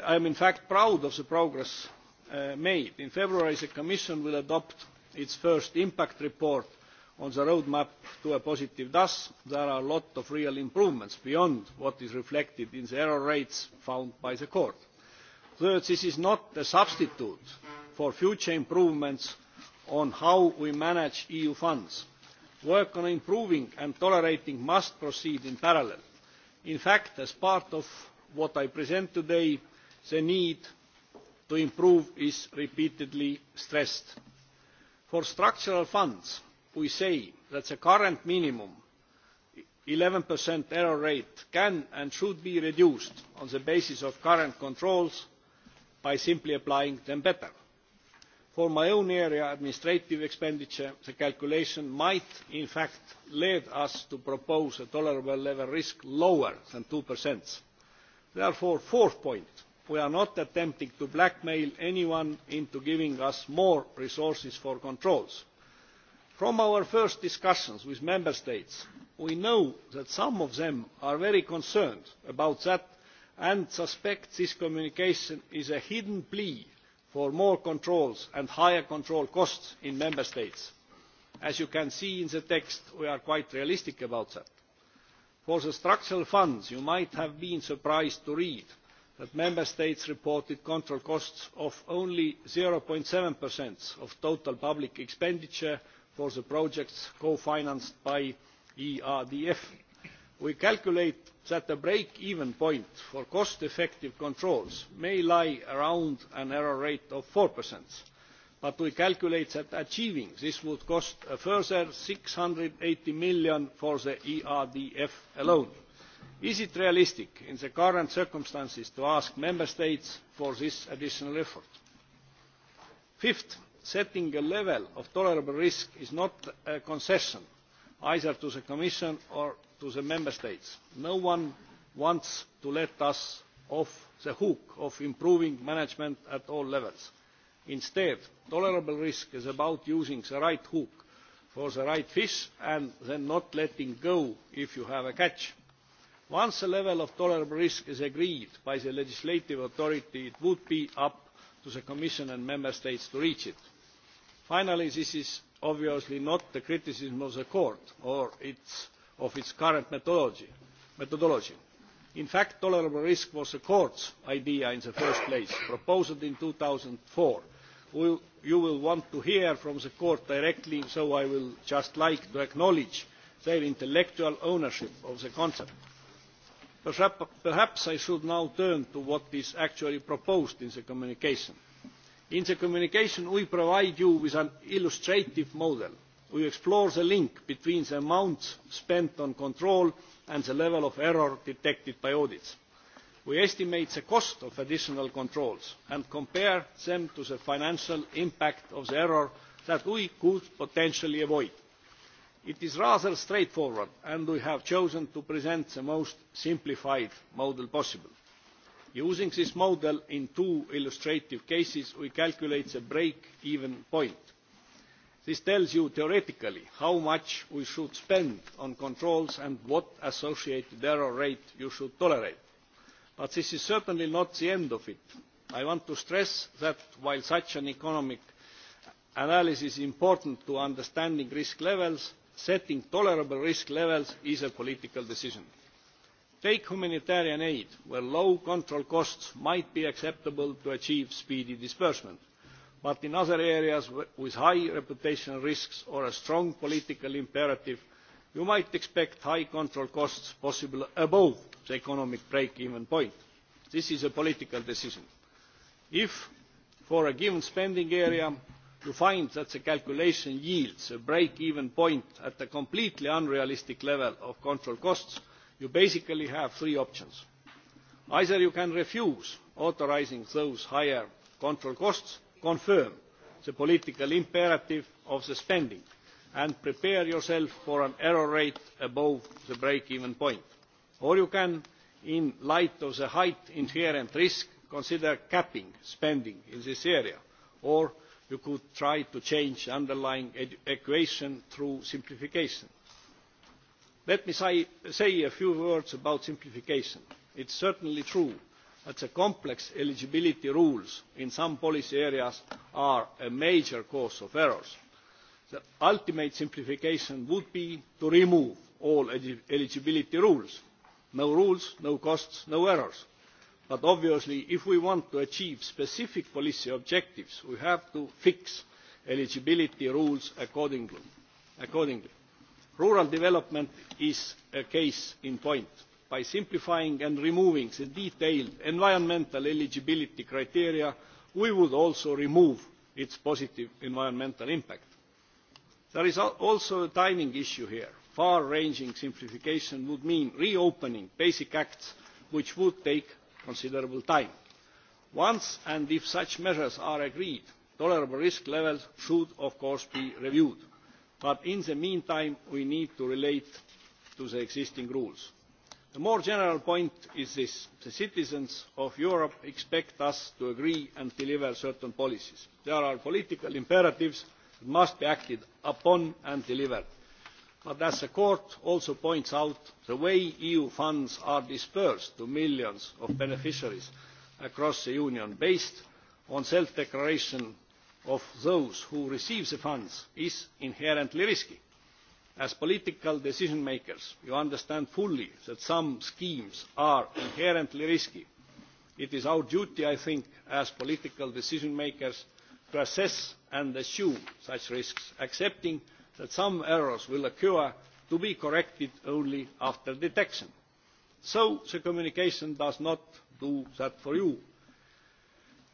P: I am in fact proud of the progress uh, made. In February, the Commission will adopt its first impact report on the roadmap to a positive thus there are a lot of real improvements beyond what is reflected in the error rates found by the court. third this is not a substitute for future improvements on how we manage eu funds. work on improving and tolerating must proceed in parallel. in fact as part of what i present today the need to improve is repeatedly stressed. for structural funds we say that the current minimum 11% error rate can and should be reduced on the basis of current controls by simply applying them better. For my own area, administrative expenditure, the calculation might in fact lead us to propose a tolerable level risk lower than 2%. Therefore, fourth point, we are not attempting to blackmail anyone into giving us more resources for controls from our first discussions with member states we know that some of them are very concerned about that and suspect this communication is a hidden plea for more controls and higher control costs in member states. as you can see in the text we are quite realistic about that. for the structural funds you might have been surprised to read that member states reported control costs of only. zero seven of total public expenditure for the projects co financed by erdf. we calculate that the break even point for cost effective controls may lie around an error rate of four but we calculate that achieving this would cost a further eur six hundred and eighty million for the erdf alone. is it realistic in the current circumstances to ask member states for this additional effort? fifth setting a level of tolerable risk is not a concession either to the commission or to the member states. no one wants to let us off the hook of improving management at all levels. instead tolerable risk is about using the right hook for the right fish and then not letting go if you have a catch. once a level of tolerable risk is agreed by the legislative authority it would be up to the commission and member states to reach it finally this is obviously not a criticism of the court or its, of its current methodology. methodology. in fact tolerable risk was the court's idea in the first place proposed in. two thousand and four you will want to hear from the court directly so i would just like to acknowledge their intellectual ownership of the concept. perhaps i should now turn to what is actually proposed in the communication. In the communication, we provide you with an illustrative model. We explore the link between the amount spent on control and the level of error detected by audits. We estimate the cost of additional controls and compare them to the financial impact of the error that we could potentially avoid. It is rather straightforward and we have chosen to present the most simplified model possible using this model in two illustrative cases we calculate the break even point. this tells you theoretically how much we should spend on controls and what associated error rate you should tolerate. but this is certainly not the end of it. i want to stress that while such an economic analysis is important to understanding risk levels setting tolerable risk levels is a political decision. Take humanitarian aid, where low control costs might be acceptable to achieve speedy disbursement, but in other areas with high reputational risks or a strong political imperative, you might expect high control costs possible above the economic break-even point. This is a political decision. If, for a given spending area, you find that the calculation yields a break-even point at a completely unrealistic level of control costs, you basically have three options. Either you can refuse authorising those higher control costs, confirm the political imperative of the spending, and prepare yourself for an error rate above the break-even point. Or you can, in light of the height inherent risk, consider capping spending in this area. Or you could try to change the underlying equation through simplification let me say a few words about simplification. it is certainly true that the complex eligibility rules in some policy areas are a major cause of errors. the ultimate simplification would be to remove all eligibility rules no rules no costs no errors. but obviously if we want to achieve specific policy objectives we have to fix eligibility rules accordingly rural development is a case in point. by simplifying and removing the detailed environmental eligibility criteria we would also remove its positive environmental impact. there is also a timing issue here. far ranging simplification would mean reopening basic acts which would take considerable time. once and if such measures are agreed tolerable risk levels should of course be reviewed but in the meantime we need to relate to the existing rules. the more general point is this the citizens of europe expect us to agree and deliver certain policies. there are political imperatives that must be acted upon and delivered. but as the court also points out the way eu funds are dispersed to millions of beneficiaries across the union based on self declaration of those who receive the funds is inherently risky. As political decision makers, you understand fully that some schemes are inherently risky. It is our duty, I think, as political decision makers to assess and assume such risks, accepting that some errors will occur to be corrected only after detection. So the communication does not do that for you,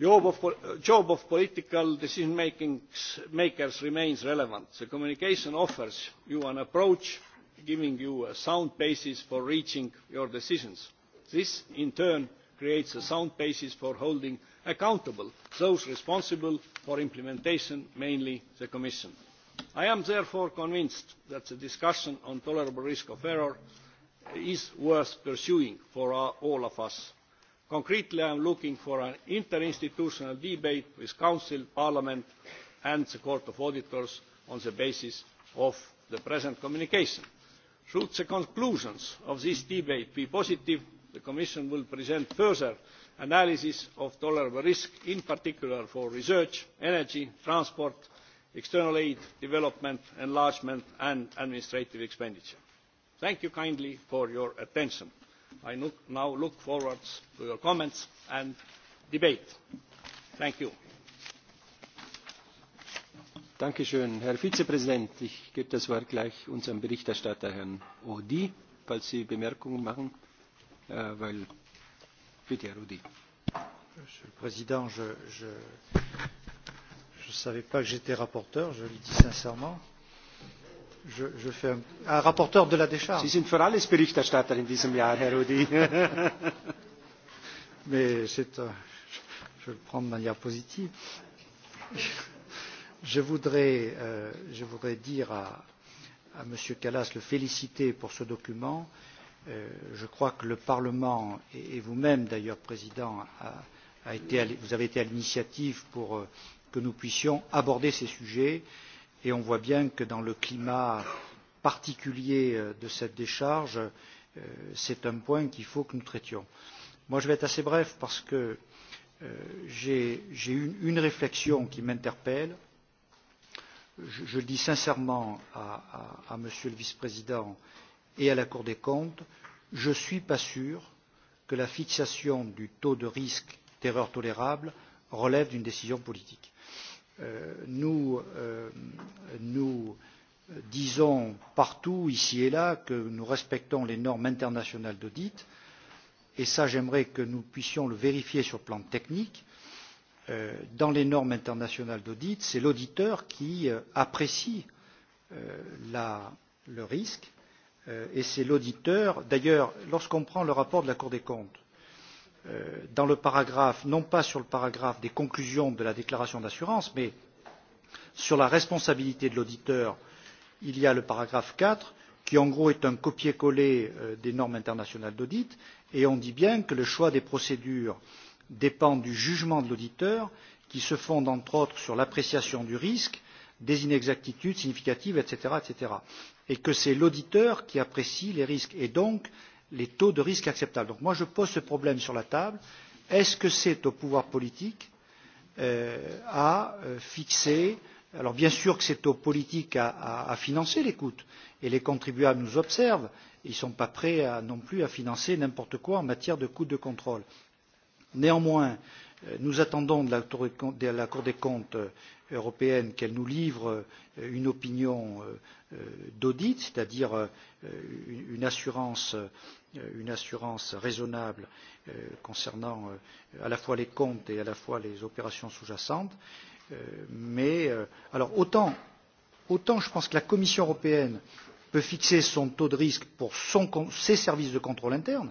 P: job of, job of political decision makers remains relevant. the communication offers you an approach giving you a sound basis for reaching your decisions. this in turn creates a sound basis for holding accountable those responsible for implementation mainly the commission. i am therefore convinced that the discussion on tolerable risk of error is worth pursuing for all of us concretely i am looking for an interinstitutional debate with the council parliament and the court of auditors on the basis of the present communication. should the conclusions of this debate be positive the commission will present further analysis of tolerable risk in particular for research energy transport external aid development enlargement and administrative expenditure. thank you kindly for your attention i look, now look forward to your comments and debate.
A: thank you. danke schön herr vizepräsident! ich gebe das wort gleich unserem berichterstatter herrn audy falls sie bemerkungen machen äh, weil bitte herr audy.
D: monsieur le président je ne savais pas que j'étais rapporteur je le dis sincèrement je, je fais un, un rapporteur de la décharge. Sie sind
A: für alles Berichterstatter in diesem Jahr, Herr Rudi. <laughs> Mais
D: c'est, euh, je le prends de manière positive. Je voudrais, euh, je voudrais dire à, à M. Callas le féliciter pour ce document. Euh, je crois que le Parlement et, et vous-même, d'ailleurs, Président, a, a été, vous avez été à l'initiative pour euh, que nous puissions aborder ces sujets. Euh, et on voit bien que dans le climat particulier euh, de cette décharge, euh, c'est un point qu'il faut que nous traitions. Moi, je vais être assez bref parce que euh, j'ai eu une, une réflexion qui m'interpelle. Je, je le dis sincèrement à, à, à Monsieur le Vice-président et à la Cour des comptes, je ne suis pas sûr que la fixation du taux de risque d'erreur tolérable relève d'une décision politique. Euh, nous, euh, nous disons partout, ici et là, que nous respectons les normes internationales d'audit, et ça j'aimerais que nous puissions le vérifier sur le plan technique, euh, dans les normes internationales d'audit, c'est l'auditeur qui apprécie la, le risque et c'est l'auditeur. D'ailleurs, lorsqu'on prend le rapport de la Cour des comptes, Euh, dans le paragraphe non pas sur le paragraphe des conclusions de la déclaration d'assurance mais sur la responsabilité de l'auditeur il y a le paragraphe quatre qui en gros est un copier coller euh, des normes internationales d'audit et on dit bien que le choix des procédures dépend du jugement de l'auditeur qui se fonde entre autres sur l'appréciation du risque des inexactitudes significatives etc. etc. et que c'est l'auditeur qui apprécie les risques et donc les taux de risque acceptables. Donc moi je pose ce problème sur la table. Est-ce que c'est au pouvoir politique euh, à euh, fixer alors bien sûr que c'est aux politiques à, à, à financer l'écoute et les contribuables nous observent, ils ne sont pas prêts à, non plus à financer n'importe quoi en matière de coûts de contrôle. Néanmoins, euh, nous attendons de la, de la Cour des comptes européenne qu'elle nous livre euh, une opinion euh, euh, d'audit, c'est-à-dire une assurance, une assurance raisonnable concernant à la fois les comptes et à la fois les opérations sous-jacentes. Mais alors autant, autant je pense que la Commission européenne peut fixer son taux de risque pour son, ses services de contrôle interne,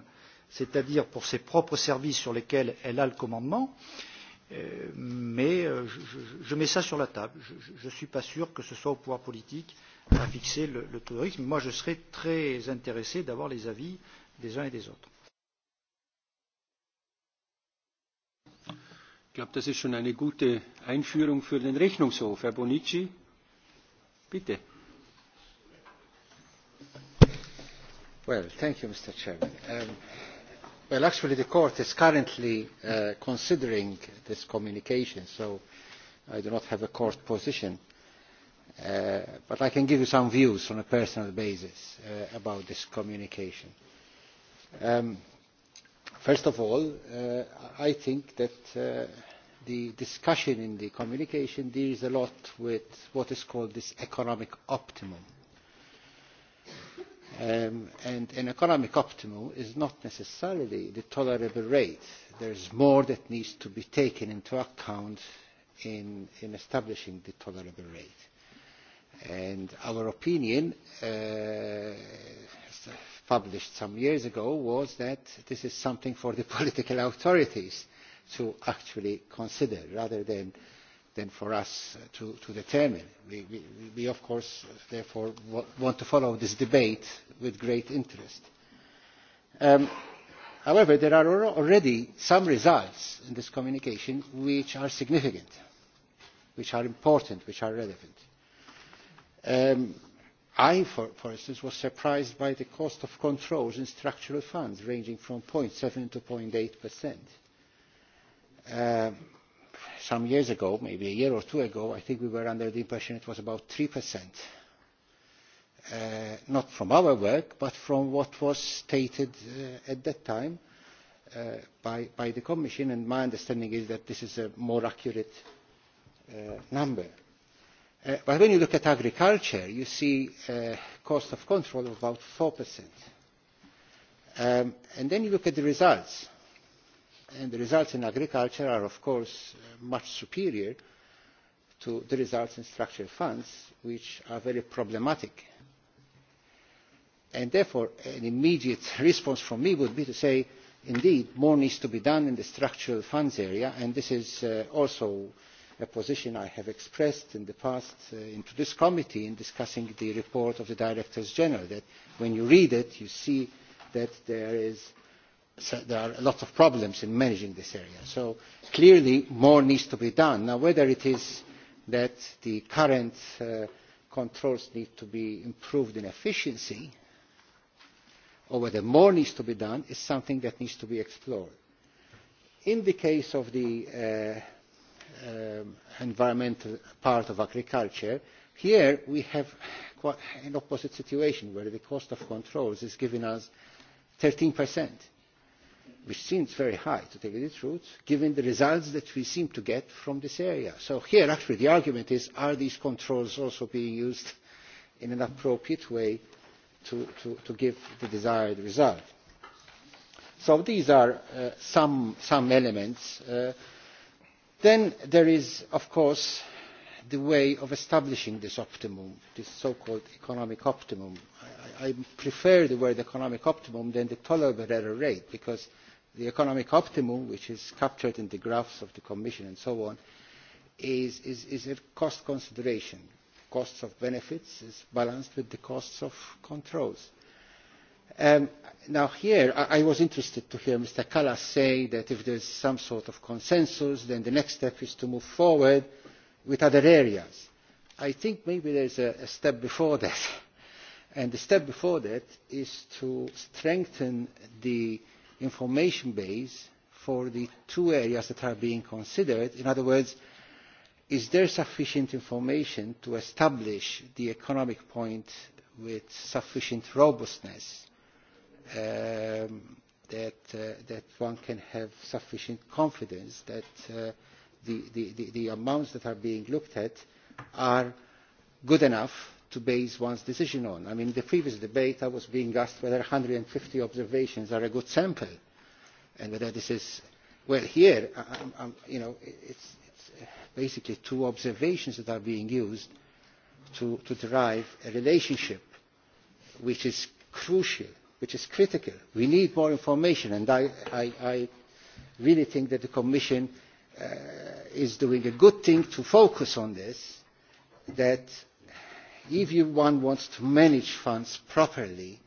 D: c'est-à-dire pour ses propres services sur lesquels elle a le commandement, euh, Euh, mais euh, je, je mets ça sur la table. Je ne suis pas sûr que ce soit au pouvoir politique à fixer le, le taux de risque. Moi, je serais très intéressé d'avoir les avis des uns et des autres.
A: Ich glaube, das ist schon eine gute Einführung für den Rechnungshof. Herr Bonici, bitte.
E: Well, thank you, Mr. Chairman. Um, Well, actually, the court is currently uh, considering this communication, so I do not have a court position. Uh, but I can give you some views on a personal basis uh, about this communication. Um, first of all, uh, I think that uh, the discussion in the communication deals a lot with what is called this economic optimum. Uh, Um, and an economic optimum is not necessarily the tolerable rate. There is more that needs to be taken into account in, in establishing the tolerable rate. And our opinion, uh, published some years ago, was that this is something for the <laughs> political authorities to actually consider rather than uh, than for us uh, to, to determine. We, we, we, of course, therefore, want to follow this debate with great interest. Um, however, there are already some results in this communication which are significant, which are important, which are relevant. Um, I, for, for instance, was surprised by the cost of controls in structural funds ranging from 0.7 to 0.8 percent. Um, some years ago, maybe a year or two ago, I think we were under the impression it was about 3%. Uh, not from our work, but from what was stated uh, at that time uh, by, by the Commission, and my understanding is that this is a more accurate uh, number. Uh, but when you look at agriculture, you see uh, cost of control of about 4%. Um, and then you look at the results and the results in agriculture are of course uh, much superior to the results in structural funds which are very problematic. And therefore an immediate <laughs> response from me would be to say indeed more needs to be done in the structural funds area and this is uh, also a position i have expressed in the past uh, in this committee in discussing the report of the directors general that when you read it you see that there is so there are a lot of problems in managing this area. So clearly more needs to be done. Now whether it is that the current uh, controls need to be improved in efficiency or whether more needs to be done is something that needs to be explored. In the case of the uh, um, environmental part of agriculture, here we have quite an opposite situation where the cost of controls is giving us 13 percent. Uh, which seems very high to tell you the truth, given the results that we seem to get from this area. So here actually the argument is are these controls also being used in an appropriate way to, to, to give the desired result? So these are uh, some, some elements. Uh, then there is of course the way of establishing this optimum, this so-called economic optimum. I, I prefer the word economic optimum than the tolerable error rate because uh, the economic optimum which is captured in the graphs of the commission and so on is, is, is a cost consideration. costs of benefits is balanced with the costs of controls. Um, now here I, i was interested to hear mr kallas say that if there is some sort of consensus then the next step is to move forward with other areas. i think maybe there is a, a step before that <laughs> and the step before that is to strengthen the information base for the two areas that are being considered? In other words, is there sufficient information to establish the economic point with sufficient robustness um, that, uh, that one can have sufficient confidence that uh, the, the, the, the amounts that are being looked at are good enough to base one's decision on. I mean, in the previous debate, I was being asked whether 150 observations are a good sample and whether this is, well, here, I, I, you know, it's, it's basically two observations that are being used to, to derive a relationship which is crucial, which is critical. We need more information, and I, I, I really think that the Commission uh, is doing a good thing to focus on this, that if you, one wants to manage funds properly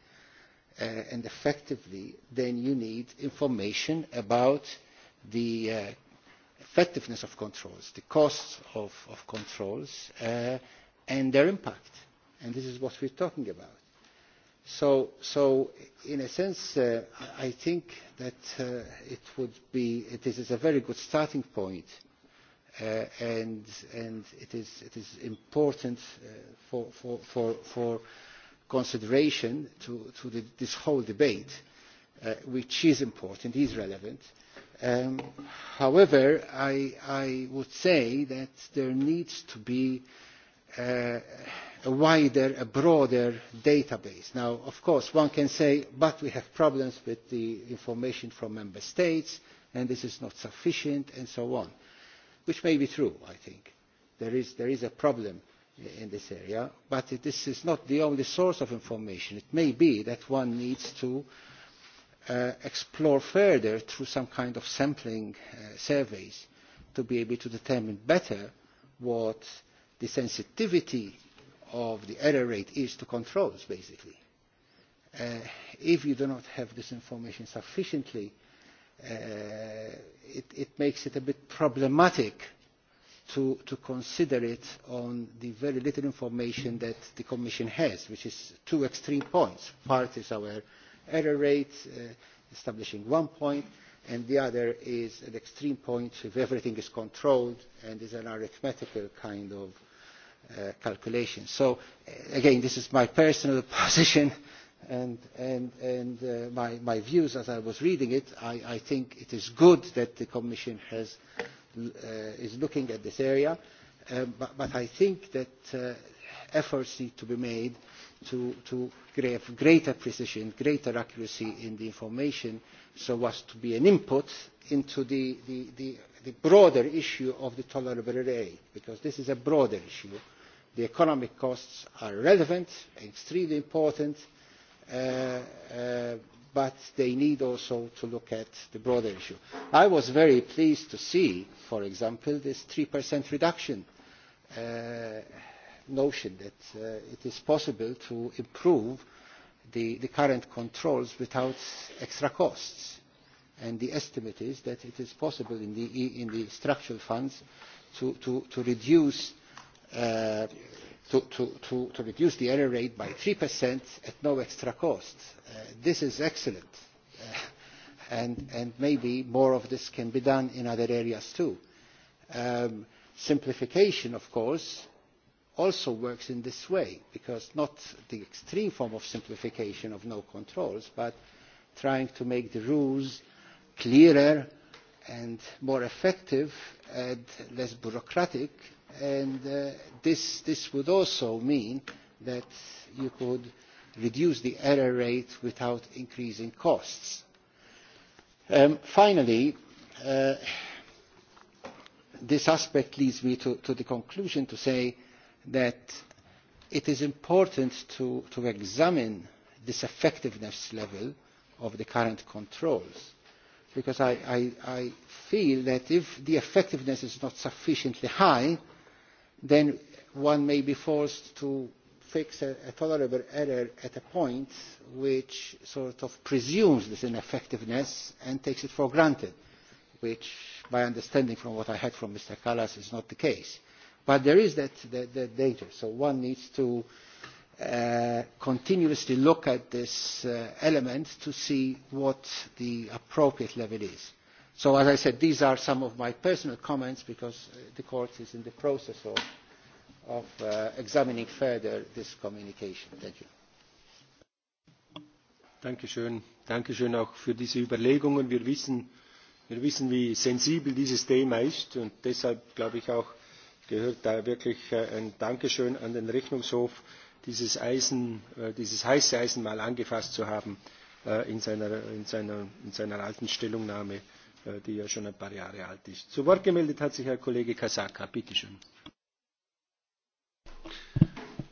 E: uh, and effectively, then you need information about the uh, effectiveness of controls, the costs of, of controls, uh, and their impact. And this is what we're talking about. So, so in a sense, uh, I think that uh, it would be, this is a very good starting point uh, uh, and, and it, is, it is important uh, for, for, for, for consideration to, to the, this whole debate, uh, which is important, is relevant. Um, however, I, I would say that there needs to be uh, a wider, a broader database. Now, of course, one can say, but we have problems with the information from member states, and this is not sufficient, and so on which may be true, I think. There is, there is a problem in this area, but it, this is not the only source of information. It may be that one needs to uh, explore further through some kind of sampling uh, surveys to be able to determine better what the sensitivity of the error rate is to controls, basically. Uh, if you do not have this information sufficiently Uh, it, it makes it a bit problematic to, to consider it on the very little information that the Commission has, which is two extreme points. Part is our error rate, uh, establishing one point, and the other is an extreme point if everything is controlled and is an arithmetical kind of uh, calculation. So, uh, again, this is my personal <laughs> position and, and, and uh, my, my views as I was reading it, I, I think it is good that the Commission has, uh, is looking at this area, um, but, but I think that uh, efforts need to be made to, to have greater precision, greater accuracy in the information so as to be an input into the, the, the, the broader issue of the tolerable array, because this is a broader issue. The economic costs are relevant, extremely important, uh, uh, uh, but they need also to look at the broader issue. I was very pleased to see, for example, this 3% reduction uh, notion that uh, it is possible to improve the, the current controls without extra costs. And the estimate is that it is possible in the, e, in the structural funds to, to, to reduce uh, to, to, to, to reduce the error rate by 3% at no extra cost. Uh, this is excellent. Uh, and, and maybe more of this can be done in other areas too. Um, simplification, of course, also works in this way, because not the extreme form of simplification of no controls, but trying to make the rules clearer and more effective and less bureaucratic and uh, this, this would also mean that you could reduce the error rate without increasing costs. Um, finally, uh, this aspect leads me to, to the conclusion to say that it is important to, to examine this effectiveness level of the current controls because I, I, I feel that if the effectiveness is not sufficiently high, then one may be forced to fix a, a tolerable error at a point which sort of presumes this ineffectiveness and takes it for granted, which, my understanding from what I heard from Mr. Callas, is not the case. But there is that, that, that danger, so one needs to uh, continuously look at this uh, element to see what the appropriate level is so as i said these are some of my personal comments because uh, the court is in the process of, of uh, examining further this communication. thank you.
A: Dankeschön. Dankeschön auch für diese Überlegungen. Wir wissen, wir wissen, wie sensibel dieses Thema ist und deshalb glaube ich auch gehört da wirklich äh, ein Dankeschön an den Rechnungshof, dieses, Eisen, äh, dieses heiße Eisen mal angefasst zu haben äh, in seiner, in seiner, in seiner alten Stellungnahme Äh, die ja schon ein paar Jahre alt ist. Zu Wort gemeldet hat sich Herr Kollege Kasaka. Bitte schön.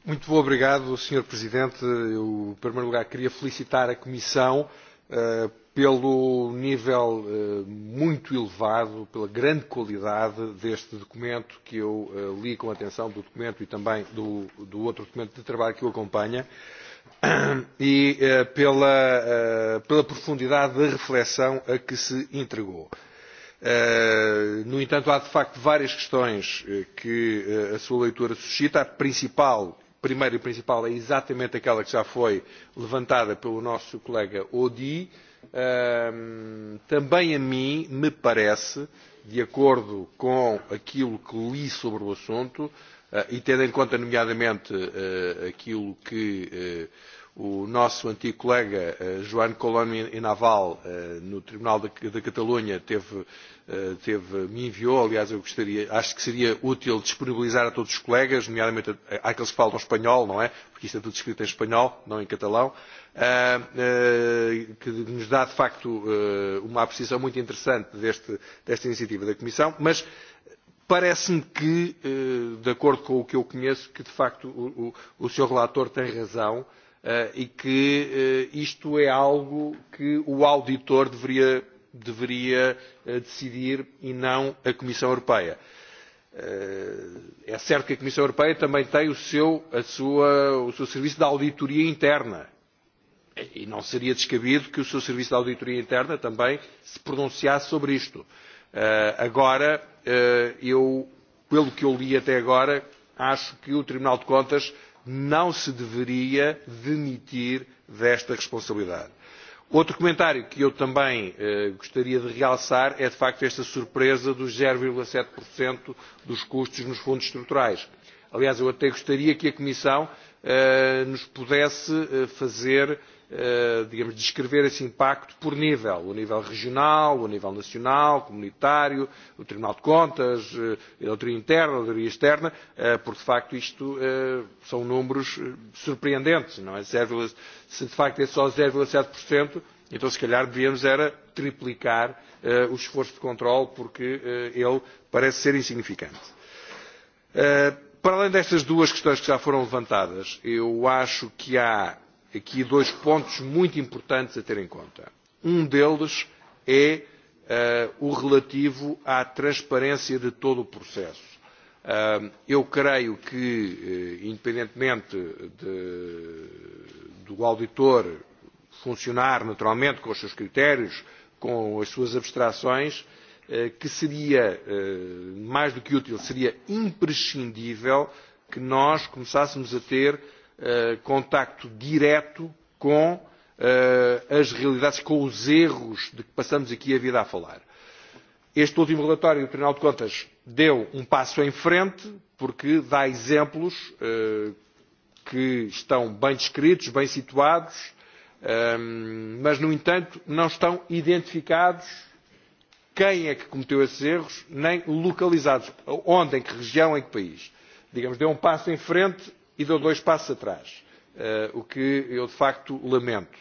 Q: Muito obrigado, Sr. Presidente. Eu, em primeiro lugar, queria felicitar a Comissão uh, pelo nível uh, muito elevado, pela grande qualidade deste documento que eu uh, li com atenção, do documento e também do, do outro documento de trabalho que o acompanha. Uh, e eh, pela, eh, pela profundidade da reflexão a que se entregou. Eh, no entanto, há de facto várias questões que a sua leitura suscita. A principal, primeira e principal, é exatamente aquela que já foi levantada pelo nosso colega Odi. Também a mim me parece, de acordo com aquilo que li sobre o assunto, Eh, e tendo em conta, nomeadamente, eh, aquilo que eh, o nosso antigo colega João Colón e Naval, no Tribunal da Catalunha, teve, teve, me enviou, aliás, eu gostaria, acho que seria útil disponibilizar a todos os colegas, nomeadamente àqueles que falam espanhol, não é? Porque isto é tudo escrito em espanhol, não em catalão, que nos dá, de facto, uma apreciação muito interessante deste, desta iniciativa da Comissão, mas uh, Parece-me que, eh, de acordo com o que eu conheço, que de facto o, o, o Sr. Relator tem razão eh, e que eh, isto é algo que o auditor deveria, deveria decidir e não a Comissão Europeia. É certo que a Comissão Europeia também tem o seu, a sua, o seu serviço de auditoria interna e não seria descabido que o seu serviço de auditoria interna também se pronunciasse sobre isto. Uh, Eh, agora, eh, eu, pelo que eu li até agora, acho que o Tribunal de Contas não se deveria demitir desta responsabilidade. Outro comentário que eu também eh, gostaria de realçar é, de facto, esta surpresa dos 0,7% dos custos nos fundos estruturais. Aliás, eu até gostaria que a Comissão eh, nos pudesse eh, fazer eh, Eh, digamos, descrever esse impacto por nível, o nível regional, o nível nacional, comunitário, o Tribunal de Contas, eh, a auditoria interna, a auditoria externa, eh, porque de facto isto são números surpreendentes, não é? Se de facto é só 0,7%, então se calhar devíamos era triplicar o esforço de controle, porque ele parece ser insignificante. Para além destas duas questões que já foram levantadas, eu acho que há aqui dois pontos muito importantes a ter em conta. Um deles é uh, o relativo à transparência de todo o processo. Uh, eu creio que, uh, independentemente de, do auditor funcionar naturalmente com os seus critérios, com as suas abstrações, uh, que seria uh, mais do que útil, seria imprescindível que nós começássemos a ter uh, uh, contacto direto com uh, as realidades, com os erros de que passamos aqui a vida a falar. Este último relatório do Tribunal de Contas deu um passo em frente, porque dá exemplos uh, que estão bem descritos, bem situados, um, mas, no entanto, não estão identificados quem é que cometeu esses erros, nem localizados, onde, em que região, em que país. Digamos, deu um passo em frente e deu dois passos atrás, eh, o que eu de facto lamento.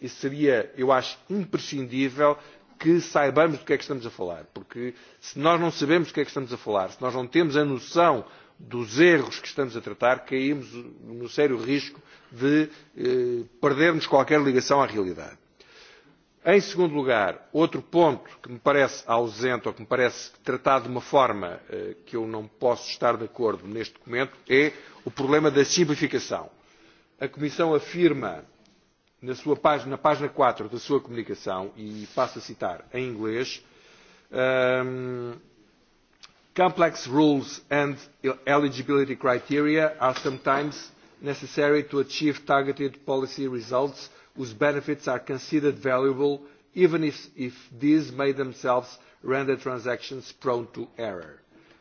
Q: E seria, eu acho, imprescindível que saibamos do que é que estamos a falar, porque se nós não sabemos do que é que estamos a falar, se nós não temos a noção dos erros que estamos a tratar, caímos no sério risco de eh, perdermos qualquer ligação à realidade. Em segundo lugar, outro ponto que me parece ausente ou que me parece tratado de uma forma eh, que eu não posso estar de acordo neste documento é o problema da simplificação. A Comissão afirma na, sua página, na página 4 da sua comunicação, e passo a citar em inglês, um, complex rules and eligibility criteria are sometimes necessary to achieve targeted policy results – whose benefits are considered valuable even if, if these may themselves render transactions prone to error.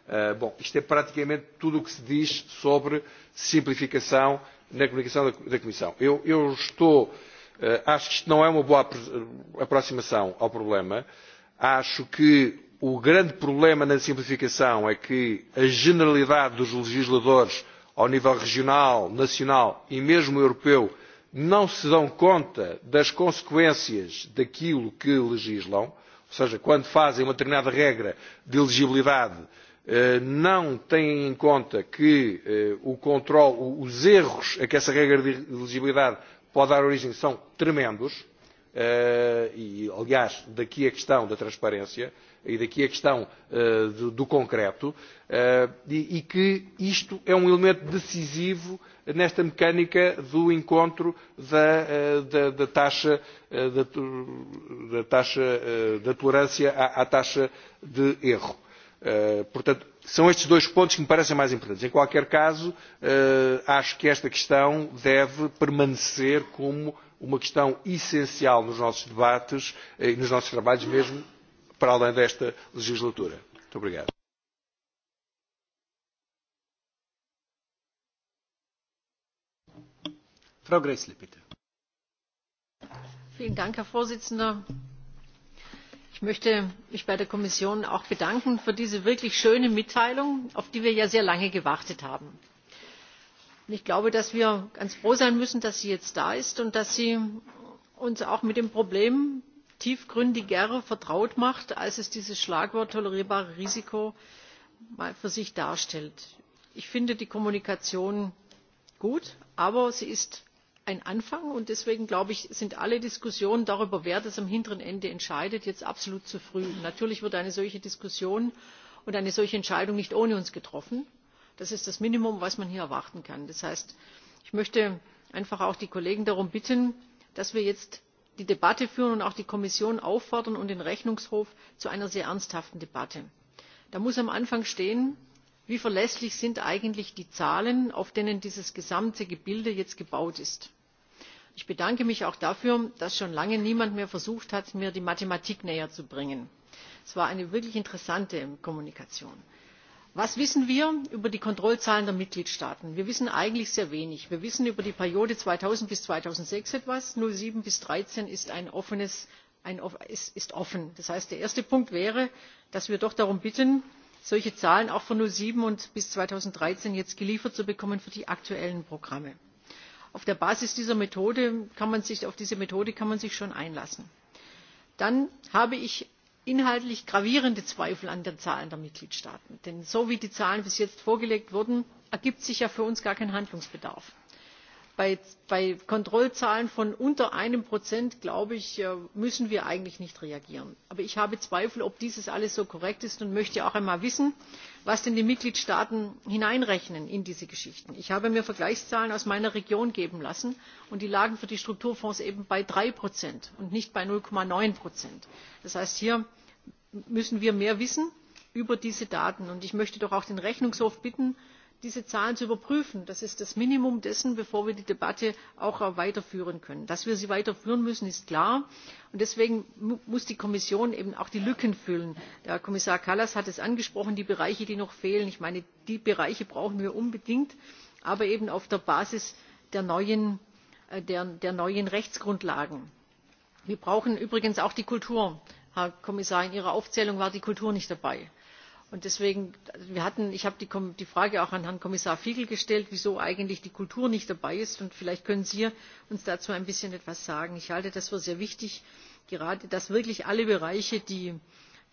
Q: Uh, bom, isto é praticamente tudo o que se diz sobre simplificação na comunicação da, da Comissão. Eu, eu estou, uh, acho que isto não é uma boa eh, aproximação ao problema. Acho que o grande problema na simplificação é que a generalidade dos legisladores, ao nível regional, nacional e mesmo europeu, uh, não se dão conta das consequências daquilo que legislam, ou seja, quando fazem uma determinada regra de elegibilidade, eh, não têm em conta que eh, o controle, os erros a que essa regra de elegibilidade pode dar origem são tremendos Eh, e aliás daqui a questão da transparência e daqui a questão eh, do, do concreto eh, e, e que isto é um elemento decisivo nesta mecânica do encontro da, da, da taxa da, da taxa da tolerância à, à taxa de erro. Portanto, são estes dois pontos que me parecem mais importantes. Em qualquer caso, acho que esta questão deve permanecer como uma questão essencial nos nossos debates e nos nossos trabalhos, mesmo para além desta legislatura.
C: Muito obrigado. Frau Gressle, bitte.
K: Vielen Dank, Herr Vorsitzender. Ich möchte mich bei der Kommission auch bedanken für diese wirklich schöne Mitteilung, auf die wir ja sehr lange gewartet haben ich glaube dass wir ganz froh sein müssen dass sie jetzt da ist und dass sie uns auch mit dem problem tiefgründiger vertraut macht als es dieses schlagwort tolerierbares risiko für sich darstellt. ich finde die kommunikation gut aber sie ist ein anfang und deswegen sind alle diskussionen darüber wer das am hinteren ende entscheidet jetzt absolut zu früh. natürlich wird eine solche diskussion und eine solche entscheidung nicht ohne uns getroffen das ist das minimum was man hier erwarten kann. das heißt ich möchte einfach auch die kollegen darum bitten dass wir jetzt die debatte führen und auch die kommission auffordern und den rechnungshof zu einer sehr ernsthaften debatte. da muss am anfang stehen wie verlässlich sind eigentlich die zahlen auf denen dieses gesamte gebilde jetzt gebaut ist? ich bedanke mich auch dafür dass schon lange niemand mehr versucht hat mir die mathematik näherzubringen. es war eine wirklich interessante kommunikation was wissen wir über die kontrollzahlen der mitgliedstaaten? wir wissen eigentlich sehr wenig. wir wissen über die periode zweitausend bis zweitausendsechs etwas sieben dreizehn ist, ist offen. das heißt der erste punkt wäre dass wir doch darum bitten solche zahlen auch für sieben und bis zweitausenddreizehn jetzt geliefert zu bekommen für die aktuellen programme. auf der basis dieser methode kann man sich auf diese methode kann man sich schon einlassen. dann habe ich inhaltlich gravierende zweifel an den zahlen der mitgliedstaaten denn so wie die zahlen bis jetzt vorgelegt wurden ergibt sich ja für uns gar kein handlungsbedarf bei, bei kontrollzahlen von unter einem prozent glaube ich äh, müssen wir eigentlich nicht reagieren. aber ich habe zweifel ob dies alles so korrekt ist und möchte auch einmal wissen was denn die mitgliedstaaten hineinrechnen in diese geschichten. ich habe mir vergleichszahlen aus meiner region geben lassen und die lagen für die strukturfonds eben bei drei prozent und nicht bei. null neun das heißt hier müssen wir mehr wissen über diese daten. und ich möchte doch auch den rechnungshof bitten diese zahlen zu überprüfen das ist das minimum dessen bevor wir die debatte auch weiterführen können. dass wir sie weiterführen müssen ist klar und deswegen muss die kommission eben auch die lücken füllen. der kommissar kallas hat es angesprochen die bereiche die noch fehlen. ich meine die bereiche brauchen wir unbedingt aber eben auf der basis der neuen, äh, der, der neuen rechtsgrundlagen. wir brauchen übrigens auch die kultur herr kommissar in ihrer aufzählung war die kultur nicht dabei und deswegen hatten, ich habe die, die frage auch an herrn kommissar figel' gestellt wieso eigentlich die kultur nicht dabei ist und vielleicht können sie uns dazu ein bisschen etwas sagen. ich halte das für sehr wichtig gerade dass wirklich alle bereiche die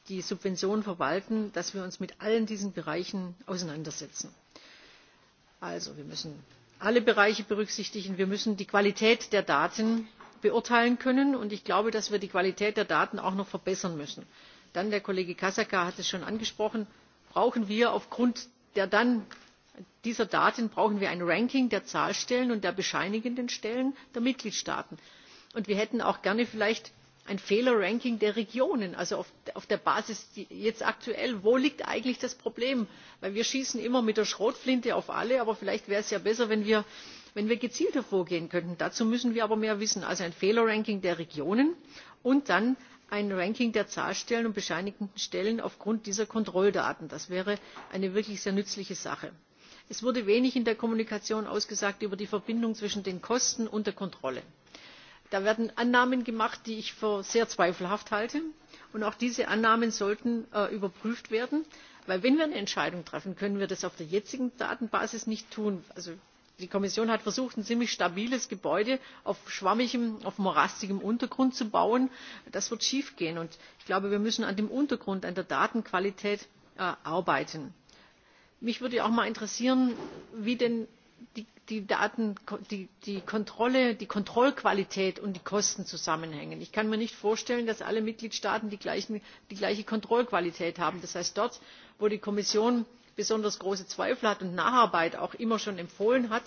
K: die subventionen verwalten dass wir uns mit allen diesen bereichen auseinandersetzen. also wir müssen alle bereiche berücksichtigen wir müssen die qualität der daten beurteilen können und ich glaube dass wir die qualität der daten auch noch verbessern müssen dann der kollege casaca hat es schon angesprochen brauchen wir aufgrund dieser daten ein ranking der zahlstellen und der bescheinigenden stellen der mitgliedstaaten. und wir hätten auch gerne vielleicht ein fehlerranking der regionen also auf der basis jetzt aktuell wo liegt eigentlich das problem? denn wir schießen immer mit der schrotflinte auf alle aber vielleicht wäre es ja besser wenn wir gezielter vorgehen könnten. dazu müssen wir aber mehr wissen also ein fehlerranking der regionen und dann ein ranking der zahlstellen und bescheinigten stellen aufgrund dieser kontrolldaten. das wäre eine wirklich sehr nützliche sache. es wurde wenig in der kommunikation ausgesagt über die verbindung zwischen den kosten und der kontrolle. da werden annahmen gemacht die ich für sehr zweifelhaft halte und auch diese annahmen sollten äh, überprüft werden denn wenn wir eine entscheidung treffen können wir das auf der jetzigen datenbasis nicht tun. Also die kommission hat versucht ein ziemlich stabiles gebäude auf schwammigem auf morastigem untergrund zu bauen. das wird schiefgehen und ich glaube wir müssen an dem untergrund an der datenqualität äh, arbeiten. mich würde auch mal interessieren wie denn die, die, Daten, die, die Kontrolle, die Kontrollqualität und die Kosten zusammenhängen. Ich kann mir nicht vorstellen, dass alle Mitgliedstaaten die, gleichen, die gleiche Kontrollqualität haben. Das heißt, dort, wo die Kommission besonders große zweifel hat und nacharbeit auch immer schon empfohlen hat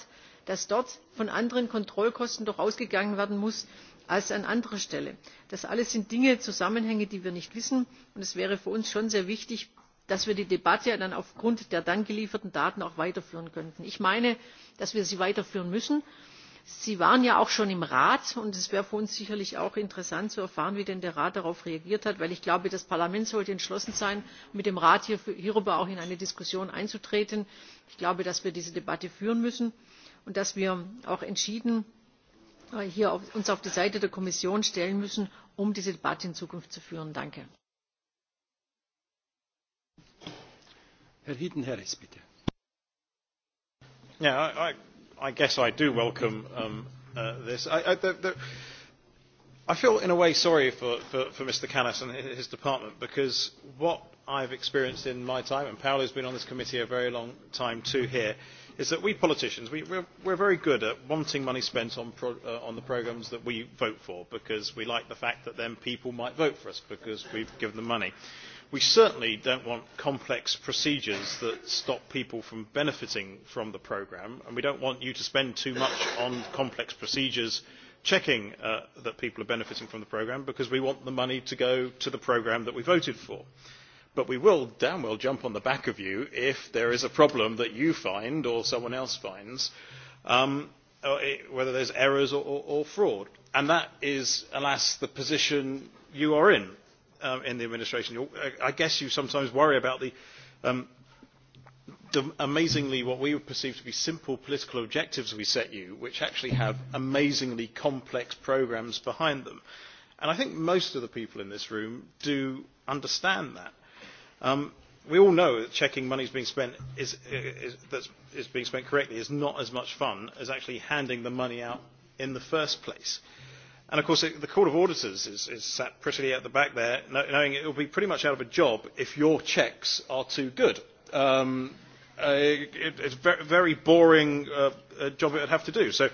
K: dass dort von anderen kontrollkosten doch ausgegangen werden muss als an anderer stelle. das alles sind dinge zusammenhänge die wir nicht kennen und es wäre für uns schon sehr wichtig dass wir die debatte dann aufgrund der dann gelieferten daten auch weiterführen könnten. ich meine dass wir sie weiterführen müssen sie waren ja auch schon im rat und es wäre für uns sicherlich auch interessant zu erfahren wie denn der rat darauf reagiert hat denn ich glaube das parlament sollte entschlossen sein mit dem rat hierüber auch in eine diskussion einzutreten. ich glaube dass wir diese debatte führen müssen und dass wir uns auch entschieden äh, hier uns auf die seite der kommission stellen müssen um diese debatte in zukunft zu führen. danke!
J: herr hieden herries bitte. Yeah, I, I I guess I do welcome um, uh, this. I, I, the, the, I feel, in a way, sorry for, for, for Mr. Canis and his department because what I've experienced in my time, and Paolo's been on this committee a very long time too here, is that we politicians, we, we're, we're very good at wanting money spent on, pro, uh, on the programmes that we vote for because we like the fact that then people might vote for us because we've given them money. Uh, we certainly do not want complex procedures that stop people from benefiting from the programme and we do not want you to spend too much on complex procedures checking uh, that people are benefiting from the programme because we want the money to go to the programme that we voted for. But we will damn well jump on the back of you if there is a problem that you find or someone else finds, um, eh, whether there's errors or, or, or fraud. And that is, alas, the position you are in um, in the administration. You're, uh, I guess you sometimes worry about the, um, the amazingly what we would perceive to be simple political objectives we set you, which actually have amazingly complex programs behind them. And I think most of the people in this room do understand that. Um, we all know that checking money is being spent is, uh, is, that's, is being spent correctly is not as much fun as actually handing the money out in the first place. Uh, And of course, the Court of Auditors is, is sat prettily at the back there, knowing it will be pretty much out of a job if your checks are too good. Um, uh, it, it's a very boring uh, uh, job it would have to do. So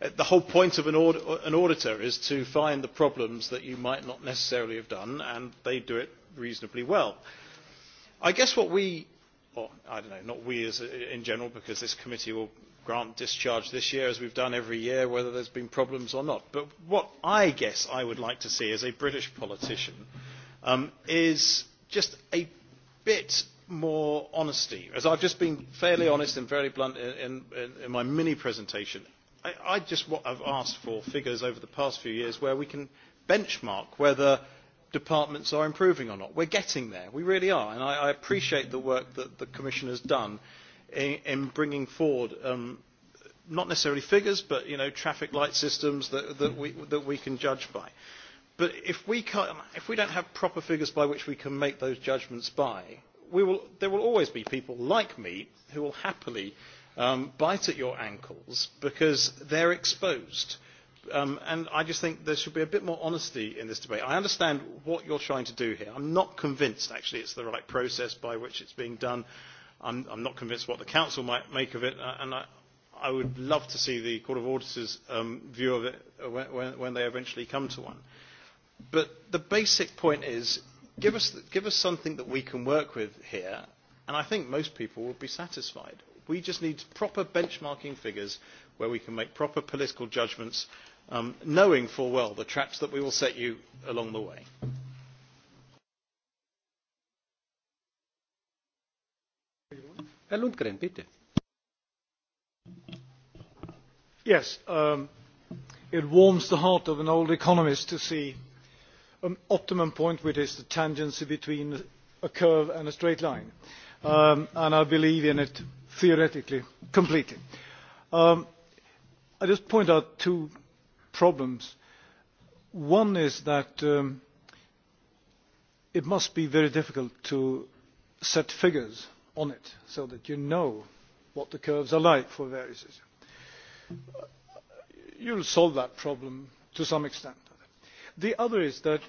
J: uh, the whole point of an, aud- an auditor is to find the problems that you might not necessarily have done, and they do it reasonably well. I guess what we, or I don't know, not we as uh, in general, because this committee will grant discharge this year as we have done every year whether there have been problems or not. but what i guess i would like to see as a british politician um, is just a bit more honesty. as i have just been fairly honest and very blunt in, in, in my mini presentation i, I just have asked for figures over the past few years where we can benchmark whether departments are improving or not. we are getting there we really are and I, I appreciate the work that the commission has done in, in bringing forward um, not necessarily figures, but you know, traffic light systems that, that, we, that we can judge by. But if we, can't, if we don't have proper figures by which we can make those judgments by, we will, there will always be people like me who will happily um, bite at your ankles because they're exposed. Um, and I just think there should be a bit more honesty in this debate. I understand what you're trying to do here. I'm not convinced, actually, it's the right process by which it's being done. I'm, I'm not convinced what the Council might make of it, uh, and I, I would love to see the Court of Auditors' um, view of it uh, when, when they eventually come to one. But the basic point is, give us, give us something that we can work with here, and I think most people will be satisfied. We just need proper benchmarking figures where we can make proper political judgments, um, knowing full well the traps that we will set you along the way. Herr Lundgren, bitte.
F: Yes, um, it warms the heart of an old economist to see an optimum point, which is the tangency between a curve and a straight line. Um, and I believe in it theoretically completely. Um, I just point out two problems. One is that um, it must be very difficult to set figures on it so that you know what the curves are like for various issues. Uh, you will solve that problem to some extent. The other is that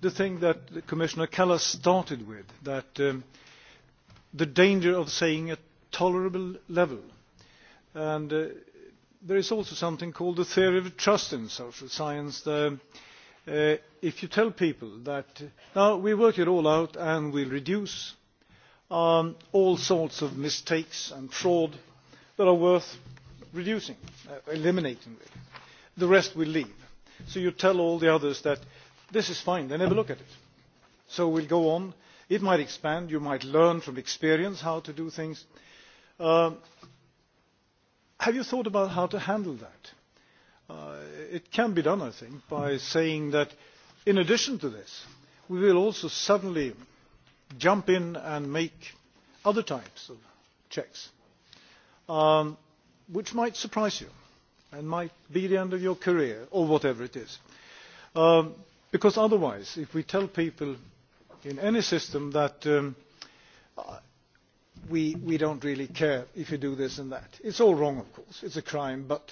F: the thing that Commissioner Callas started with, that um, the danger of saying a tolerable level. And uh, there is also something called the theory of trust in social science. The, uh, if you tell people that, uh, now we work it all out and we'll reduce um, all sorts of mistakes and fraud that are worth reducing, uh, eliminating. Really. The rest we leave. So you tell all the others that this is fine, they never look at it. So we'll go on. It might expand, you might learn from experience how to do things. Um, have you thought about how to handle that? Uh, it can be done, I think, by saying that in addition to this, we will also suddenly jump in and make other types of checks, um, which might surprise you and might be the end of your career or whatever it is. Um, because otherwise, if we tell people in any system that um, we, we don't really care if you do this and that, it's all wrong, of course. It's a crime, but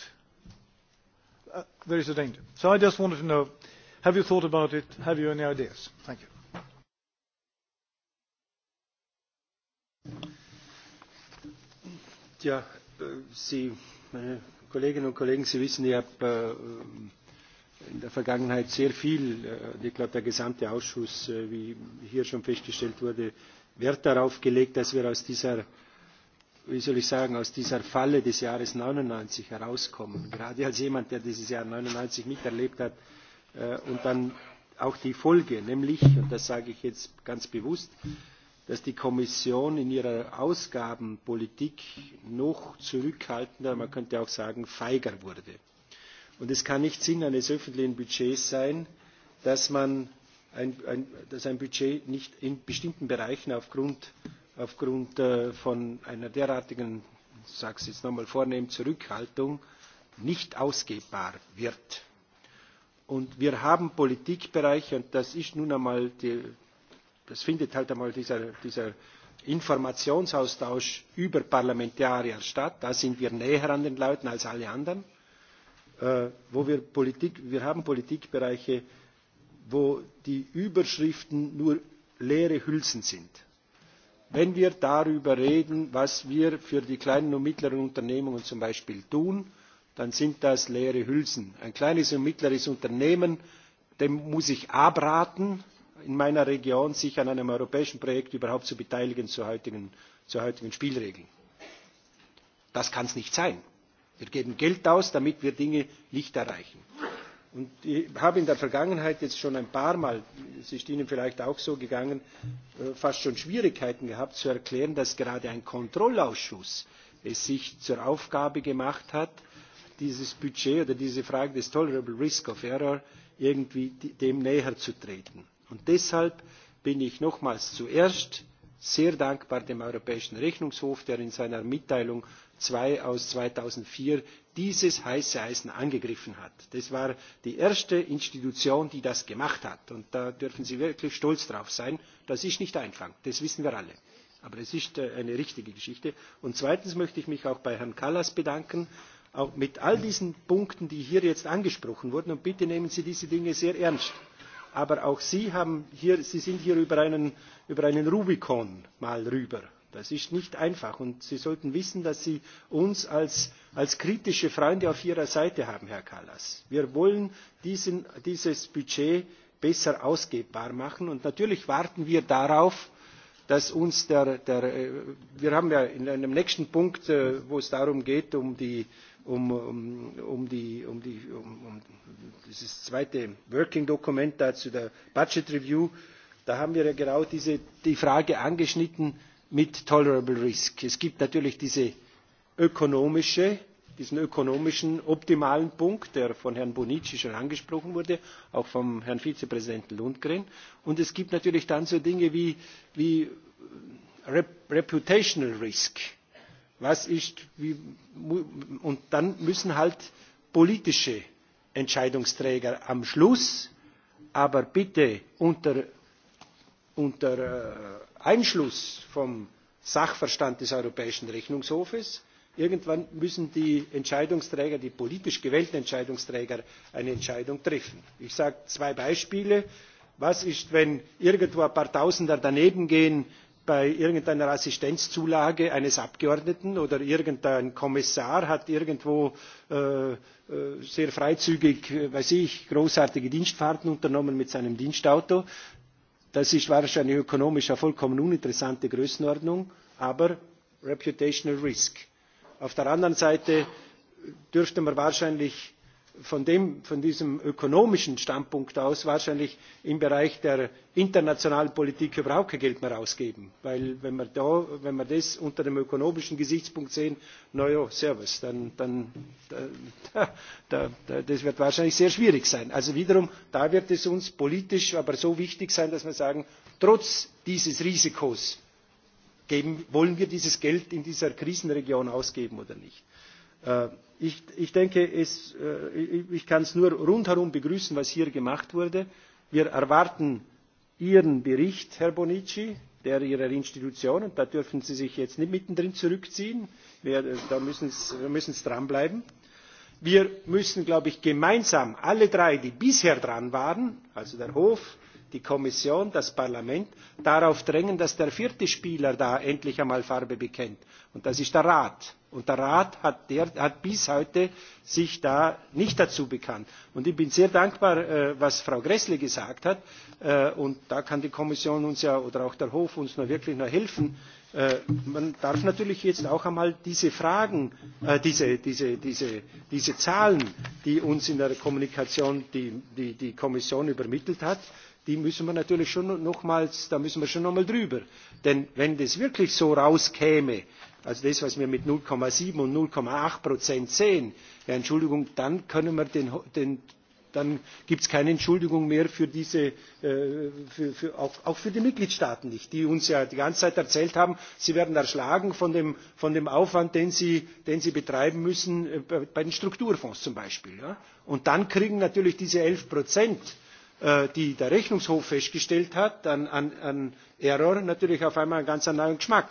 F: uh, there is a danger. So I just wanted to know, have you thought about it? Have you any ideas? Thank you.
A: Ja, Sie, meine Kolleginnen und Kollegen, Sie wissen, ich habe äh, in der Vergangenheit sehr viel, äh, ich glaube, der gesamte Ausschuss, äh, wie hier schon festgestellt wurde, Wert darauf gelegt, dass wir aus dieser, wie soll ich sagen, aus dieser Falle des Jahres 99 herauskommen. Gerade als jemand, der dieses Jahr 99 miterlebt hat und dann auch die Folge, nämlich, und das sage ich jetzt ganz bewusst, äh, dass die Kommission in ihrer Ausgabenpolitik noch zurückhaltender, man könnte auch sagen, feiger wurde. Und es kann nicht Sinn eines öffentlichen Budgets sein, dass, man ein, ein, dass ein Budget nicht in bestimmten Bereichen aufgrund, aufgrund äh, von einer derartigen, ich sage es jetzt nochmal vornehm, Zurückhaltung nicht ausgebbar wird. Und wir haben Politikbereiche, und das ist nun einmal die, das findet halt einmal dieser, dieser Informationsaustausch über Parlamentarier statt. Da sind wir näher an den Leuten als alle anderen. Äh, wo wir, Politik, wir haben Politikbereiche, wo die Überschriften nur leere Hülsen sind. Wenn wir darüber reden, was wir für die kleinen und mittleren Unternehmungen zum Beispiel tun, dann sind das leere Hülsen. Ein kleines und mittleres Unternehmen, dem muss ich abraten, äh, in meiner Region, sich an einem europäischen Projekt überhaupt zu beteiligen zu heutigen, zu heutigen Spielregeln. Das kann es nicht sein. Wir geben Geld aus, damit wir Dinge nicht erreichen. Und ich habe in der Vergangenheit jetzt schon ein paar Mal, es ist Ihnen vielleicht auch so gegangen, äh, fast schon Schwierigkeiten gehabt zu erklären, dass gerade ein Kontrollausschuss es sich zur Aufgabe gemacht hat, dieses Budget oder diese Frage des Tolerable Risk of Error irgendwie dem näher zu treten. Und deshalb bin ich nochmals zuerst sehr dankbar dem Europäischen Rechnungshof, der in seiner Mitteilung 2 aus 2004 dieses heiße Eisen angegriffen hat. Das war die erste Institution, die das gemacht hat. Und da dürfen Sie wirklich stolz drauf sein. Das ist nicht einfach. Das wissen wir alle. Aber es ist äh, eine richtige Geschichte. Und zweitens möchte ich mich auch bei Herrn Kallas bedanken. Auch mit all diesen Punkten, die hier jetzt angesprochen wurden. Und bitte nehmen Sie diese Dinge sehr ernst aber auch Sie, haben hier, Sie sind hier über einen, über einen Rubikon mal rüber. Das ist nicht einfach und Sie sollten wissen, dass Sie uns als, als kritische Freunde auf Ihrer Seite haben, Herr Kallas. Wir wollen diesen, dieses Budget besser ausgebbar machen und natürlich warten wir darauf, dass uns der, der äh, wir haben ja in einem nächsten Punkt, äh, wo es darum geht, um die, um, um, um, die, um, die, um, um dieses zweite Working Dokument da zu der Budget Review. Da haben wir ja genau diese, die Frage angeschnitten mit Tolerable Risk. Es gibt natürlich diese ökonomische, diesen ökonomischen optimalen Punkt, der von Herrn Bonici schon angesprochen wurde, auch vom Herrn Vizepräsidenten Lundgren. Und es gibt natürlich dann so Dinge wie, wie Reputational Risk. Äh, was ist, wie, und dann müssen halt politische Entscheidungsträger am Schluss, aber bitte unter, unter äh, Einschluss vom Sachverstand des Europäischen Rechnungshofes, irgendwann müssen die Entscheidungsträger, die politisch gewählten Entscheidungsträger, eine Entscheidung treffen. Ich sage zwei Beispiele. Was ist, wenn irgendwo ein paar Tausender daneben gehen, bei irgendeiner Assistenzzulage eines Abgeordneten oder irgendein Kommissar hat irgendwo äh, äh sehr freizügig, äh, weiß ich, großartige Dienstfahrten unternommen mit seinem Dienstauto. Das ist wahrscheinlich ökonomisch eine vollkommen uninteressante Größenordnung, aber reputational risk. Auf der anderen Seite dürfte man wahrscheinlich von, dem, von diesem ökonomischen Standpunkt aus wahrscheinlich im Bereich der internationalen Politik überhaupt kein Geld mehr ausgeben. Weil wenn wir, da, wenn wir das unter dem ökonomischen Gesichtspunkt sehen, naja, Servus, dann, dann da, da, da, das wird wahrscheinlich sehr schwierig sein. Also wiederum, da wird es uns politisch aber so wichtig sein, dass wir sagen, trotz dieses Risikos geben, wollen wir dieses Geld in dieser Krisenregion ausgeben oder nicht. Äh, ich, ich denke, es, äh, ich kann es nur rundherum begrüßen, was hier gemacht wurde. Wir erwarten Ihren Bericht, Herr Bonici, der Ihrer Institution, und da dürfen Sie sich jetzt nicht mittendrin zurückziehen. Wir, äh, da müssen Sie dranbleiben. Wir müssen, glaube ich, gemeinsam alle drei, die bisher dran waren, also der Hof, die Kommission, das Parlament darauf drängen, dass der vierte Spieler da endlich einmal Farbe bekennt. Und das ist der Rat. Und der Rat hat, der, hat bis heute sich da nicht dazu bekannt. Und ich bin sehr dankbar, äh, was Frau Gressle gesagt hat. Äh, und da kann die Kommission uns ja oder auch der Hof uns nur wirklich nur helfen. Äh, man darf natürlich jetzt auch einmal diese Fragen, äh, diese, diese, diese, diese Zahlen, die uns in der Kommunikation die, die, die Kommission übermittelt hat, die müssen wir natürlich schon nochmals, da müssen wir schon nochmal drüber. Denn wenn das wirklich so rauskäme, also das, was wir mit 0,7 und 0,8 Prozent sehen, ja Entschuldigung, dann können wir den, den dann gibt es keine Entschuldigung mehr für diese, äh, für, für, auch, auch für die Mitgliedstaaten nicht, die uns ja die ganze Zeit erzählt haben, sie werden erschlagen von dem, von dem Aufwand, den sie, den sie betreiben müssen, äh, bei den Strukturfonds zum Beispiel. Ja? Und dann kriegen natürlich diese 11 Prozent, äh, Äh, die der Rechnungshof festgestellt hat, an, an, an Error natürlich auf einmal einen ganz neuen Geschmack.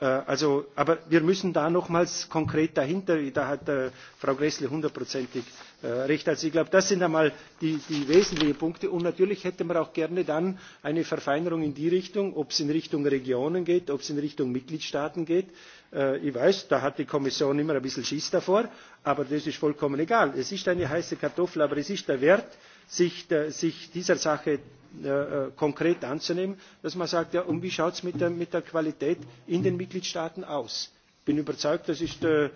A: Äh, also, aber wir müssen da nochmals konkret dahinter, da hat äh, Frau Gressle hundertprozentig äh, recht. Also ich glaube, das sind einmal die, die wesentlichen Punkte. Und natürlich hätte man auch gerne dann eine Verfeinerung in die Richtung, ob es in Richtung Regionen geht, ob es in Richtung Mitgliedstaaten geht. Äh, ich weiß, da hat die Kommission immer ein bisschen Schiss davor, aber das ist vollkommen egal. Es ist eine heiße Kartoffel, aber es ist der Wert, äh, sich, der, sich dieser Sache äh, äh, konkret anzunehmen, dass man sagt, ja, und wie schaut es mit der, mit der Qualität in den Mitgliedstaaten aus? Ich bin überzeugt, das ist, äh,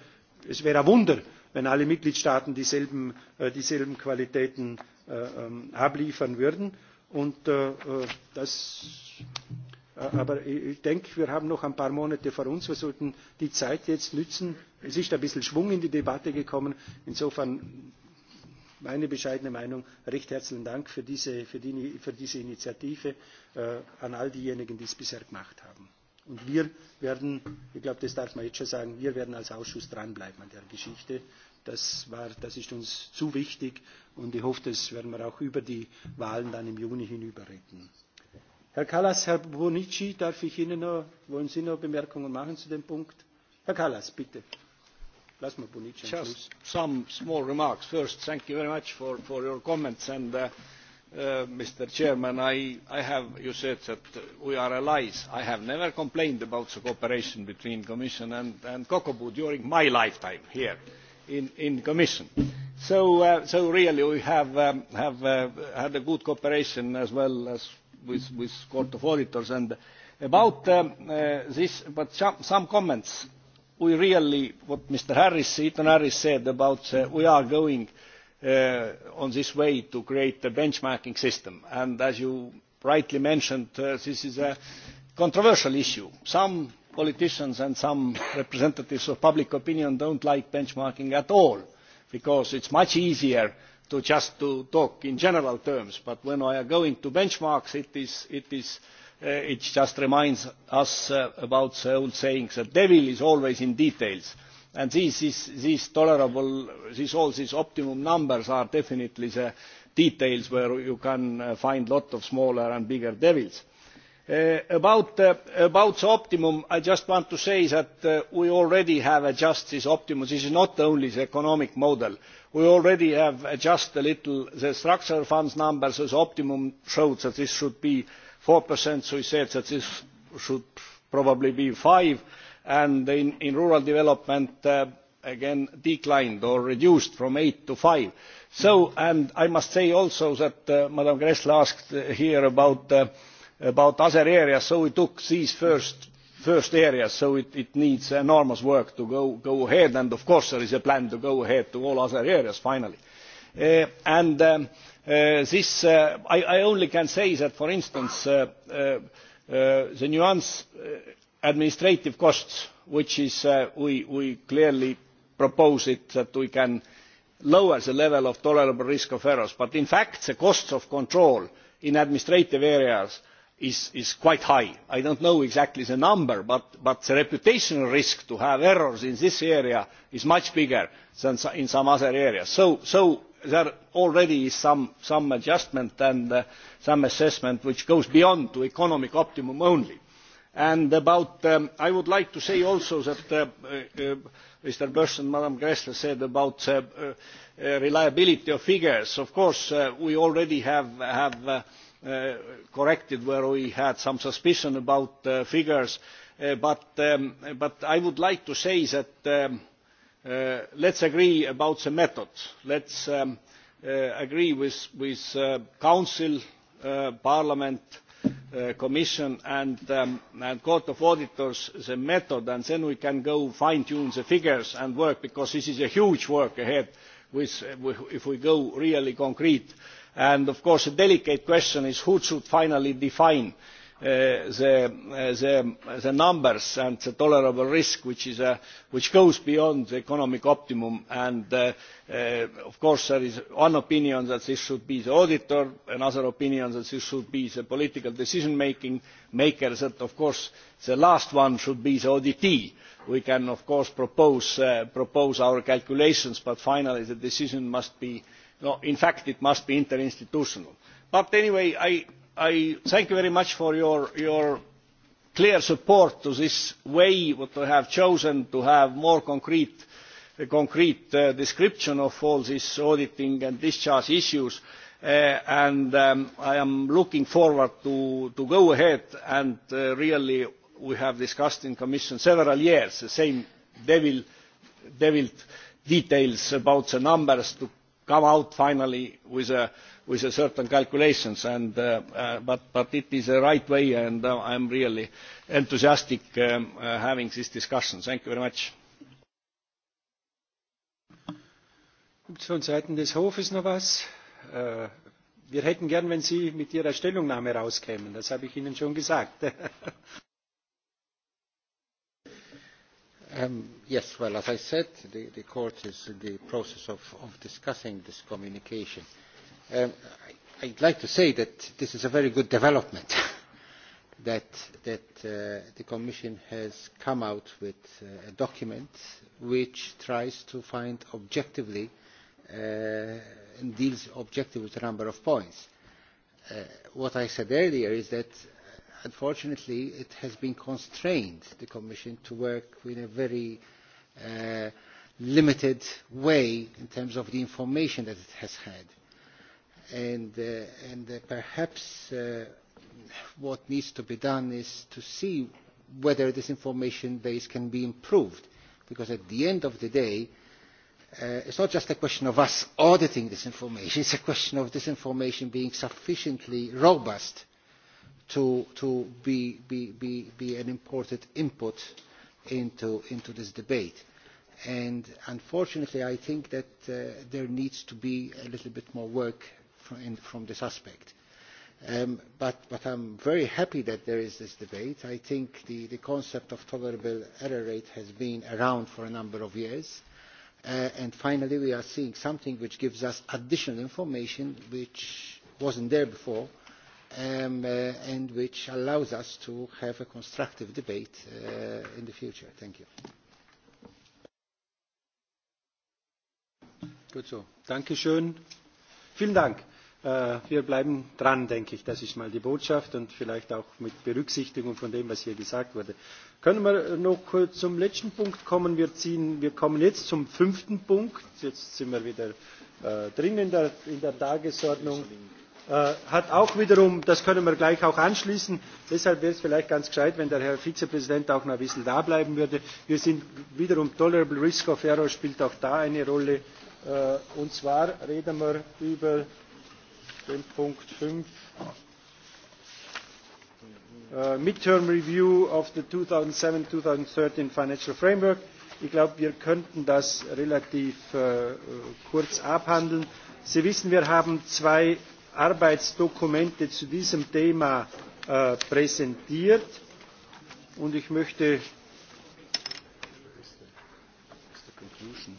A: es wäre ein Wunder, wenn alle Mitgliedstaaten dieselben, äh, dieselben Qualitäten äh, ähm, abliefern würden. Und äh, äh das äh, Aber ich denke, wir haben noch ein paar Monate vor uns. Wir sollten die Zeit jetzt nützen. Es ist ein bisschen Schwung in die Debatte gekommen. Insofern meine bescheidene Meinung. Recht herzlichen Dank für diese, für die, für diese Initiative äh, an all diejenigen, die es bisher gemacht haben. Und wir werden, ich glaube, das darf man jetzt schon sagen, wir werden als Ausschuss dranbleiben an der Geschichte. Das, war, das ist uns zu wichtig und ich hoffe, das werden wir auch über die Wahlen dann im Juni hinüber retten. Herr Kallas, Herr Bonici, darf ich Ihnen noch, wollen Sie noch Bemerkungen machen zu dem Punkt? Herr Kallas, bitte plasma bonici. Just
P: some small remarks. First, thank you very much for, for your comments. And, uh, uh, Mr. Chairman, I, I have, you said that we are allies. I have never complained about the cooperation between Commission and, and Kokobu during my lifetime here in, in Commission. So, uh, so really we have, um, have uh, had a good cooperation as well as with, with Court of Auditors. And about um, uh, this, but some, some comments we really, what Mr. Harris, Ethan Harris said about uh, we are going uh, on this way to create a benchmarking system. And as you rightly mentioned, uh, this is a controversial issue. Some politicians and some <laughs> representatives of public opinion don't like benchmarking at all because it's much easier to just to talk in general terms. But when we are going to benchmarks, it is, it is uh, Uh, it just reminds us uh, about the old saying the devil is always in details and these, these, these tolerable these, all these optimum numbers are definitely the details where you can uh, find a lot of smaller and bigger devils. Uh, about, uh, about the optimum i just want to say that uh, we already have adjusted this optimum this is not only the economic model we already have adjusted a little the structural funds numbers so the optimum shows that this should be eur 4%, so he said that this should probably be 5%, and in, in rural development, uh, again, declined or reduced from 8% to 5%. So, and I must say also that uh, Madam Gressler asked uh, here about, uh, about other areas, so we took these first first area so it, it needs enormous work to go, go ahead and of course there is a plan to go ahead to all other areas finally. Uh, and um, uh, this uh, I, i only can say that for instance the nuanced administrative costs which is we, we clearly propose it, that we can lower the level of tolerable risk of errors but in fact the cost of control in administrative areas is, is quite high. i do not know exactly the number but, but the reputational risk to have errors in this area is much bigger than in some other areas. so, so there already is some, some adjustment and uh, some assessment which goes beyond to economic optimum only. And about, um, I would like to say also that uh, uh, uh Mr. Bush and Madam Gressler said about uh, uh, reliability of figures. Of course, uh, we already have, have uh, uh, corrected where we had some suspicion about uh, figures, uh, but, um, but I would like to say that um, uh, uh, let's agree about the method. Let's um, uh, agree with, with uh, Council, uh, Parliament, uh, Commission and, um, and Court of Auditors the method and then we can go fine-tune the figures and work because this is a huge work ahead with, if we go really concrete. And of course a delicate question is who should finally define uh, Uh, the, uh, the, the numbers and the tolerable risk which, is, uh, which goes beyond the economic optimum and uh, uh, of course there is one opinion that this should be the auditor another opinion that this should be the political decision making maker that of course the last one should be the auditee. we can of course propose, uh, propose our calculations but finally the decision must be no, in fact it must be interinstitutional. but anyway I, I thank you very much for your, your clear support to this way what we have chosen to have more concrete, uh, concrete uh, description of all these auditing and discharge issues. Uh, and um, I am looking forward to, to go ahead and uh, really we have discussed in Commission several years the same devil, devil details about the numbers to come out finally with a with certain calculations and, uh, uh, but, but it is the right way and uh, I am really enthusiastic um, uh, having this discussion. Thank you very much.
A: Gibt es von Seiten des Hofes noch was? Äh, wir hätten gern, wenn Sie mit Ihrer Stellungnahme rauskämen. Das habe ich Ihnen schon gesagt. <laughs> Um, yes, well, as I said, the, the court is in the
E: process of, of discussing this communication. Uh, Um, I'd like to say that this is a very good development <laughs> that, that uh, the Commission has come out with uh, a document which tries to find objectively uh, and deals objectively with a number of points. Uh, what I said earlier is that unfortunately it has been constrained, the Commission, to work in a very uh, limited way in terms of the information that it has had and, uh, and uh, perhaps uh, what needs to be done is to see whether this information base can be improved because at the end of the day uh, it's not just a question of us auditing this information <laughs> it's a question of this information being sufficiently robust to, to be, be, be, be an important input into, into this debate and unfortunately i think that uh, there needs to be a little bit more work from, in, from the suspect. Um, but, but I'm very happy that there is this debate. I think the, the concept of tolerable error rate has been around for a number of years. Uh, and finally, we are seeing something which gives us additional information which wasn't there before um, uh, and which allows us to have a constructive debate uh,
A: in the future. Thank you. Gut so. Dankeschön. Vielen Dank. Äh, wir bleiben dran denke ich das ist mal die botschaft und vielleicht auch mit berücksichtigung von dem was hier gesagt wurde. können wir äh, noch zum letzten punkt kommen? wir, ziehen, wir kommen jetzt zum fünften punkt jetzt sind wir wieder äh, drin in der, in der tagesordnung äh, hat auch wiederum das können wir gleich auch anschließen deshalb wäre es vielleicht ganz gescheit wenn der herr vizepräsident auch noch ein bisschen da bleiben würde wir sind wiederum tolerable risk of error spielt auch da eine rolle äh, und zwar reden wir über den Punkt 5. Uh, äh, Midterm Review of the 2007-2013 Financial Framework. Ich glaube, wir könnten das relativ äh, kurz abhandeln. Sie wissen, wir haben zwei Arbeitsdokumente zu diesem Thema äh, präsentiert und ich möchte. Conclusion.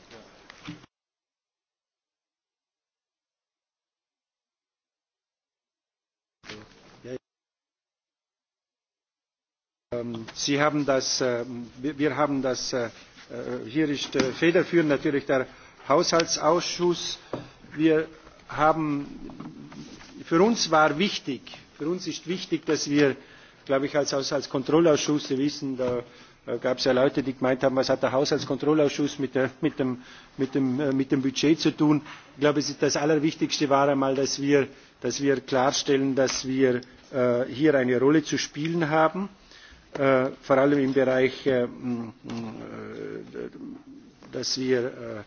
A: Ähm, Sie haben das, äh, wir haben das, äh, äh, hier ist federführend natürlich der Haushaltsausschuss. Wir haben, für uns war wichtig, für uns ist wichtig, dass wir, glaube ich, als Haushaltskontrollausschuss, Sie wissen, da gab es ja Leute, die gemeint haben, was hat der Haushaltskontrollausschuss mit, der, mit, dem, mit, dem, mit dem Budget zu tun. Ich glaube, das Allerwichtigste war einmal, dass wir, dass wir klarstellen, dass wir hier eine Rolle zu spielen haben Äh, vor allem im Bereich, äh, äh, dass wir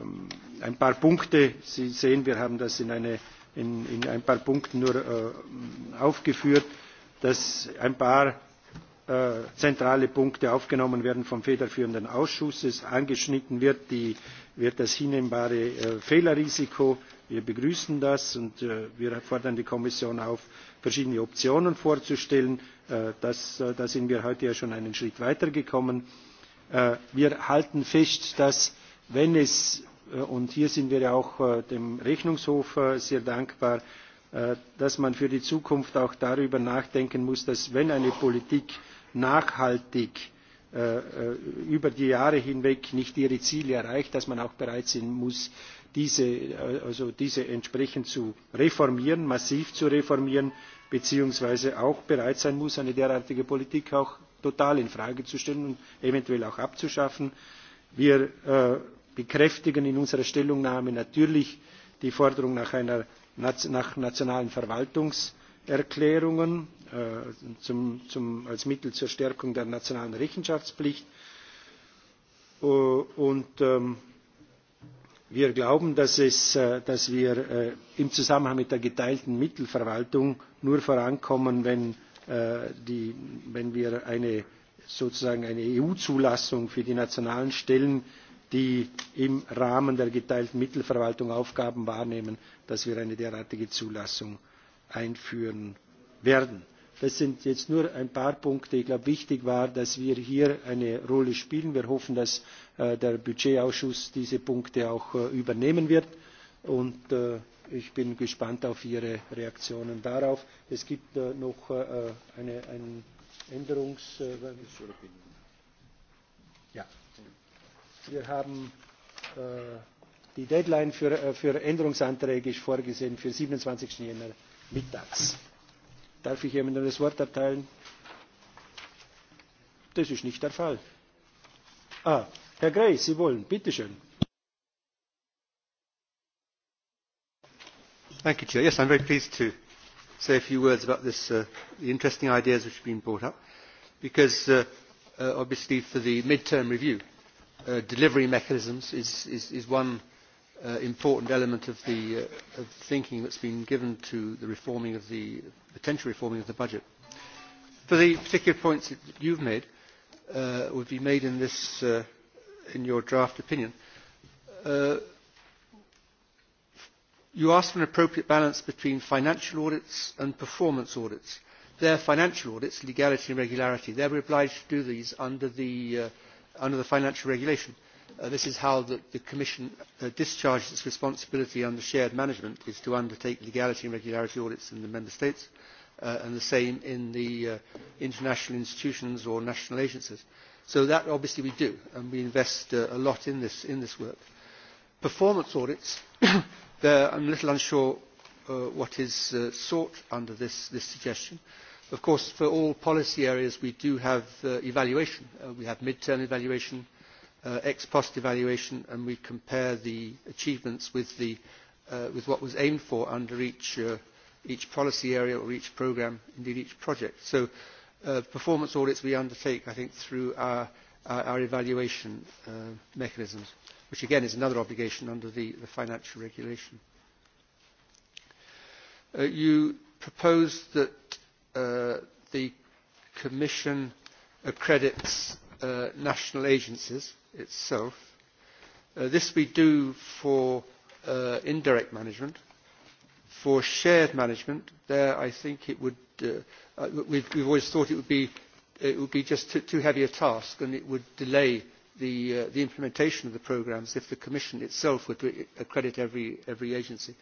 A: ähm, ein paar Punkte, Sie sehen, wir haben das in, eine, in, in ein paar Punkten nur aufgeführt, dass ein paar zentrale Punkte aufgenommen werden vom federführenden Ausschuss. Es angeschnitten wird, die, wird das hinnehmbare Fehlerrisiko. Wir begrüßen das und wir fordern die Kommission auf, verschiedene Optionen vorzustellen Äh, das, äh, da sind wir heute ja schon einen Schritt weitergekommen. Äh, wir halten fest, dass wenn es, und hier sind wir ja auch dem Rechnungshof sehr dankbar, dass man für die Zukunft auch darüber nachdenken muss, dass wenn eine Politik nachhaltig über die Jahre hinweg nicht ihre Ziele erreicht, dass man auch bereit sein muss, diese, also diese entsprechend zu reformieren, massiv zu reformieren beziehungsweise auch bereit sein muss, eine derartige Politik auch total in Frage zu stellen und eventuell auch abzuschaffen. Wir äh, bekräftigen in unserer Stellungnahme natürlich die Forderung nach, einer, nach nationalen Verwaltungserklärungen äh, zum, zum, als Mittel zur Stärkung der nationalen Rechenschaftspflicht. Uh, und ähm, wir glauben dass, es, äh, dass wir äh, im zusammenhang mit der geteilten mittelverwaltung nur vorankommen wenn, äh, die, wenn wir eine, sozusagen eine eu zulassung für die nationalen stellen die im rahmen der geteilten mittelverwaltung aufgaben wahrnehmen dass wir eine derartige zulassung einführen werden. Das sind jetzt nur ein paar Punkte. Ich glaube, wichtig war, dass wir hier eine Rolle spielen. Wir hoffen, dass äh, der Budgetausschuss diese Punkte auch äh, übernehmen wird. Und äh, ich bin gespannt auf Ihre Reaktionen darauf. Es gibt äh, noch äh, äh eine, einen Änderungs... Äh, ja. Wir haben... Äh, die Deadline für, äh, für Änderungsanträge ist vorgesehen für 27. Jänner mittags. Darf ich jemandem das Wort erteilen? Das ist nicht der Fall. Ah, Herr Grey, Sie wollen. Bitte schön.
O: Thank you, Chair. Yes, I'm very pleased to say a few words about this, uh, the interesting ideas which have been brought up, because uh, uh, obviously for the mid-term review, uh, delivery mechanisms is, is, is one uh, uh, important element of the uh, of thinking that's been given to the reforming of the potential reforming of the budget. For the particular points that you've made uh, would be made in this uh, in your draft opinion. Uh, you asked for an appropriate balance between financial audits and performance audits. Their financial audits, legality and regularity, they're obliged to do these under the, uh, under the financial regulation Uh, this is how the, the Commission uh, discharges its responsibility under shared management, is to undertake legality and regularity audits in the Member States, uh, and the same in the uh, international institutions or national agencies. So that obviously we do, and we invest uh, a lot in this, in this work. Performance audits, <coughs> there I'm a little unsure uh, what is uh, sought under this, this suggestion. Of course, for all policy areas, we do have uh, evaluation. Uh, we have mid-term evaluation, uh, ex post evaluation and we compare the achievements with, the, uh, with what was aimed for under each, uh, each policy area or each programme, indeed each project. So uh, performance audits we undertake, I think, through our, our, our evaluation uh, mechanisms, which again is another obligation under the, the financial regulation. Uh, you proposed that uh, the Commission accredits uh, national agencies. Uh, itself. Uh, this we do for uh, indirect management. For shared management, there I think it would, uh, uh, we've, we've always thought it would be, it would be just too, too heavy a task and it would delay the, uh, the implementation of the programmes if the Commission itself were to accredit every, every agency.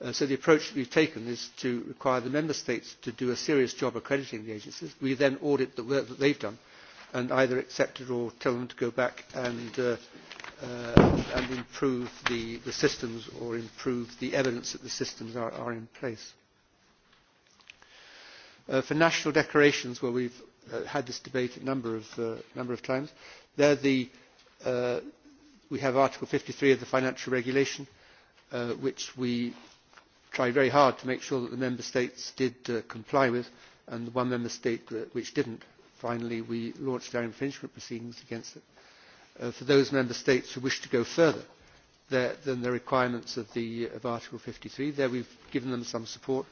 O: Uh, so the approach we've taken is to require the Member States to do a serious job accrediting the agencies. We then audit the work that they've done and either accepted or tell them to go back and, uh, uh, and improve the, the systems or improve the evidence that the systems are, are in place. Uh, for national declarations, where we've uh, had this debate a number of, uh, number of times, there the, uh, we have Article 53 of the Financial Regulation, uh, which we tried very hard to make sure that the member states did uh, comply with, and the one member state that, which didn't finally, we launched our infringement proceedings against it uh, for those member states who wish to go further there, than the requirements of, the, of Article 53. There we've given them some support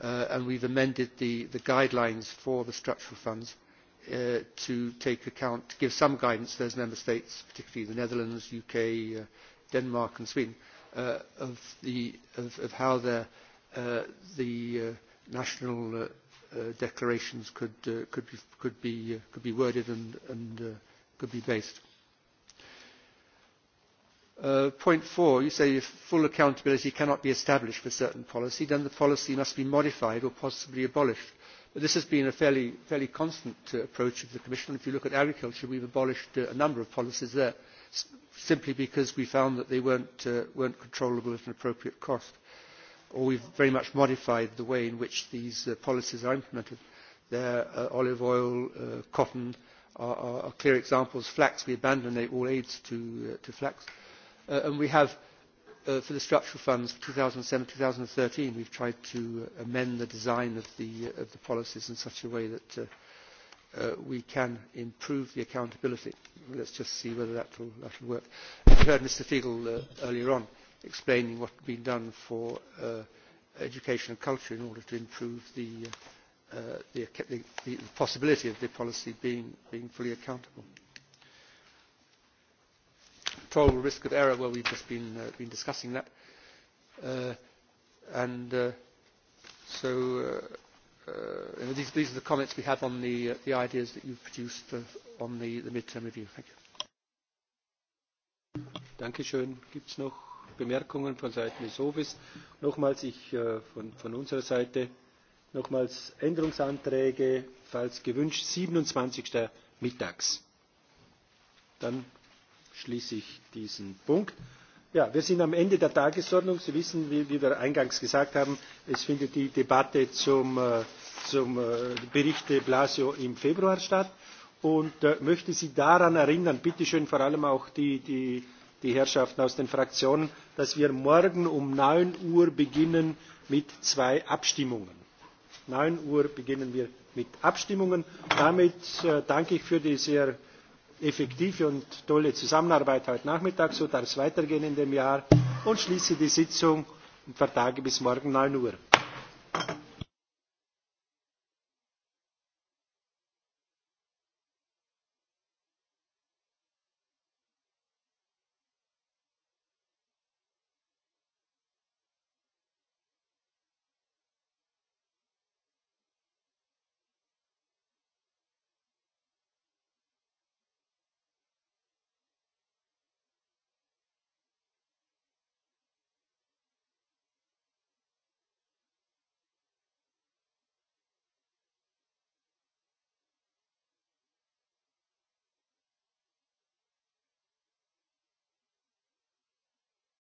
O: uh, and we've amended the, the guidelines for the structural funds uh, to take account, to give some guidance to those member states, particularly the Netherlands, UK, uh, Denmark and Sweden, uh, of, the, of, of how their, uh, the uh, national uh, uh, declarations could, uh, could, be, could, be, uh, could be worded and, and uh, could be based. Uh, point four, you say if full accountability cannot be established for certain policy, then the policy must be modified or possibly abolished. But this has been a fairly, fairly constant uh, approach of the Commission. If you look at agriculture, we've abolished uh, a number of policies there, s simply because we found that they weren't, uh, weren't controllable at an appropriate cost. Uh, or we've very much modified the way in which these uh, policies are implemented. There, uh, olive oil, uh, cotton are, are, are clear examples. Flax, we abandoned all aids to, uh, to flax. Uh, and we have, uh, for the structural funds for 2007-2013, we've tried to uh, amend the design of the, uh, of the policies in such a way that uh, uh, we can improve the accountability. Let's just see whether that will work. You heard Mr Fiegel uh, earlier on explaining what had been done for uh, education and culture in order to improve the, uh, the, the, the possibility of the policy being, being fully accountable. Probable risk of error, well, we've just been, uh, been discussing that. Uh, and uh, so uh, uh, these, these are the comments we have on the, uh, the ideas that you've produced for, uh, on the, the midterm review. Thank you. Dankeschön. Gibt es noch
A: Bemerkungen von Seiten des Hofes. Nochmals ich, äh, von, von unserer Seite nochmals Änderungsanträge, falls gewünscht, 27. mittags. Dann schließe ich diesen Punkt. Ja, wir sind am Ende der Tagesordnung. Sie wissen, wie, wie wir eingangs gesagt haben, es findet die Debatte zum, äh, zum äh, Bericht de Blasio im Februar statt und äh, möchte Sie daran erinnern, bitteschön vor allem auch die, die die Herrschaften aus den Fraktionen, dass wir morgen um 9 Uhr beginnen mit zwei Abstimmungen. 9 Uhr beginnen wir mit Abstimmungen. Damit äh, danke ich für die sehr effektive und tolle Zusammenarbeit heute Nachmittag. So darf es weitergehen in dem Jahr und schließe die Sitzung und vertage bis morgen 9 Uhr.